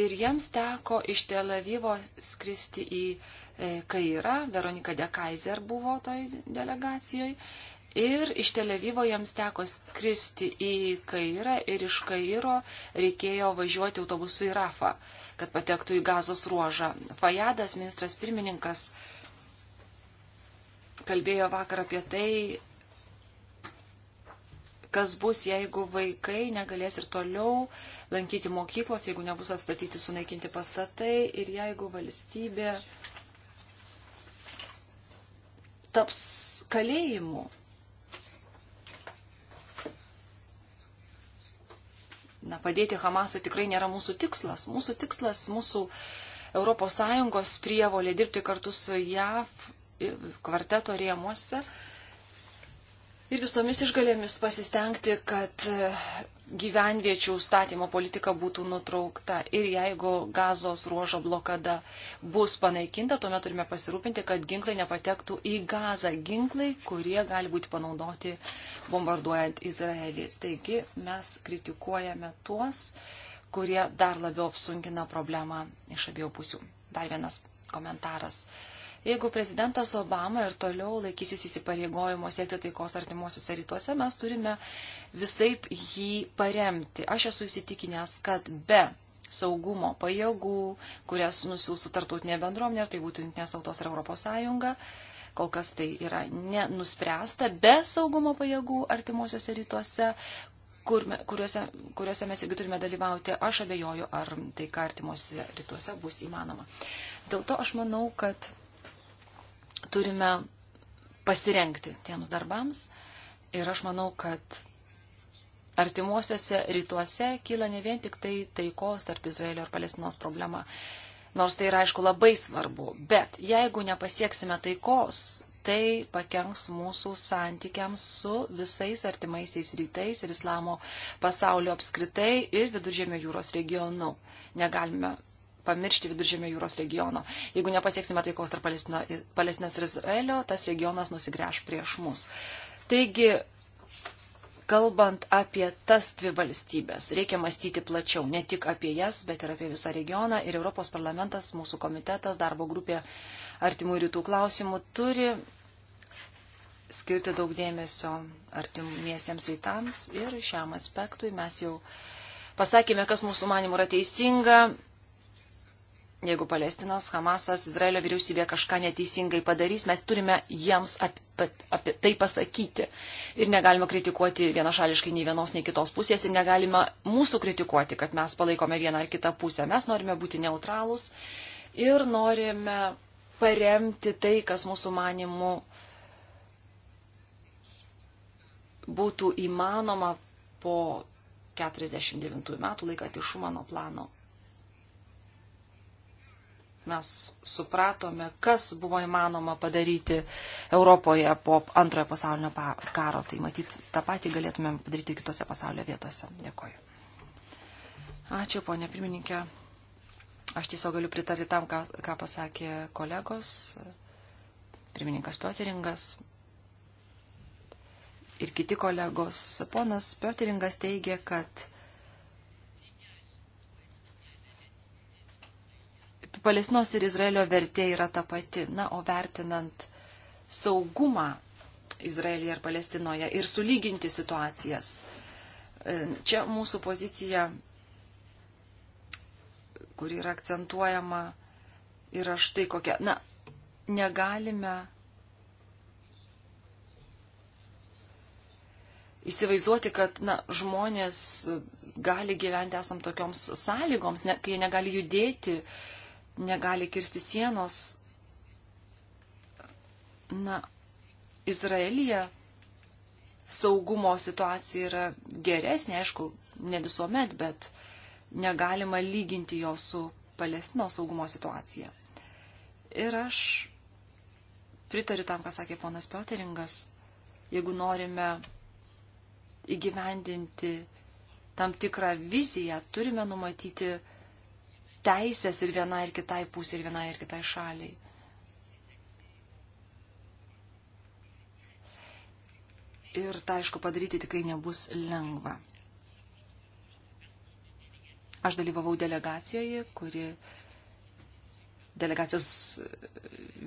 Ir jiems teko iš Tel Avivo skristi į e, Kairą, Veronika de Kaiser buvo toj delegacijoje Ir iš Televyvo jiems teko skristi į Kairą ir iš Kairo reikėjo važiuoti autobusu į Rafą, kad patektų į gazos ruožą. Fajadas, ministras pirmininkas, kalbėjo vakar apie tai, kas bus, jeigu vaikai negalės ir toliau lankyti mokyklos, jeigu nebus atstatyti sunaikinti pastatai ir jeigu valstybė taps kalėjimu na, padėti Hamasui tikrai nėra mūsų tikslas. Mūsų tikslas, mūsų ES prievolė dirbti kartu su JAV kvarteto rėmuose ir visomis išgalėmis pasistengti, kad e, gyvenviečių statymo politika būtų nutraukta. Ir jeigu gazos ruožo blokada bus panaikinta, tuomet turime pasirūpinti, kad ginklai nepatektų į gazą. Ginklai, kurie gali būti panaudoti bombarduojant Izraelį. Taigi mes kritikuojame tuos, kurie dar labiau apsunkina problemą iš abiejų pusių. Dar vienas komentaras. Uh, Jeigu prezidentas Obama ir toliau laikysis įsipareigojimo siekti taikos artimuosiuose rytuose, mes turime visaip jį paremti. Aš esu įsitikinęs, kad be saugumo pajėgų, kurias nusiūsų tartutinė bendruomenė, ar tai būtų Junktinės tautos ar Europos Sąjunga, kol kas tai yra nenuspręsta, be saugumo pajėgų artimuosiuose rytuose, kur, kuriuose, kuriuose mes irgi turime dalyvauti, aš abejoju, ar tai ką artimuose rytuose bus įmanoma. Dėl to aš manau, kad turime pasirenkti tiems darbams. Ir aš manau, kad artimuosiuose rytuose kyla ne vien tik tai taikos tarp Izraelio ir Palestinos problema. Nors tai yra, aišku, labai svarbu. Bet jeigu nepasieksime taikos, tai pakenks mūsų santykiams su visais artimaisiais rytais ir islamo pasaulio apskritai ir viduržėmio jūros regionu. Negalime pamiršti viduržėmio jūros regiono. Jeigu nepasieksime taikos tarp Palestinos ir Izraelio, tas regionas nusigręš prieš mus. Taigi, kalbant apie tas dvi valstybės, reikia mąstyti plačiau, ne tik apie jas, bet ir apie visą regioną. Ir Europos parlamentas, mūsų komitetas, darbo grupė artimų rytų klausimų turi skirti daug dėmesio artimiesiems rytams ir šiam aspektui mes jau pasakėme, kas mūsų manimų yra teisinga, Jeigu Palestinos, Hamasas, Izraelio vyriausybė kažką neteisingai padarys, mes turime jiems apie, apie tai pasakyti. Ir negalima kritikuoti vienašališkai nei vienos, nei kitos pusės ir negalima mūsų kritikuoti, kad mes palaikome vieną ar kitą pusę. Mes norime būti neutralūs ir norime paremti tai, kas mūsų manimų būtų įmanoma po 49 metų laikant iš mano plano mes supratome, kas buvo įmanoma padaryti Europoje po antrojo pasaulinio karo. Tai matyt, tą patį galėtumėm padaryti kitose pasaulio vietose. Dėkoju. Ačiū, ponė pirmininkė. Aš tiesiog galiu pritarti tam, ką, ką pasakė kolegos, pirmininkas Pioteringas ir kiti kolegos. Ponas Pioteringas teigia, kad Palestinos ir Izraelio vertė yra ta pati. Na, o vertinant saugumą Izraelyje ir Palestinoje ir sulyginti situacijas, e, čia mūsų pozicija, kuri yra akcentuojama, yra štai kokia. Na, negalime įsivaizduoti, kad na, žmonės gali gyventi esam tokioms sąlygoms, ne, kai jie negali judėti, negali kirsti sienos. Na, Izraelija saugumo situacija yra geresnė, aišku, ne visuomet, bet negalima lyginti jo su Palestino saugumo situacija. Ir aš pritariu tam, ką sakė ponas Pioteringas, jeigu norime įgyvendinti tam tikrą viziją, turime numatyti teisės ir vienai ir kitai pusė, ir vienai ir kitai šaliai. Ir tai, aišku, padaryti tikrai nebus lengva. Aš dalyvavau delegacijoje, kuri delegacijos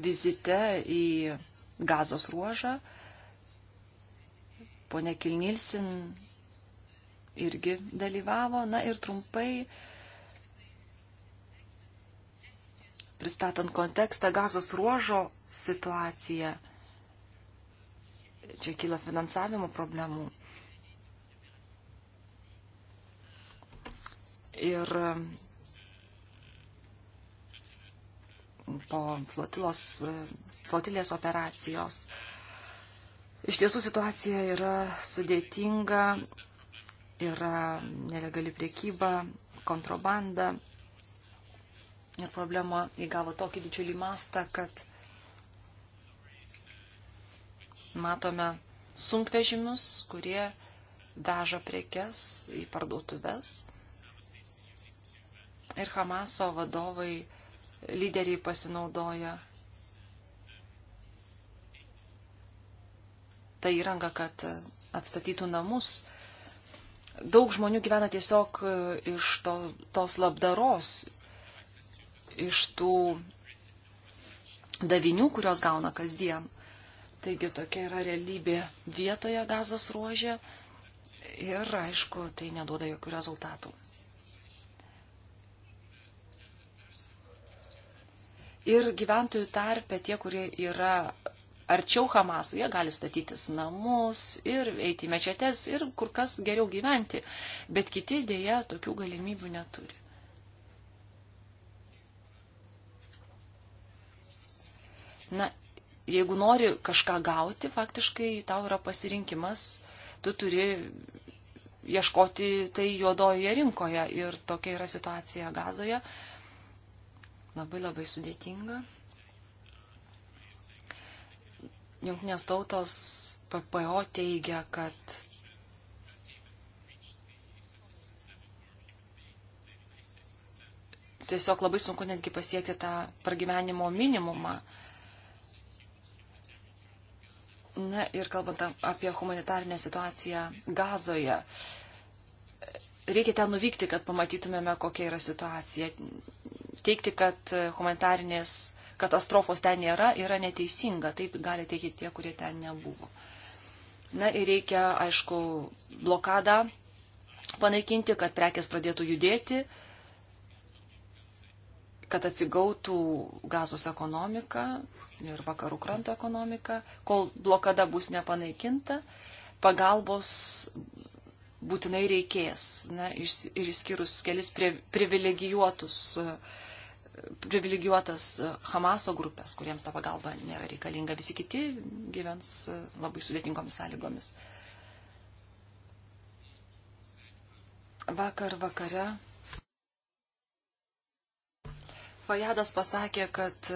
vizite į gazos ruožą. Pone Kilnilsin irgi dalyvavo. Na ir trumpai pristatant kontekstą gazos ruožo situaciją. Čia kyla finansavimo problemų. Ir po flotilos, flotilės operacijos. Iš tiesų situacija yra sudėtinga, yra nelegali priekyba, kontrabanda, Ir problema įgavo tokį didžiulį mastą, kad matome sunkvežimius, kurie veža prekes į parduotuves. Ir Hamaso vadovai, lyderiai pasinaudoja tą įrangą, kad atstatytų namus. Daug žmonių gyvena tiesiog iš to, tos labdaros, iš tų davinių, kurios gauna kasdien. Taigi tokia yra realybė vietoje gazos ruožė ir, aišku, tai neduoda jokių rezultatų. Ir gyventojų tarpe tie, kurie yra arčiau Hamasų, jie gali statytis namus ir eiti mečetės ir kur kas geriau gyventi, bet kiti dėja tokių galimybių neturi. Na, jeigu nori kažką gauti, faktiškai tau yra pasirinkimas, tu turi ieškoti tai juodoje rinkoje. Ir tokia yra situacija gazoje. Labai labai sudėtinga. Junktinės tautos PPO teigia, kad tiesiog labai sunku netgi pasiekti tą pragyvenimo minimumą Na ir kalbant apie humanitarinę situaciją Gazoje, reikia ten nuvykti, kad pamatytumėme, kokia yra situacija. Teikti, kad humanitarinės katastrofos ten nėra, yra neteisinga. Taip gali teikti tie, kurie ten nebuvo. Na ir reikia, aišku, blokadą panaikinti, kad prekes pradėtų judėti. Uh, kad atsigautų gazos ekonomika ir vakarų kranto ekonomika, kol blokada bus nepanaikinta, pagalbos būtinai reikės. Na, ir išskyrus kelis privilegijuotus, privilegijuotas Hamaso grupės, kuriems ta pagalba nėra reikalinga, visi kiti gyvens labai sudėtingomis sąlygomis. Vakar vakare Fajadas pasakė, kad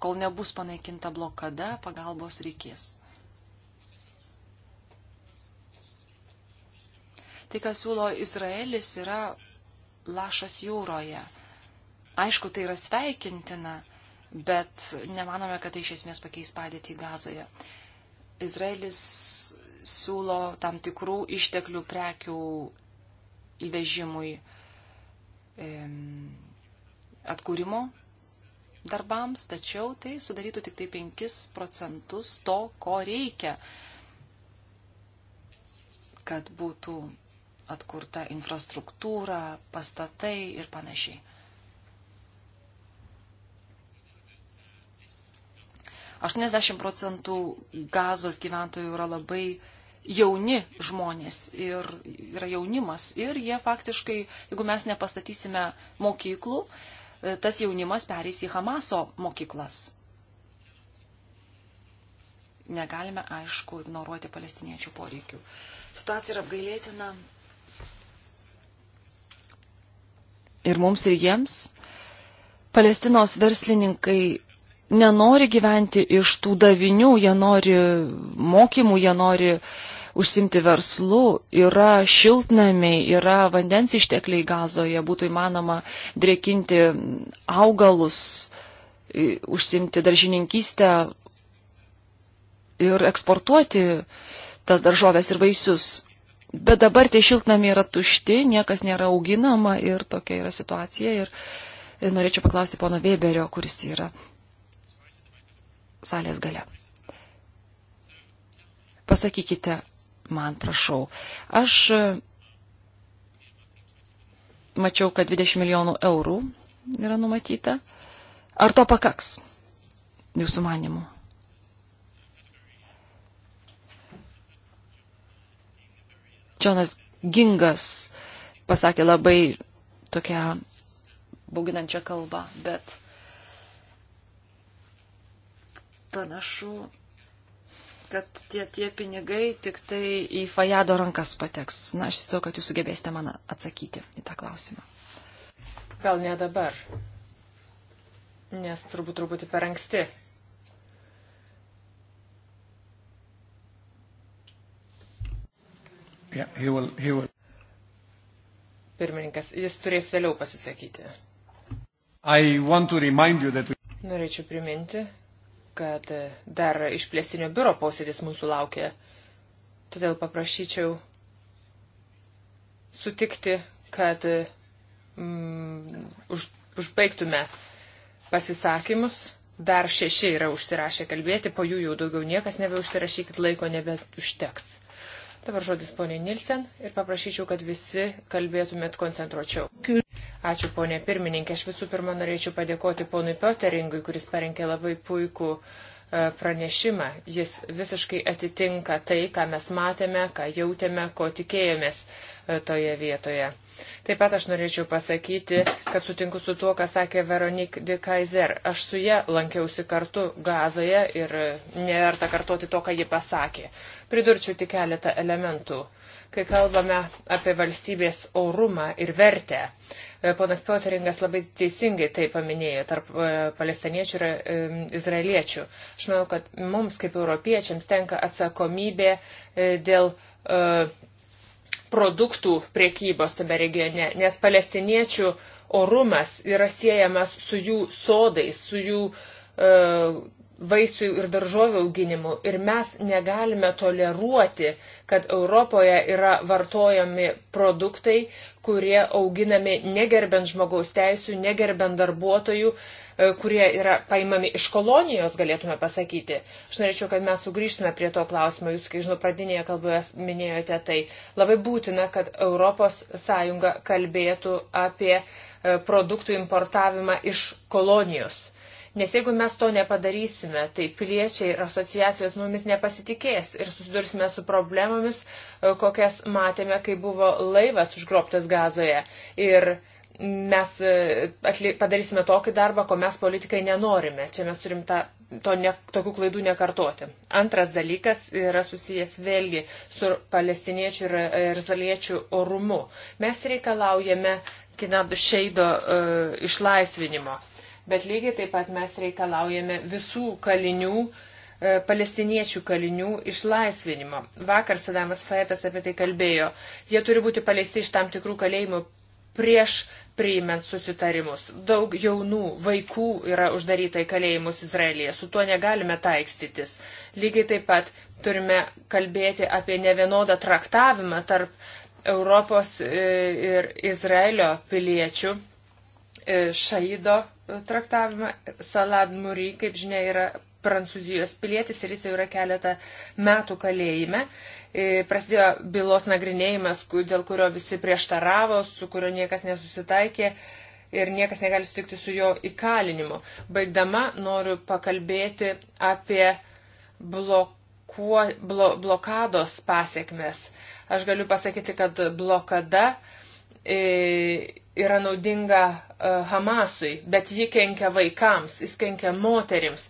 kol nebus panaikinta blokada, pagalbos reikės. Tai, ką siūlo Izraelis, yra lašas jūroje. Aišku, tai yra sveikintina, bet nemanome, kad tai iš esmės pakeis padėtį gazoje. Izraelis siūlo tam tikrų išteklių prekių įvežimui. E, atkūrimo darbams, tačiau tai sudarytų tik tai 5 procentus to, ko reikia, kad būtų atkurta infrastruktūra, pastatai ir panašiai. Aštuoniasdešimt procentų gazos gyventojų yra labai jauni žmonės ir yra jaunimas ir jie faktiškai, jeigu mes nepastatysime mokyklų, uh, tas jaunimas pereis į Hamaso mokyklas. Negalime, aišku, ignoruoti palestiniečių poreikių. Situacija yra apgailėtina. Ir mums ir jiems. Palestinos verslininkai nenori gyventi iš tų davinių, jie nori mokymų, jie nori uh, užsimti verslu, yra šiltnamiai, yra vandens ištekliai gazoje, būtų įmanoma drėkinti augalus, užsimti daržininkystę ir eksportuoti tas daržovės ir vaisius. Bet dabar tie šiltnamiai yra tušti, niekas nėra auginama ir tokia yra situacija. Ir norėčiau paklausti pono Weberio, kuris yra salės gale. Pasakykite, man, prašau. Aš e, mačiau, kad 20 milijonų eurų yra numatyta. Ar to pakaks, jūsų manimu? Džonas Gingas pasakė labai tokią bauginančią kalbą, bet panašu, kad tie, tie pinigai tik tai į Fajado rankas pateks. Na, aš įsivaizduoju, kad jūs sugebėsite man atsakyti į tą klausimą. Gal ne dabar, nes turbūt truputį per anksti. Yeah, he will, he will. Pirmininkas, jis turės vėliau pasisakyti. We... Norėčiau priminti, kad dar išplėstinio biuro posėdis mūsų laukia. Todėl paprašyčiau sutikti, kad mm, už, užbaigtume pasisakymus. Dar šeši yra užsirašę kalbėti, po jų jau daugiau niekas nebeužsirašykit, laiko nebeužteks. Dabar žodis ponė Nilsen ir paprašyčiau, kad visi kalbėtumėt koncentruočiau. Ačiū ponė pirmininkė. Aš visų pirma norėčiau padėkoti ponui Pioteringui, kuris parengė labai puikų e, pranešimą. Jis visiškai atitinka tai, ką mes matėme, ką jautėme, ko tikėjomės. Uh, toje vietoje. Taip pat aš norėčiau pasakyti, kad sutinku su tuo, ką sakė Veronik de Kaiser. Aš su ją lankiausi kartu gazoje ir neverta kartoti to, ką ji pasakė. Pridurčiau tik keletą elementų. Kai kalbame apie valstybės orumą ir vertę, e, ponas Pioteringas labai teisingai tai paminėjo tarp e, palestiniečių ir e, izraeliečių. Aš manau, kad mums kaip europiečiams tenka atsakomybė dėl produktų priekybos tame regione, nes palestiniečių orumas yra siejamas su jų sodais, su jų e, vaisių ir daržovių auginimu. Ir mes negalime toleruoti, kad Europoje yra vartojami produktai, kurie auginami negerbent žmogaus teisų, negerbent darbuotojų, e, kurie yra paimami iš kolonijos, galėtume pasakyti. Aš norėčiau, kad mes sugrįžtume prie to klausimo. Jūs, kai žinau, pradinėje kalboje minėjote tai. Labai būtina, kad ES kalbėtų apie e, produktų importavimą iš kolonijos Nes jeigu mes to nepadarysime, tai piliečiai ir asociacijos mumis nepasitikės ir susidursime su problemomis, e, kokias matėme, kai buvo laivas užgrobtas gazoje. Ir mes e, atli, padarysime tokį darbą, ko mes politikai nenorime. Čia mes turim tą, to ne, tokių klaidų nekartoti. Antras dalykas yra susijęs vėlgi su palestiniečių ir e, izraeliečių orumu. Mes reikalaujame Kinabdu Šeido uh, išlaisvinimo bet lygiai taip pat mes reikalaujame visų kalinių, e, palestiniečių kalinių išlaisvinimo. Vakar Sadamas Faetas apie tai kalbėjo. Jie turi būti paleisti iš tam tikrų kalėjimų prieš priimant susitarimus. Daug jaunų vaikų yra uždaryta į kalėjimus Izraelyje. Su tuo negalime taikstytis. Lygiai taip pat turime kalbėti apie nevienodą traktavimą tarp Europos e, ir Izraelio piliečių E, Šaido traktavimą. Salad Muri, kaip žinia, yra prancūzijos pilietis ir jis jau yra keletą metų kalėjime. E, prasidėjo bylos nagrinėjimas, dėl kurio visi prieštaravo, su kurio niekas nesusitaikė ir niekas negali sutikti su jo įkalinimu. Baigdama noriu pakalbėti apie blokuo, blo, blokados pasiekmes. Aš galiu pasakyti, kad blokada. E, yra naudinga e, Hamasui, bet ji kenkia vaikams, jis kenkia moterims.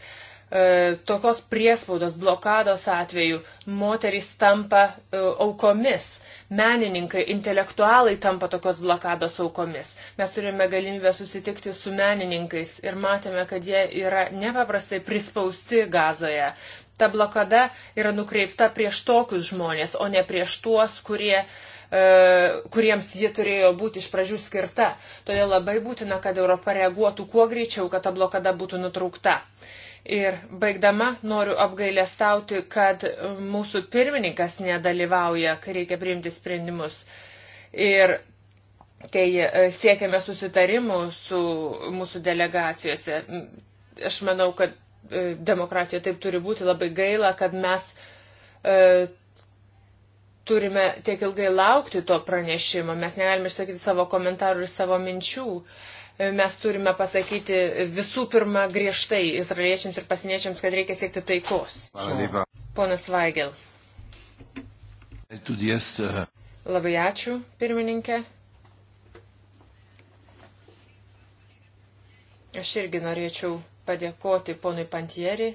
E, tokios priespaudos blokados atveju moterys tampa e, aukomis, menininkai, intelektualai tampa tokios blokados aukomis. Mes turime galimybę susitikti su menininkais ir matėme, kad jie yra nepaprastai prispausti gazoje ta blokada yra nukreipta prieš tokius žmonės, o ne prieš tuos, kurie uh, E, kuriems ji turėjo būti iš pradžių skirta. Todėl labai būtina, kad Europa reaguotų kuo greičiau, kad ta blokada būtų nutraukta. Ir baigdama noriu apgailestauti, kad mūsų pirmininkas nedalyvauja, kai reikia priimti sprendimus. Ir kai e, siekiame susitarimų su mūsų delegacijose, aš manau, kad e, demokratija taip turi būti labai gaila, kad mes turime tiek ilgai laukti to pranešimo, mes negalime išsakyti savo komentarų ir savo minčių. Mes turime pasakyti visų pirma griežtai izraeliečiams ir pasiniečiams, kad reikia siekti taikos. Ponas Vaigel. Eh. Labai ačiū, pirmininkė. Aš irgi norėčiau padėkoti ponui Pantieriui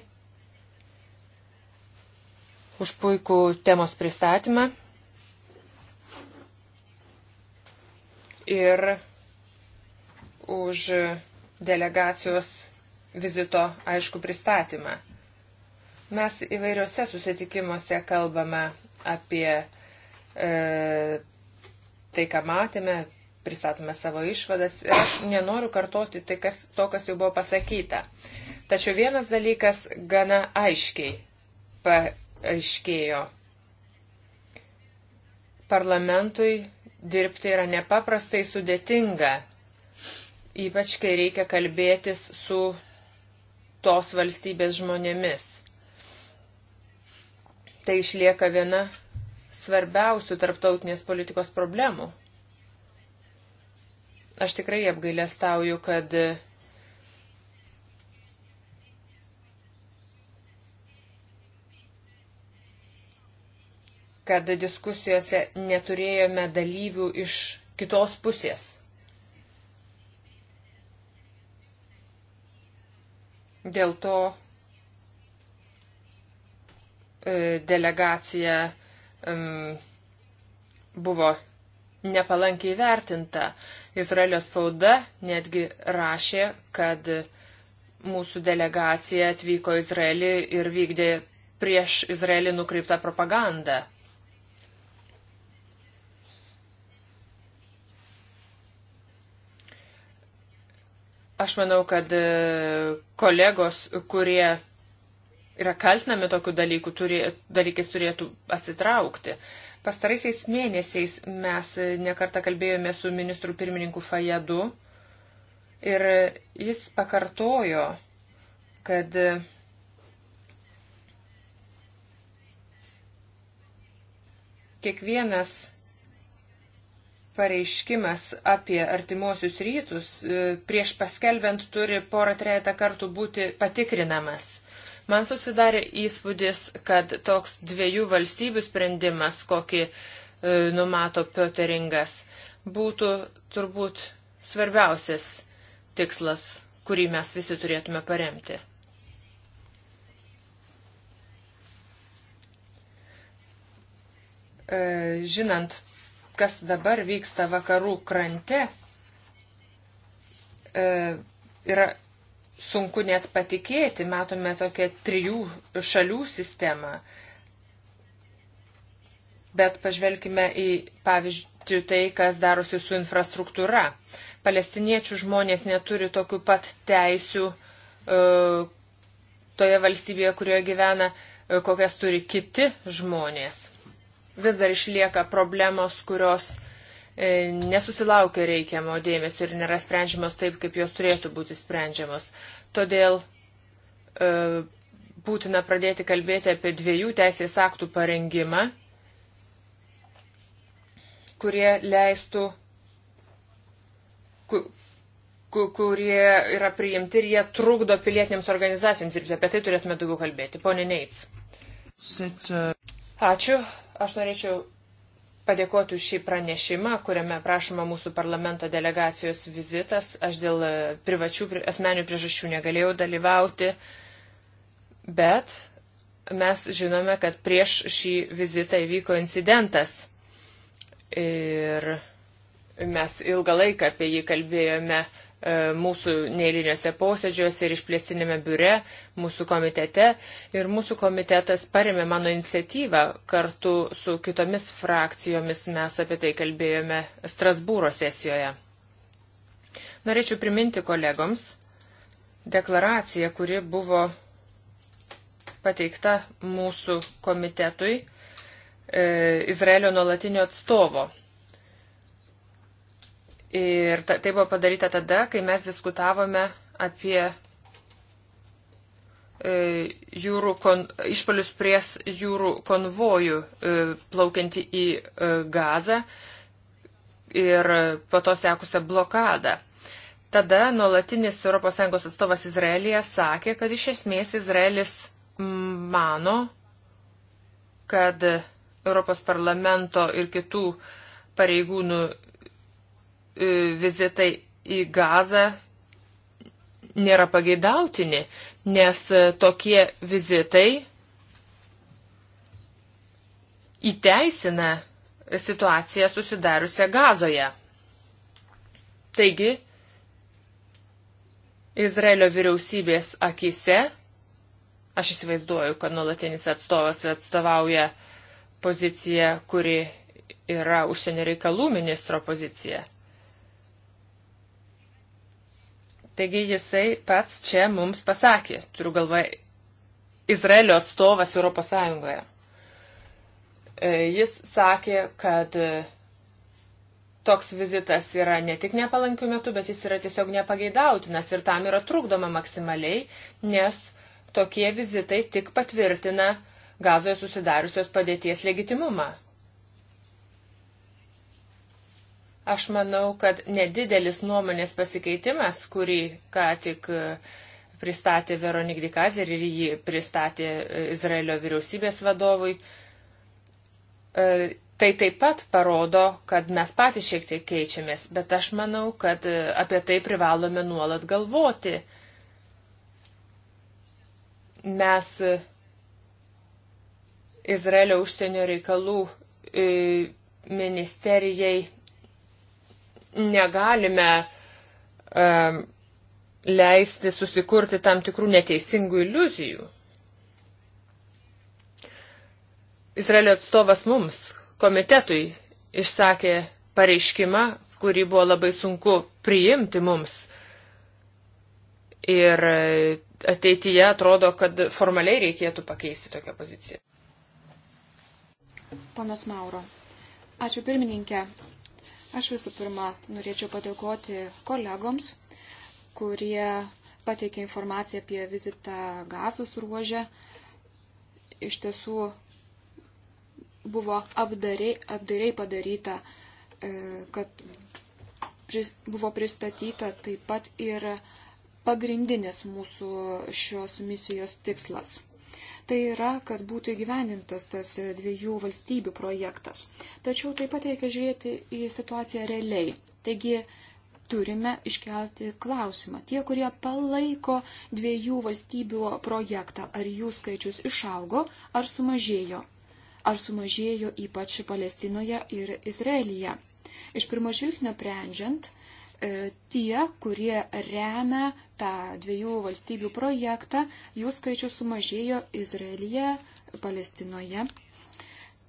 už puikų temos pristatymą. Ir už delegacijos vizito aišku pristatymą. Mes įvairiuose susitikimuose kalbame apie e, tai, ką matėme, pristatome savo išvadas ir aš nenoriu kartoti tai, kas, to, kas jau buvo pasakyta. Tačiau vienas dalykas gana aiškiai pa, aiškėjo. Parlamentui dirbti yra nepaprastai sudėtinga, ypač kai reikia kalbėtis su tos valstybės žmonėmis. Tai išlieka viena svarbiausių tarptautinės politikos problemų. Aš tikrai apgailestauju, kad kad diskusijose neturėjome dalyvių iš kitos pusės. Dėl to e, delegacija buvo nepalankiai vertinta. Izraelio spauda netgi rašė, kad mūsų delegacija atvyko Izraelį ir vykdė prieš Izraelį nukreiptą propagandą. Aš manau, kad e, kolegos, kurie yra kaltinami tokių dalykų, turė, dalykais turėtų atsitraukti. Pastaraisiais mėnesiais mes e, nekartą kalbėjome su ministru pirmininku Fajadu ir e, jis pakartojo, kad kiekvienas pareiškimas apie artimuosius rytus e, prieš paskelbent turi porą trejata kartų būti patikrinamas. Man susidarė įspūdis, kad toks dviejų valstybių sprendimas, kokį e, numato Pioteringas, būtų turbūt svarbiausias tikslas, kurį mes visi turėtume paremti. E, žinant kas dabar vyksta vakarų krante, e, yra sunku net patikėti. Matome tokią trijų šalių sistemą. Bet pažvelkime į pavyzdžių tai, kas darosi su infrastruktūra. Palestiniečių žmonės neturi tokių pat teisių e, toje valstybėje, kurioje gyvena, e, kokias turi kiti žmonės vis dar išlieka problemos, kurios e, nesusilaukia reikiamo dėmesio ir nėra sprendžiamos taip, kaip jos turėtų būti sprendžiamos. Todėl e, būtina pradėti kalbėti apie dviejų teisės aktų parengimą, kurie leistų, ku, ku, kurie yra priimti ir jie trukdo pilietinėms organizacijoms dirbti. Apie tai turėtume daugiau kalbėti. Pone Neits. Uh, Ačiū. Aš norėčiau padėkoti už šį pranešimą, kuriame prašoma mūsų parlamento delegacijos vizitas. Aš dėl e, privačių asmenių priežasčių negalėjau dalyvauti, bet mes žinome, kad prieš šį vizitą įvyko incidentas. Ir mes ilgą laiką apie jį kalbėjome E, mūsų neįliniuose posėdžiuose ir išplėstinėme biure, mūsų komitete. Ir mūsų komitetas paremė mano iniciatyvą, kartu su kitomis frakcijomis mes apie tai kalbėjome Strasbūro sesijoje. Norėčiau priminti kolegoms deklaraciją, kuri buvo pateikta mūsų komitetui e, Izraelio nuolatinio atstovo Ir ta, tai buvo padaryta tada, kai mes diskutavome apie e, jūrų kon, išpalius pries jūrų konvojų e, plaukiantį į e, gazą ir po to sekusią blokadą. Tada nuolatinis ES atstovas Izraelija sakė, kad iš esmės Izraelis mano, kad Europos parlamento ir kitų pareigūnų E, vizitai į Gazą nėra pageidautini, nes e, tokie vizitai įteisina situaciją susidariusią Gazoje. Taigi, Izraelio vyriausybės akise, aš įsivaizduoju, kad nuolatinis atstovas atstovauja poziciją, kuri yra užsienio reikalų ministro pozicija. Taigi jisai pats čia mums pasakė, turiu galvoje, Izraelio atstovas Europos Sąjungoje. E, jis sakė, kad e, toks vizitas yra ne tik nepalankių metų, bet jis yra tiesiog nepageidautinas ir tam yra trukdoma maksimaliai, nes tokie vizitai tik patvirtina gazoje susidariusios padėties legitimumą. Aš manau, kad nedidelis nuomonės pasikeitimas, kurį ką tik e, pristatė Veronik Dikazer ir jį pristatė e, Izraelio vyriausybės vadovui, e, Tai taip pat parodo, kad mes patys šiek tiek keičiamės, bet aš manau, kad apie tai privalome nuolat galvoti. Mes Izraelio užsienio reikalų ministerijai negalime um, leisti susikurti tam tikrų neteisingų iliuzijų. Izraelio atstovas mums, komitetui, išsakė pareiškimą, kurį buvo labai sunku priimti mums. Ir ateityje atrodo, kad formaliai reikėtų pakeisti tokią poziciją. Ponas Mauro. Ačiū pirmininkė. Aš visų pirma norėčiau padėkoti kolegoms, kurie pateikė informaciją apie vizitą gazos ruožę. Iš tiesų buvo apdariai, apdariai padaryta, e, kad buvo pristatyta taip pat ir pagrindinis mūsų šios misijos tikslas tai yra, kad būtų įgyvenintas tas dviejų valstybių projektas. Tačiau taip pat reikia žiūrėti į situaciją realiai. Taigi turime iškelti klausimą. Tie, kurie palaiko dviejų valstybių projektą, ar jų skaičius išaugo ar sumažėjo? Ar sumažėjo ypač Palestinoje ir Izraelyje? Iš pirmo žvilgsnio prendžiant, e, tie, kurie remia tą dviejų valstybių projektą, jų skaičius sumažėjo Izraelyje, Palestinoje,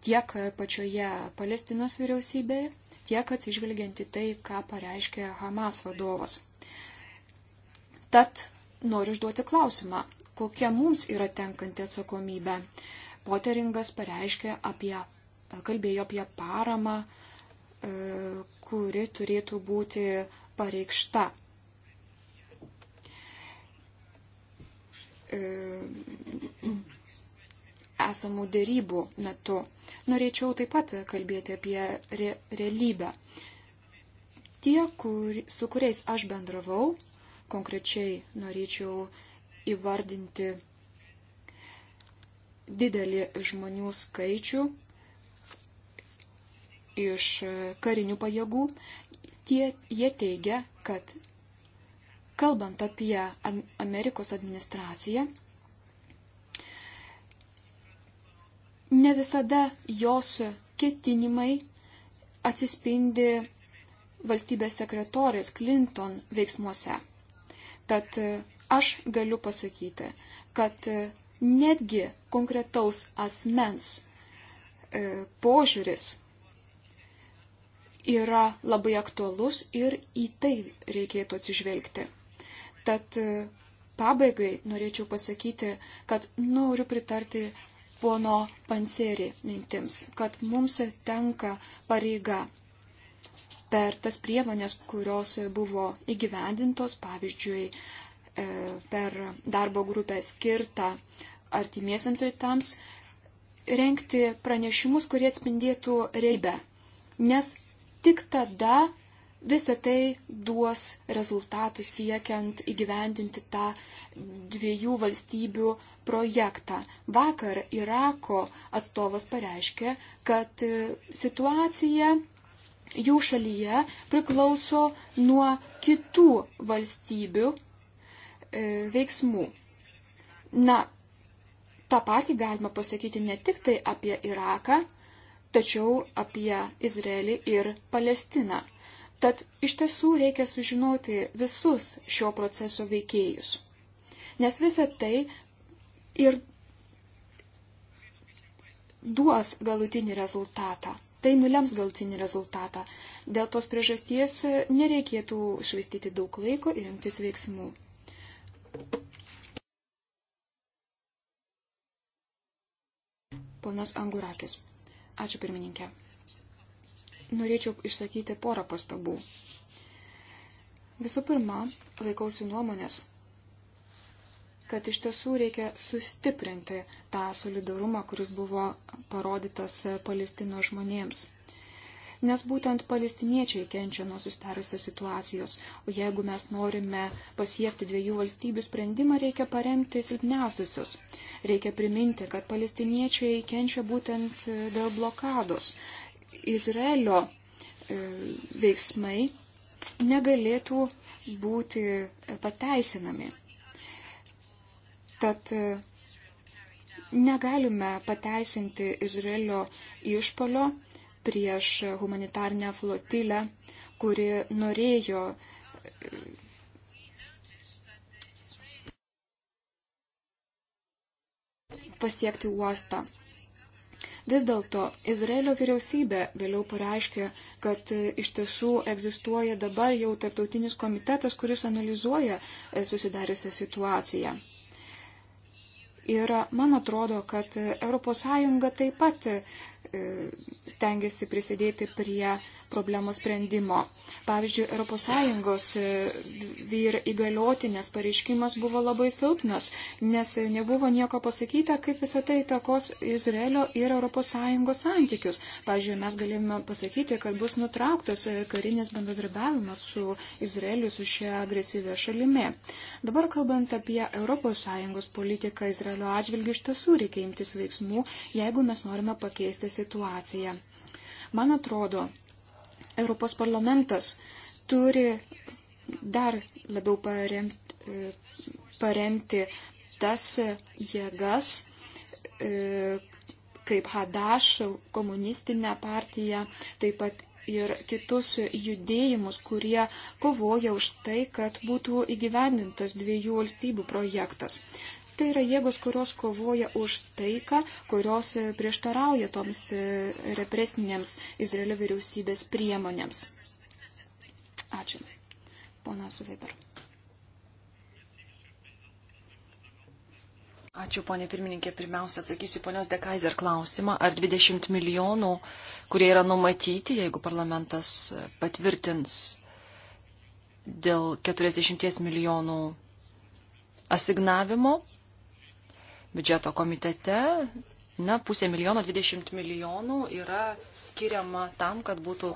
tiek pačioje Palestinos vyriausybėje, tiek atsižvelgianti tai, ką pareiškė Hamas vadovas. Tad noriu užduoti klausimą, kokia mums yra tenkanti atsakomybė. Poteringas pareiškė apie, kalbėjo apie paramą, e, kuri turėtų būti pareikšta E, esamų dėrybų metu. Norėčiau taip pat kalbėti apie re, realybę. Tie, kur, su kuriais aš bendravau, konkrečiai norėčiau įvardinti didelį žmonių skaičių iš karinių pajėgų, tie, jie teigia, kad Kalbant apie Amerikos administraciją, ne visada jos ketinimai atsispindi valstybės sekretorės Clinton veiksmuose. Tad aš galiu pasakyti, kad netgi konkretaus asmens e, požiūris yra labai aktualus ir į tai reikėtų atsižvelgti. Tad e, pabaigai norėčiau pasakyti, kad noriu pritarti pono Panserį mintims, kad mums tenka pareiga per tas priemonės, kurios buvo įgyvendintos, pavyzdžiui, e, per darbo grupę skirtą artimiesiams rytams, renkti pranešimus, kurie atspindėtų reibę. Nes tik tada Visa tai duos rezultatų siekiant įgyvendinti tą dviejų valstybių projektą. Vakar Irako atstovas pareiškė, kad e, situacija jų šalyje priklauso nuo kitų valstybių e, veiksmų. Na, tą patį galima pasakyti ne tik tai apie Iraką, tačiau apie Izraelį ir Palestiną. Tad iš tiesų reikia sužinoti visus šio proceso veikėjus. Nes visa tai ir duos galutinį rezultatą. Tai nulems galutinį rezultatą. Dėl tos priežasties nereikėtų švaistyti daug laiko ir imtis veiksmų. Ponas Angurakis. Ačiū pirmininkė norėčiau išsakyti porą pastabų. Visų pirma, laikausi nuomonės, kad iš tiesų reikia sustiprinti tą solidarumą, kuris buvo parodytas Palestino žmonėms. Nes būtent palestiniečiai kenčia nuo sustarusios situacijos, o jeigu mes norime pasiekti dviejų valstybių sprendimą, reikia paremti silpniausiusius. Reikia priminti, kad palestiniečiai kenčia būtent dėl blokados Izraelio e, veiksmai negalėtų būti pateisinami. Tad e, negalime pateisinti Izraelio išpolio prieš humanitarnę flotilę, kuri norėjo e, pasiekti uostą. Vis dėlto Izraelio vyriausybė vėliau pareiškė, kad e, iš tiesų egzistuoja dabar jau tarptautinis komitetas, kuris analizuoja e, susidariusią situaciją. Ir man atrodo, kad ES taip pat e, E, stengiasi prisidėti prie problemos sprendimo. Pavyzdžiui, ES e, vyr įgaliotinės pareiškimas buvo labai silpnas, nes nebuvo nieko pasakyta, kaip visą tai takos Izraelio ir ES santykius. Pavyzdžiui, mes galime pasakyti, kad bus nutrauktas e, karinis bendradarbiavimas su Izraeliu, su šia agresyvė šalimi. Dabar kalbant apie ES politiką Izraelio atžvilgių, iš tiesų reikia imtis veiksmų, jeigu mes norime pakeisti situaciją. Man atrodo, Europos parlamentas turi dar labiau paremti, paremti tas jėgas, e, kaip Hadaš, komunistinę partiją, taip pat ir kitus judėjimus, kurie kovoja už tai, kad būtų įgyvendintas dviejų valstybių projektas. Tai yra jėgos, kurios kovoja už taiką, kurios e, prieštarauja toms e, represinėms Izraelio vyriausybės priemonėms. Ačiū. Ponas Weber. Ačiū, ponė pirmininkė. Pirmiausia, atsakysiu ponios Dekaiser klausimą. Ar 20 milijonų, kurie yra numatyti, jeigu parlamentas patvirtins dėl 40 milijonų asignavimo, biudžeto komitete. Na, pusė milijono, 20 milijonų yra skiriama tam, kad būtų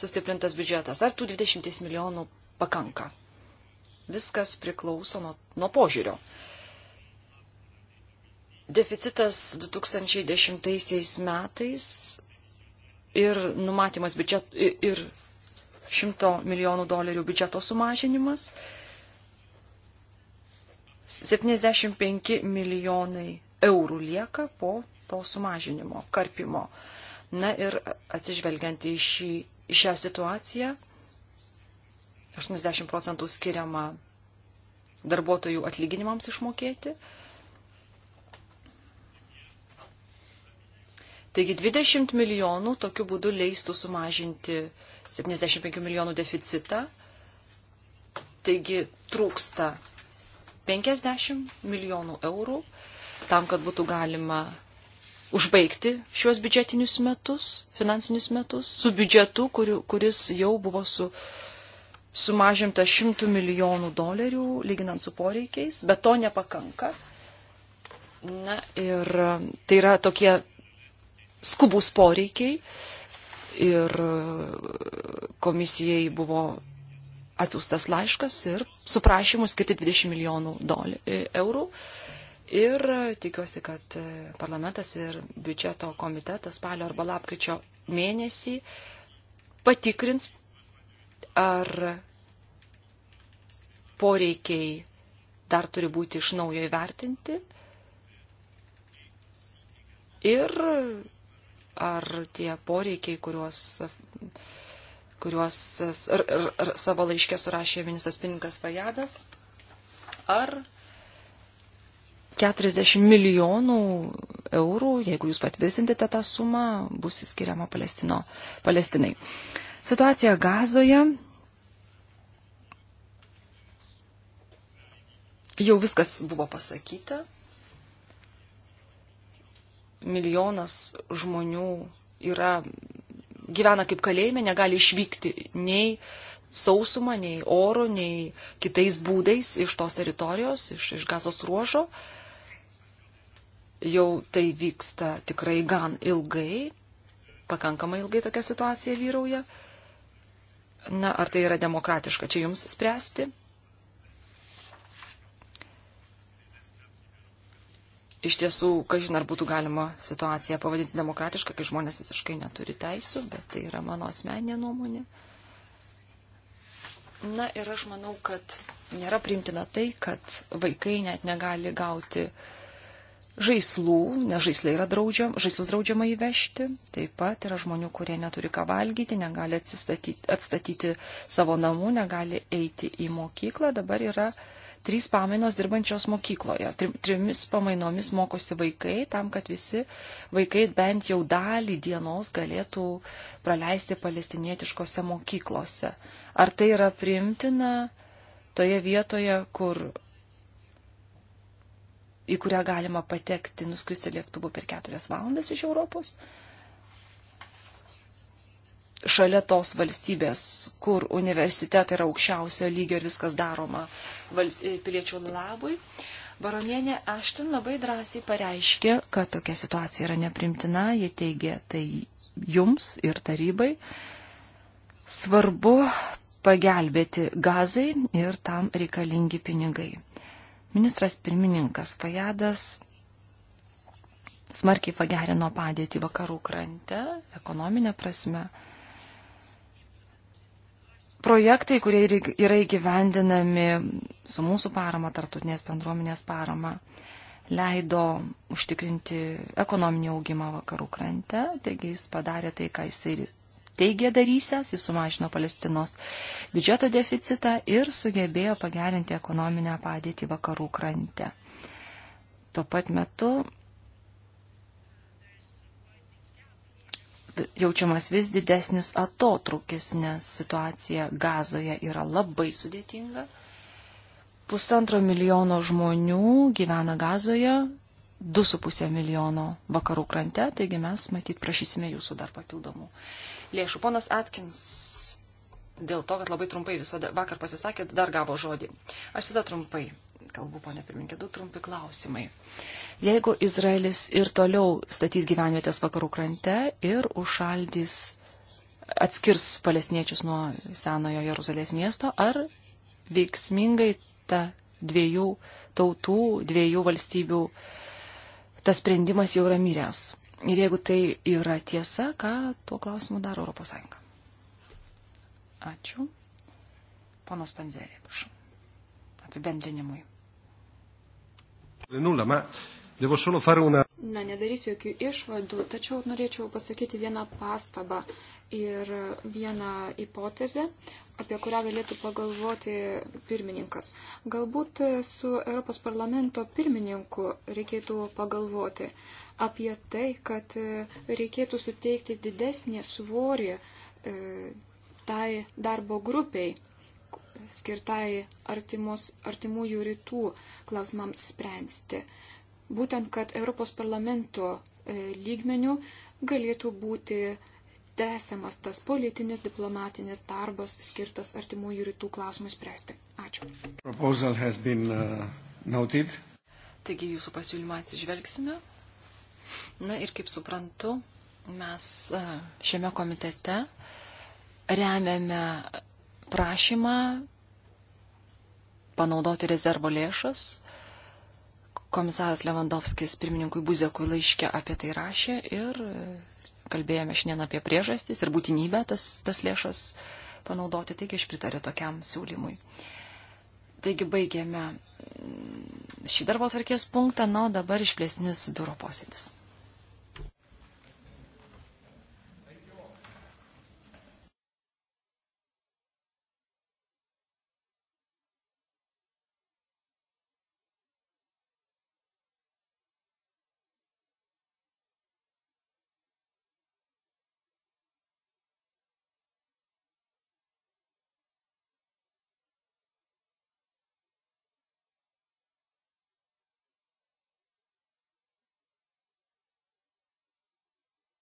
sustiprintas biudžetas. Ar tų 20 milijonų pakanka? Viskas priklauso nuo, nuo požiūrio. Deficitas 2010 metais ir numatymas biudžeto ir 100 milijonų dolerių biudžeto sumažinimas 75 milijonai eurų lieka po to sumažinimo, karpimo. Na ir atsižvelgiant į, šį, į šią situaciją, 80 procentų skiriama darbuotojų atlyginimams išmokėti. Taigi 20 milijonų tokiu būdu leistų sumažinti 75 milijonų deficitą. Taigi trūksta 50 milijonų eurų tam, kad būtų galima užbaigti šiuos biudžetinius metus, finansinius metus, su biudžetu, kuri, kuris jau buvo su, sumažinta 100 milijonų dolerių, lyginant su poreikiais, bet to nepakanka. Na ir tai yra tokie skubus poreikiai ir e, komisijai buvo atsiųstas laiškas ir su prašymu skirti 20 milijonų dolį, e, eurų. Ir tikiuosi, kad e, parlamentas ir biudžeto komitetas spalio arba lapkričio mėnesį patikrins, ar poreikiai dar turi būti iš naujo įvertinti ir ar tie poreikiai, kuriuos kuriuos ar, ar, ar savo laiškė surašė ministras Pininkas Vajadas, ar 40 milijonų eurų, jeigu jūs patvirtintite tą sumą, bus skiriama Palestino, Palestinai. Situacija Gazoje jau viskas buvo pasakyta. Milijonas žmonių yra gyvena kaip kalėjime, negali išvykti nei sausumą, nei oru, nei kitais būdais iš tos teritorijos, iš, iš gazos ruožo. Jau tai vyksta tikrai gan ilgai, pakankamai ilgai tokia situacija vyrauja. Na, ar tai yra demokratiška, čia jums spręsti. iš tiesų, kažin ar būtų galima situaciją pavadinti demokratišką, kai žmonės visiškai neturi teisų, bet tai yra mano asmeninė nuomonė. Na ir aš manau, kad nėra primtina tai, kad vaikai net negali gauti žaislų, nes žaislai yra draudžiama, žaislus draudžiama įvežti. Taip pat yra žmonių, kurie neturi ką valgyti, negali atstatyti savo namų, negali eiti į mokyklą. Dabar yra trys pamainos dirbančios mokykloje. Trimis pamainomis mokosi vaikai, tam, kad visi vaikai bent jau dalį dienos galėtų praleisti palestinietiškose mokyklose. Ar tai yra priimtina toje vietoje, kur į kurią galima patekti, nuskristi lėktuvu per keturias valandas iš Europos? šalia tos valstybės, kur universitetai yra aukščiausio lygio ir viskas daroma E, piliečių labui. Baronienė Ašton labai drąsiai pareiškė, kad tokia situacija yra neprimtina, ji teigia tai jums ir tarybai. Svarbu pagelbėti gazai ir tam reikalingi pinigai. Ministras pirmininkas Fajadas smarkiai pagerino padėtį vakarų krante, ekonominė prasme projektai, kurie yra įgyvendinami su mūsų parama, tartutinės bendruomenės parama, leido užtikrinti ekonominį augimą vakarų krante, taigi jis padarė tai, ką jisai teigė darysęs, jis sumažino Palestinos biudžeto deficitą ir sugebėjo pagerinti ekonominę padėtį vakarų krante. Tuo pat metu jaučiamas vis didesnis atotrukis, nes situacija gazoje yra labai sudėtinga. Pusantro milijono žmonių gyvena gazoje, 2,5 milijono vakarų krante, taigi mes matyt prašysime jūsų dar papildomų lėšų. Ponas Atkins, dėl to, kad labai trumpai visada vakar pasisakė, dar gavo žodį. Aš visada trumpai kalbu, ponė pirminkė, du trumpi klausimai. Uh, jeigu Izraelis ir toliau statys gyvenvietės vakarų krante ir užšaldys, atskirs palestiniečius nuo senojo Jeruzalės miesto, ar veiksmingai ta dviejų tautų, dviejų valstybių, tas sprendimas jau yra miręs. Ir jeigu tai yra tiesa, ką tuo klausimu daro ES? Ačiū. Ponas Panzerė, prašau. Apibendrinimui. Nulla, ma Devo solo fare una. Na, nedarysiu jokių išvadų, tačiau norėčiau pasakyti vieną pastabą ir vieną hipotezę, apie kurią galėtų pagalvoti pirmininkas. Galbūt su Europos parlamento pirmininku reikėtų pagalvoti apie tai, kad reikėtų suteikti didesnį svorį e, tai darbo grupiai skirtai artimus, artimųjų rytų klausimams spręsti būtent, kad Europos parlamento e, lygmenių galėtų būti tęsiamas tas politinis diplomatinis darbas skirtas artimųjų rytų klausimų spręsti. Ačiū. Been, uh, Taigi jūsų pasiūlymą atsižvelgsime. Na ir kaip suprantu, mes uh, šiame komitete remiame prašymą panaudoti rezervo lėšas Komisaras Levandovskis pirmininkui Buzekui laiškė apie tai rašė ir kalbėjome šiandien apie priežastis ir būtinybę tas, tas lėšas panaudoti, taigi aš pritariu tokiam siūlymui. Taigi baigėme šį darbo tvarkės punktą, na, o dabar išplėsnis biuro posėdis.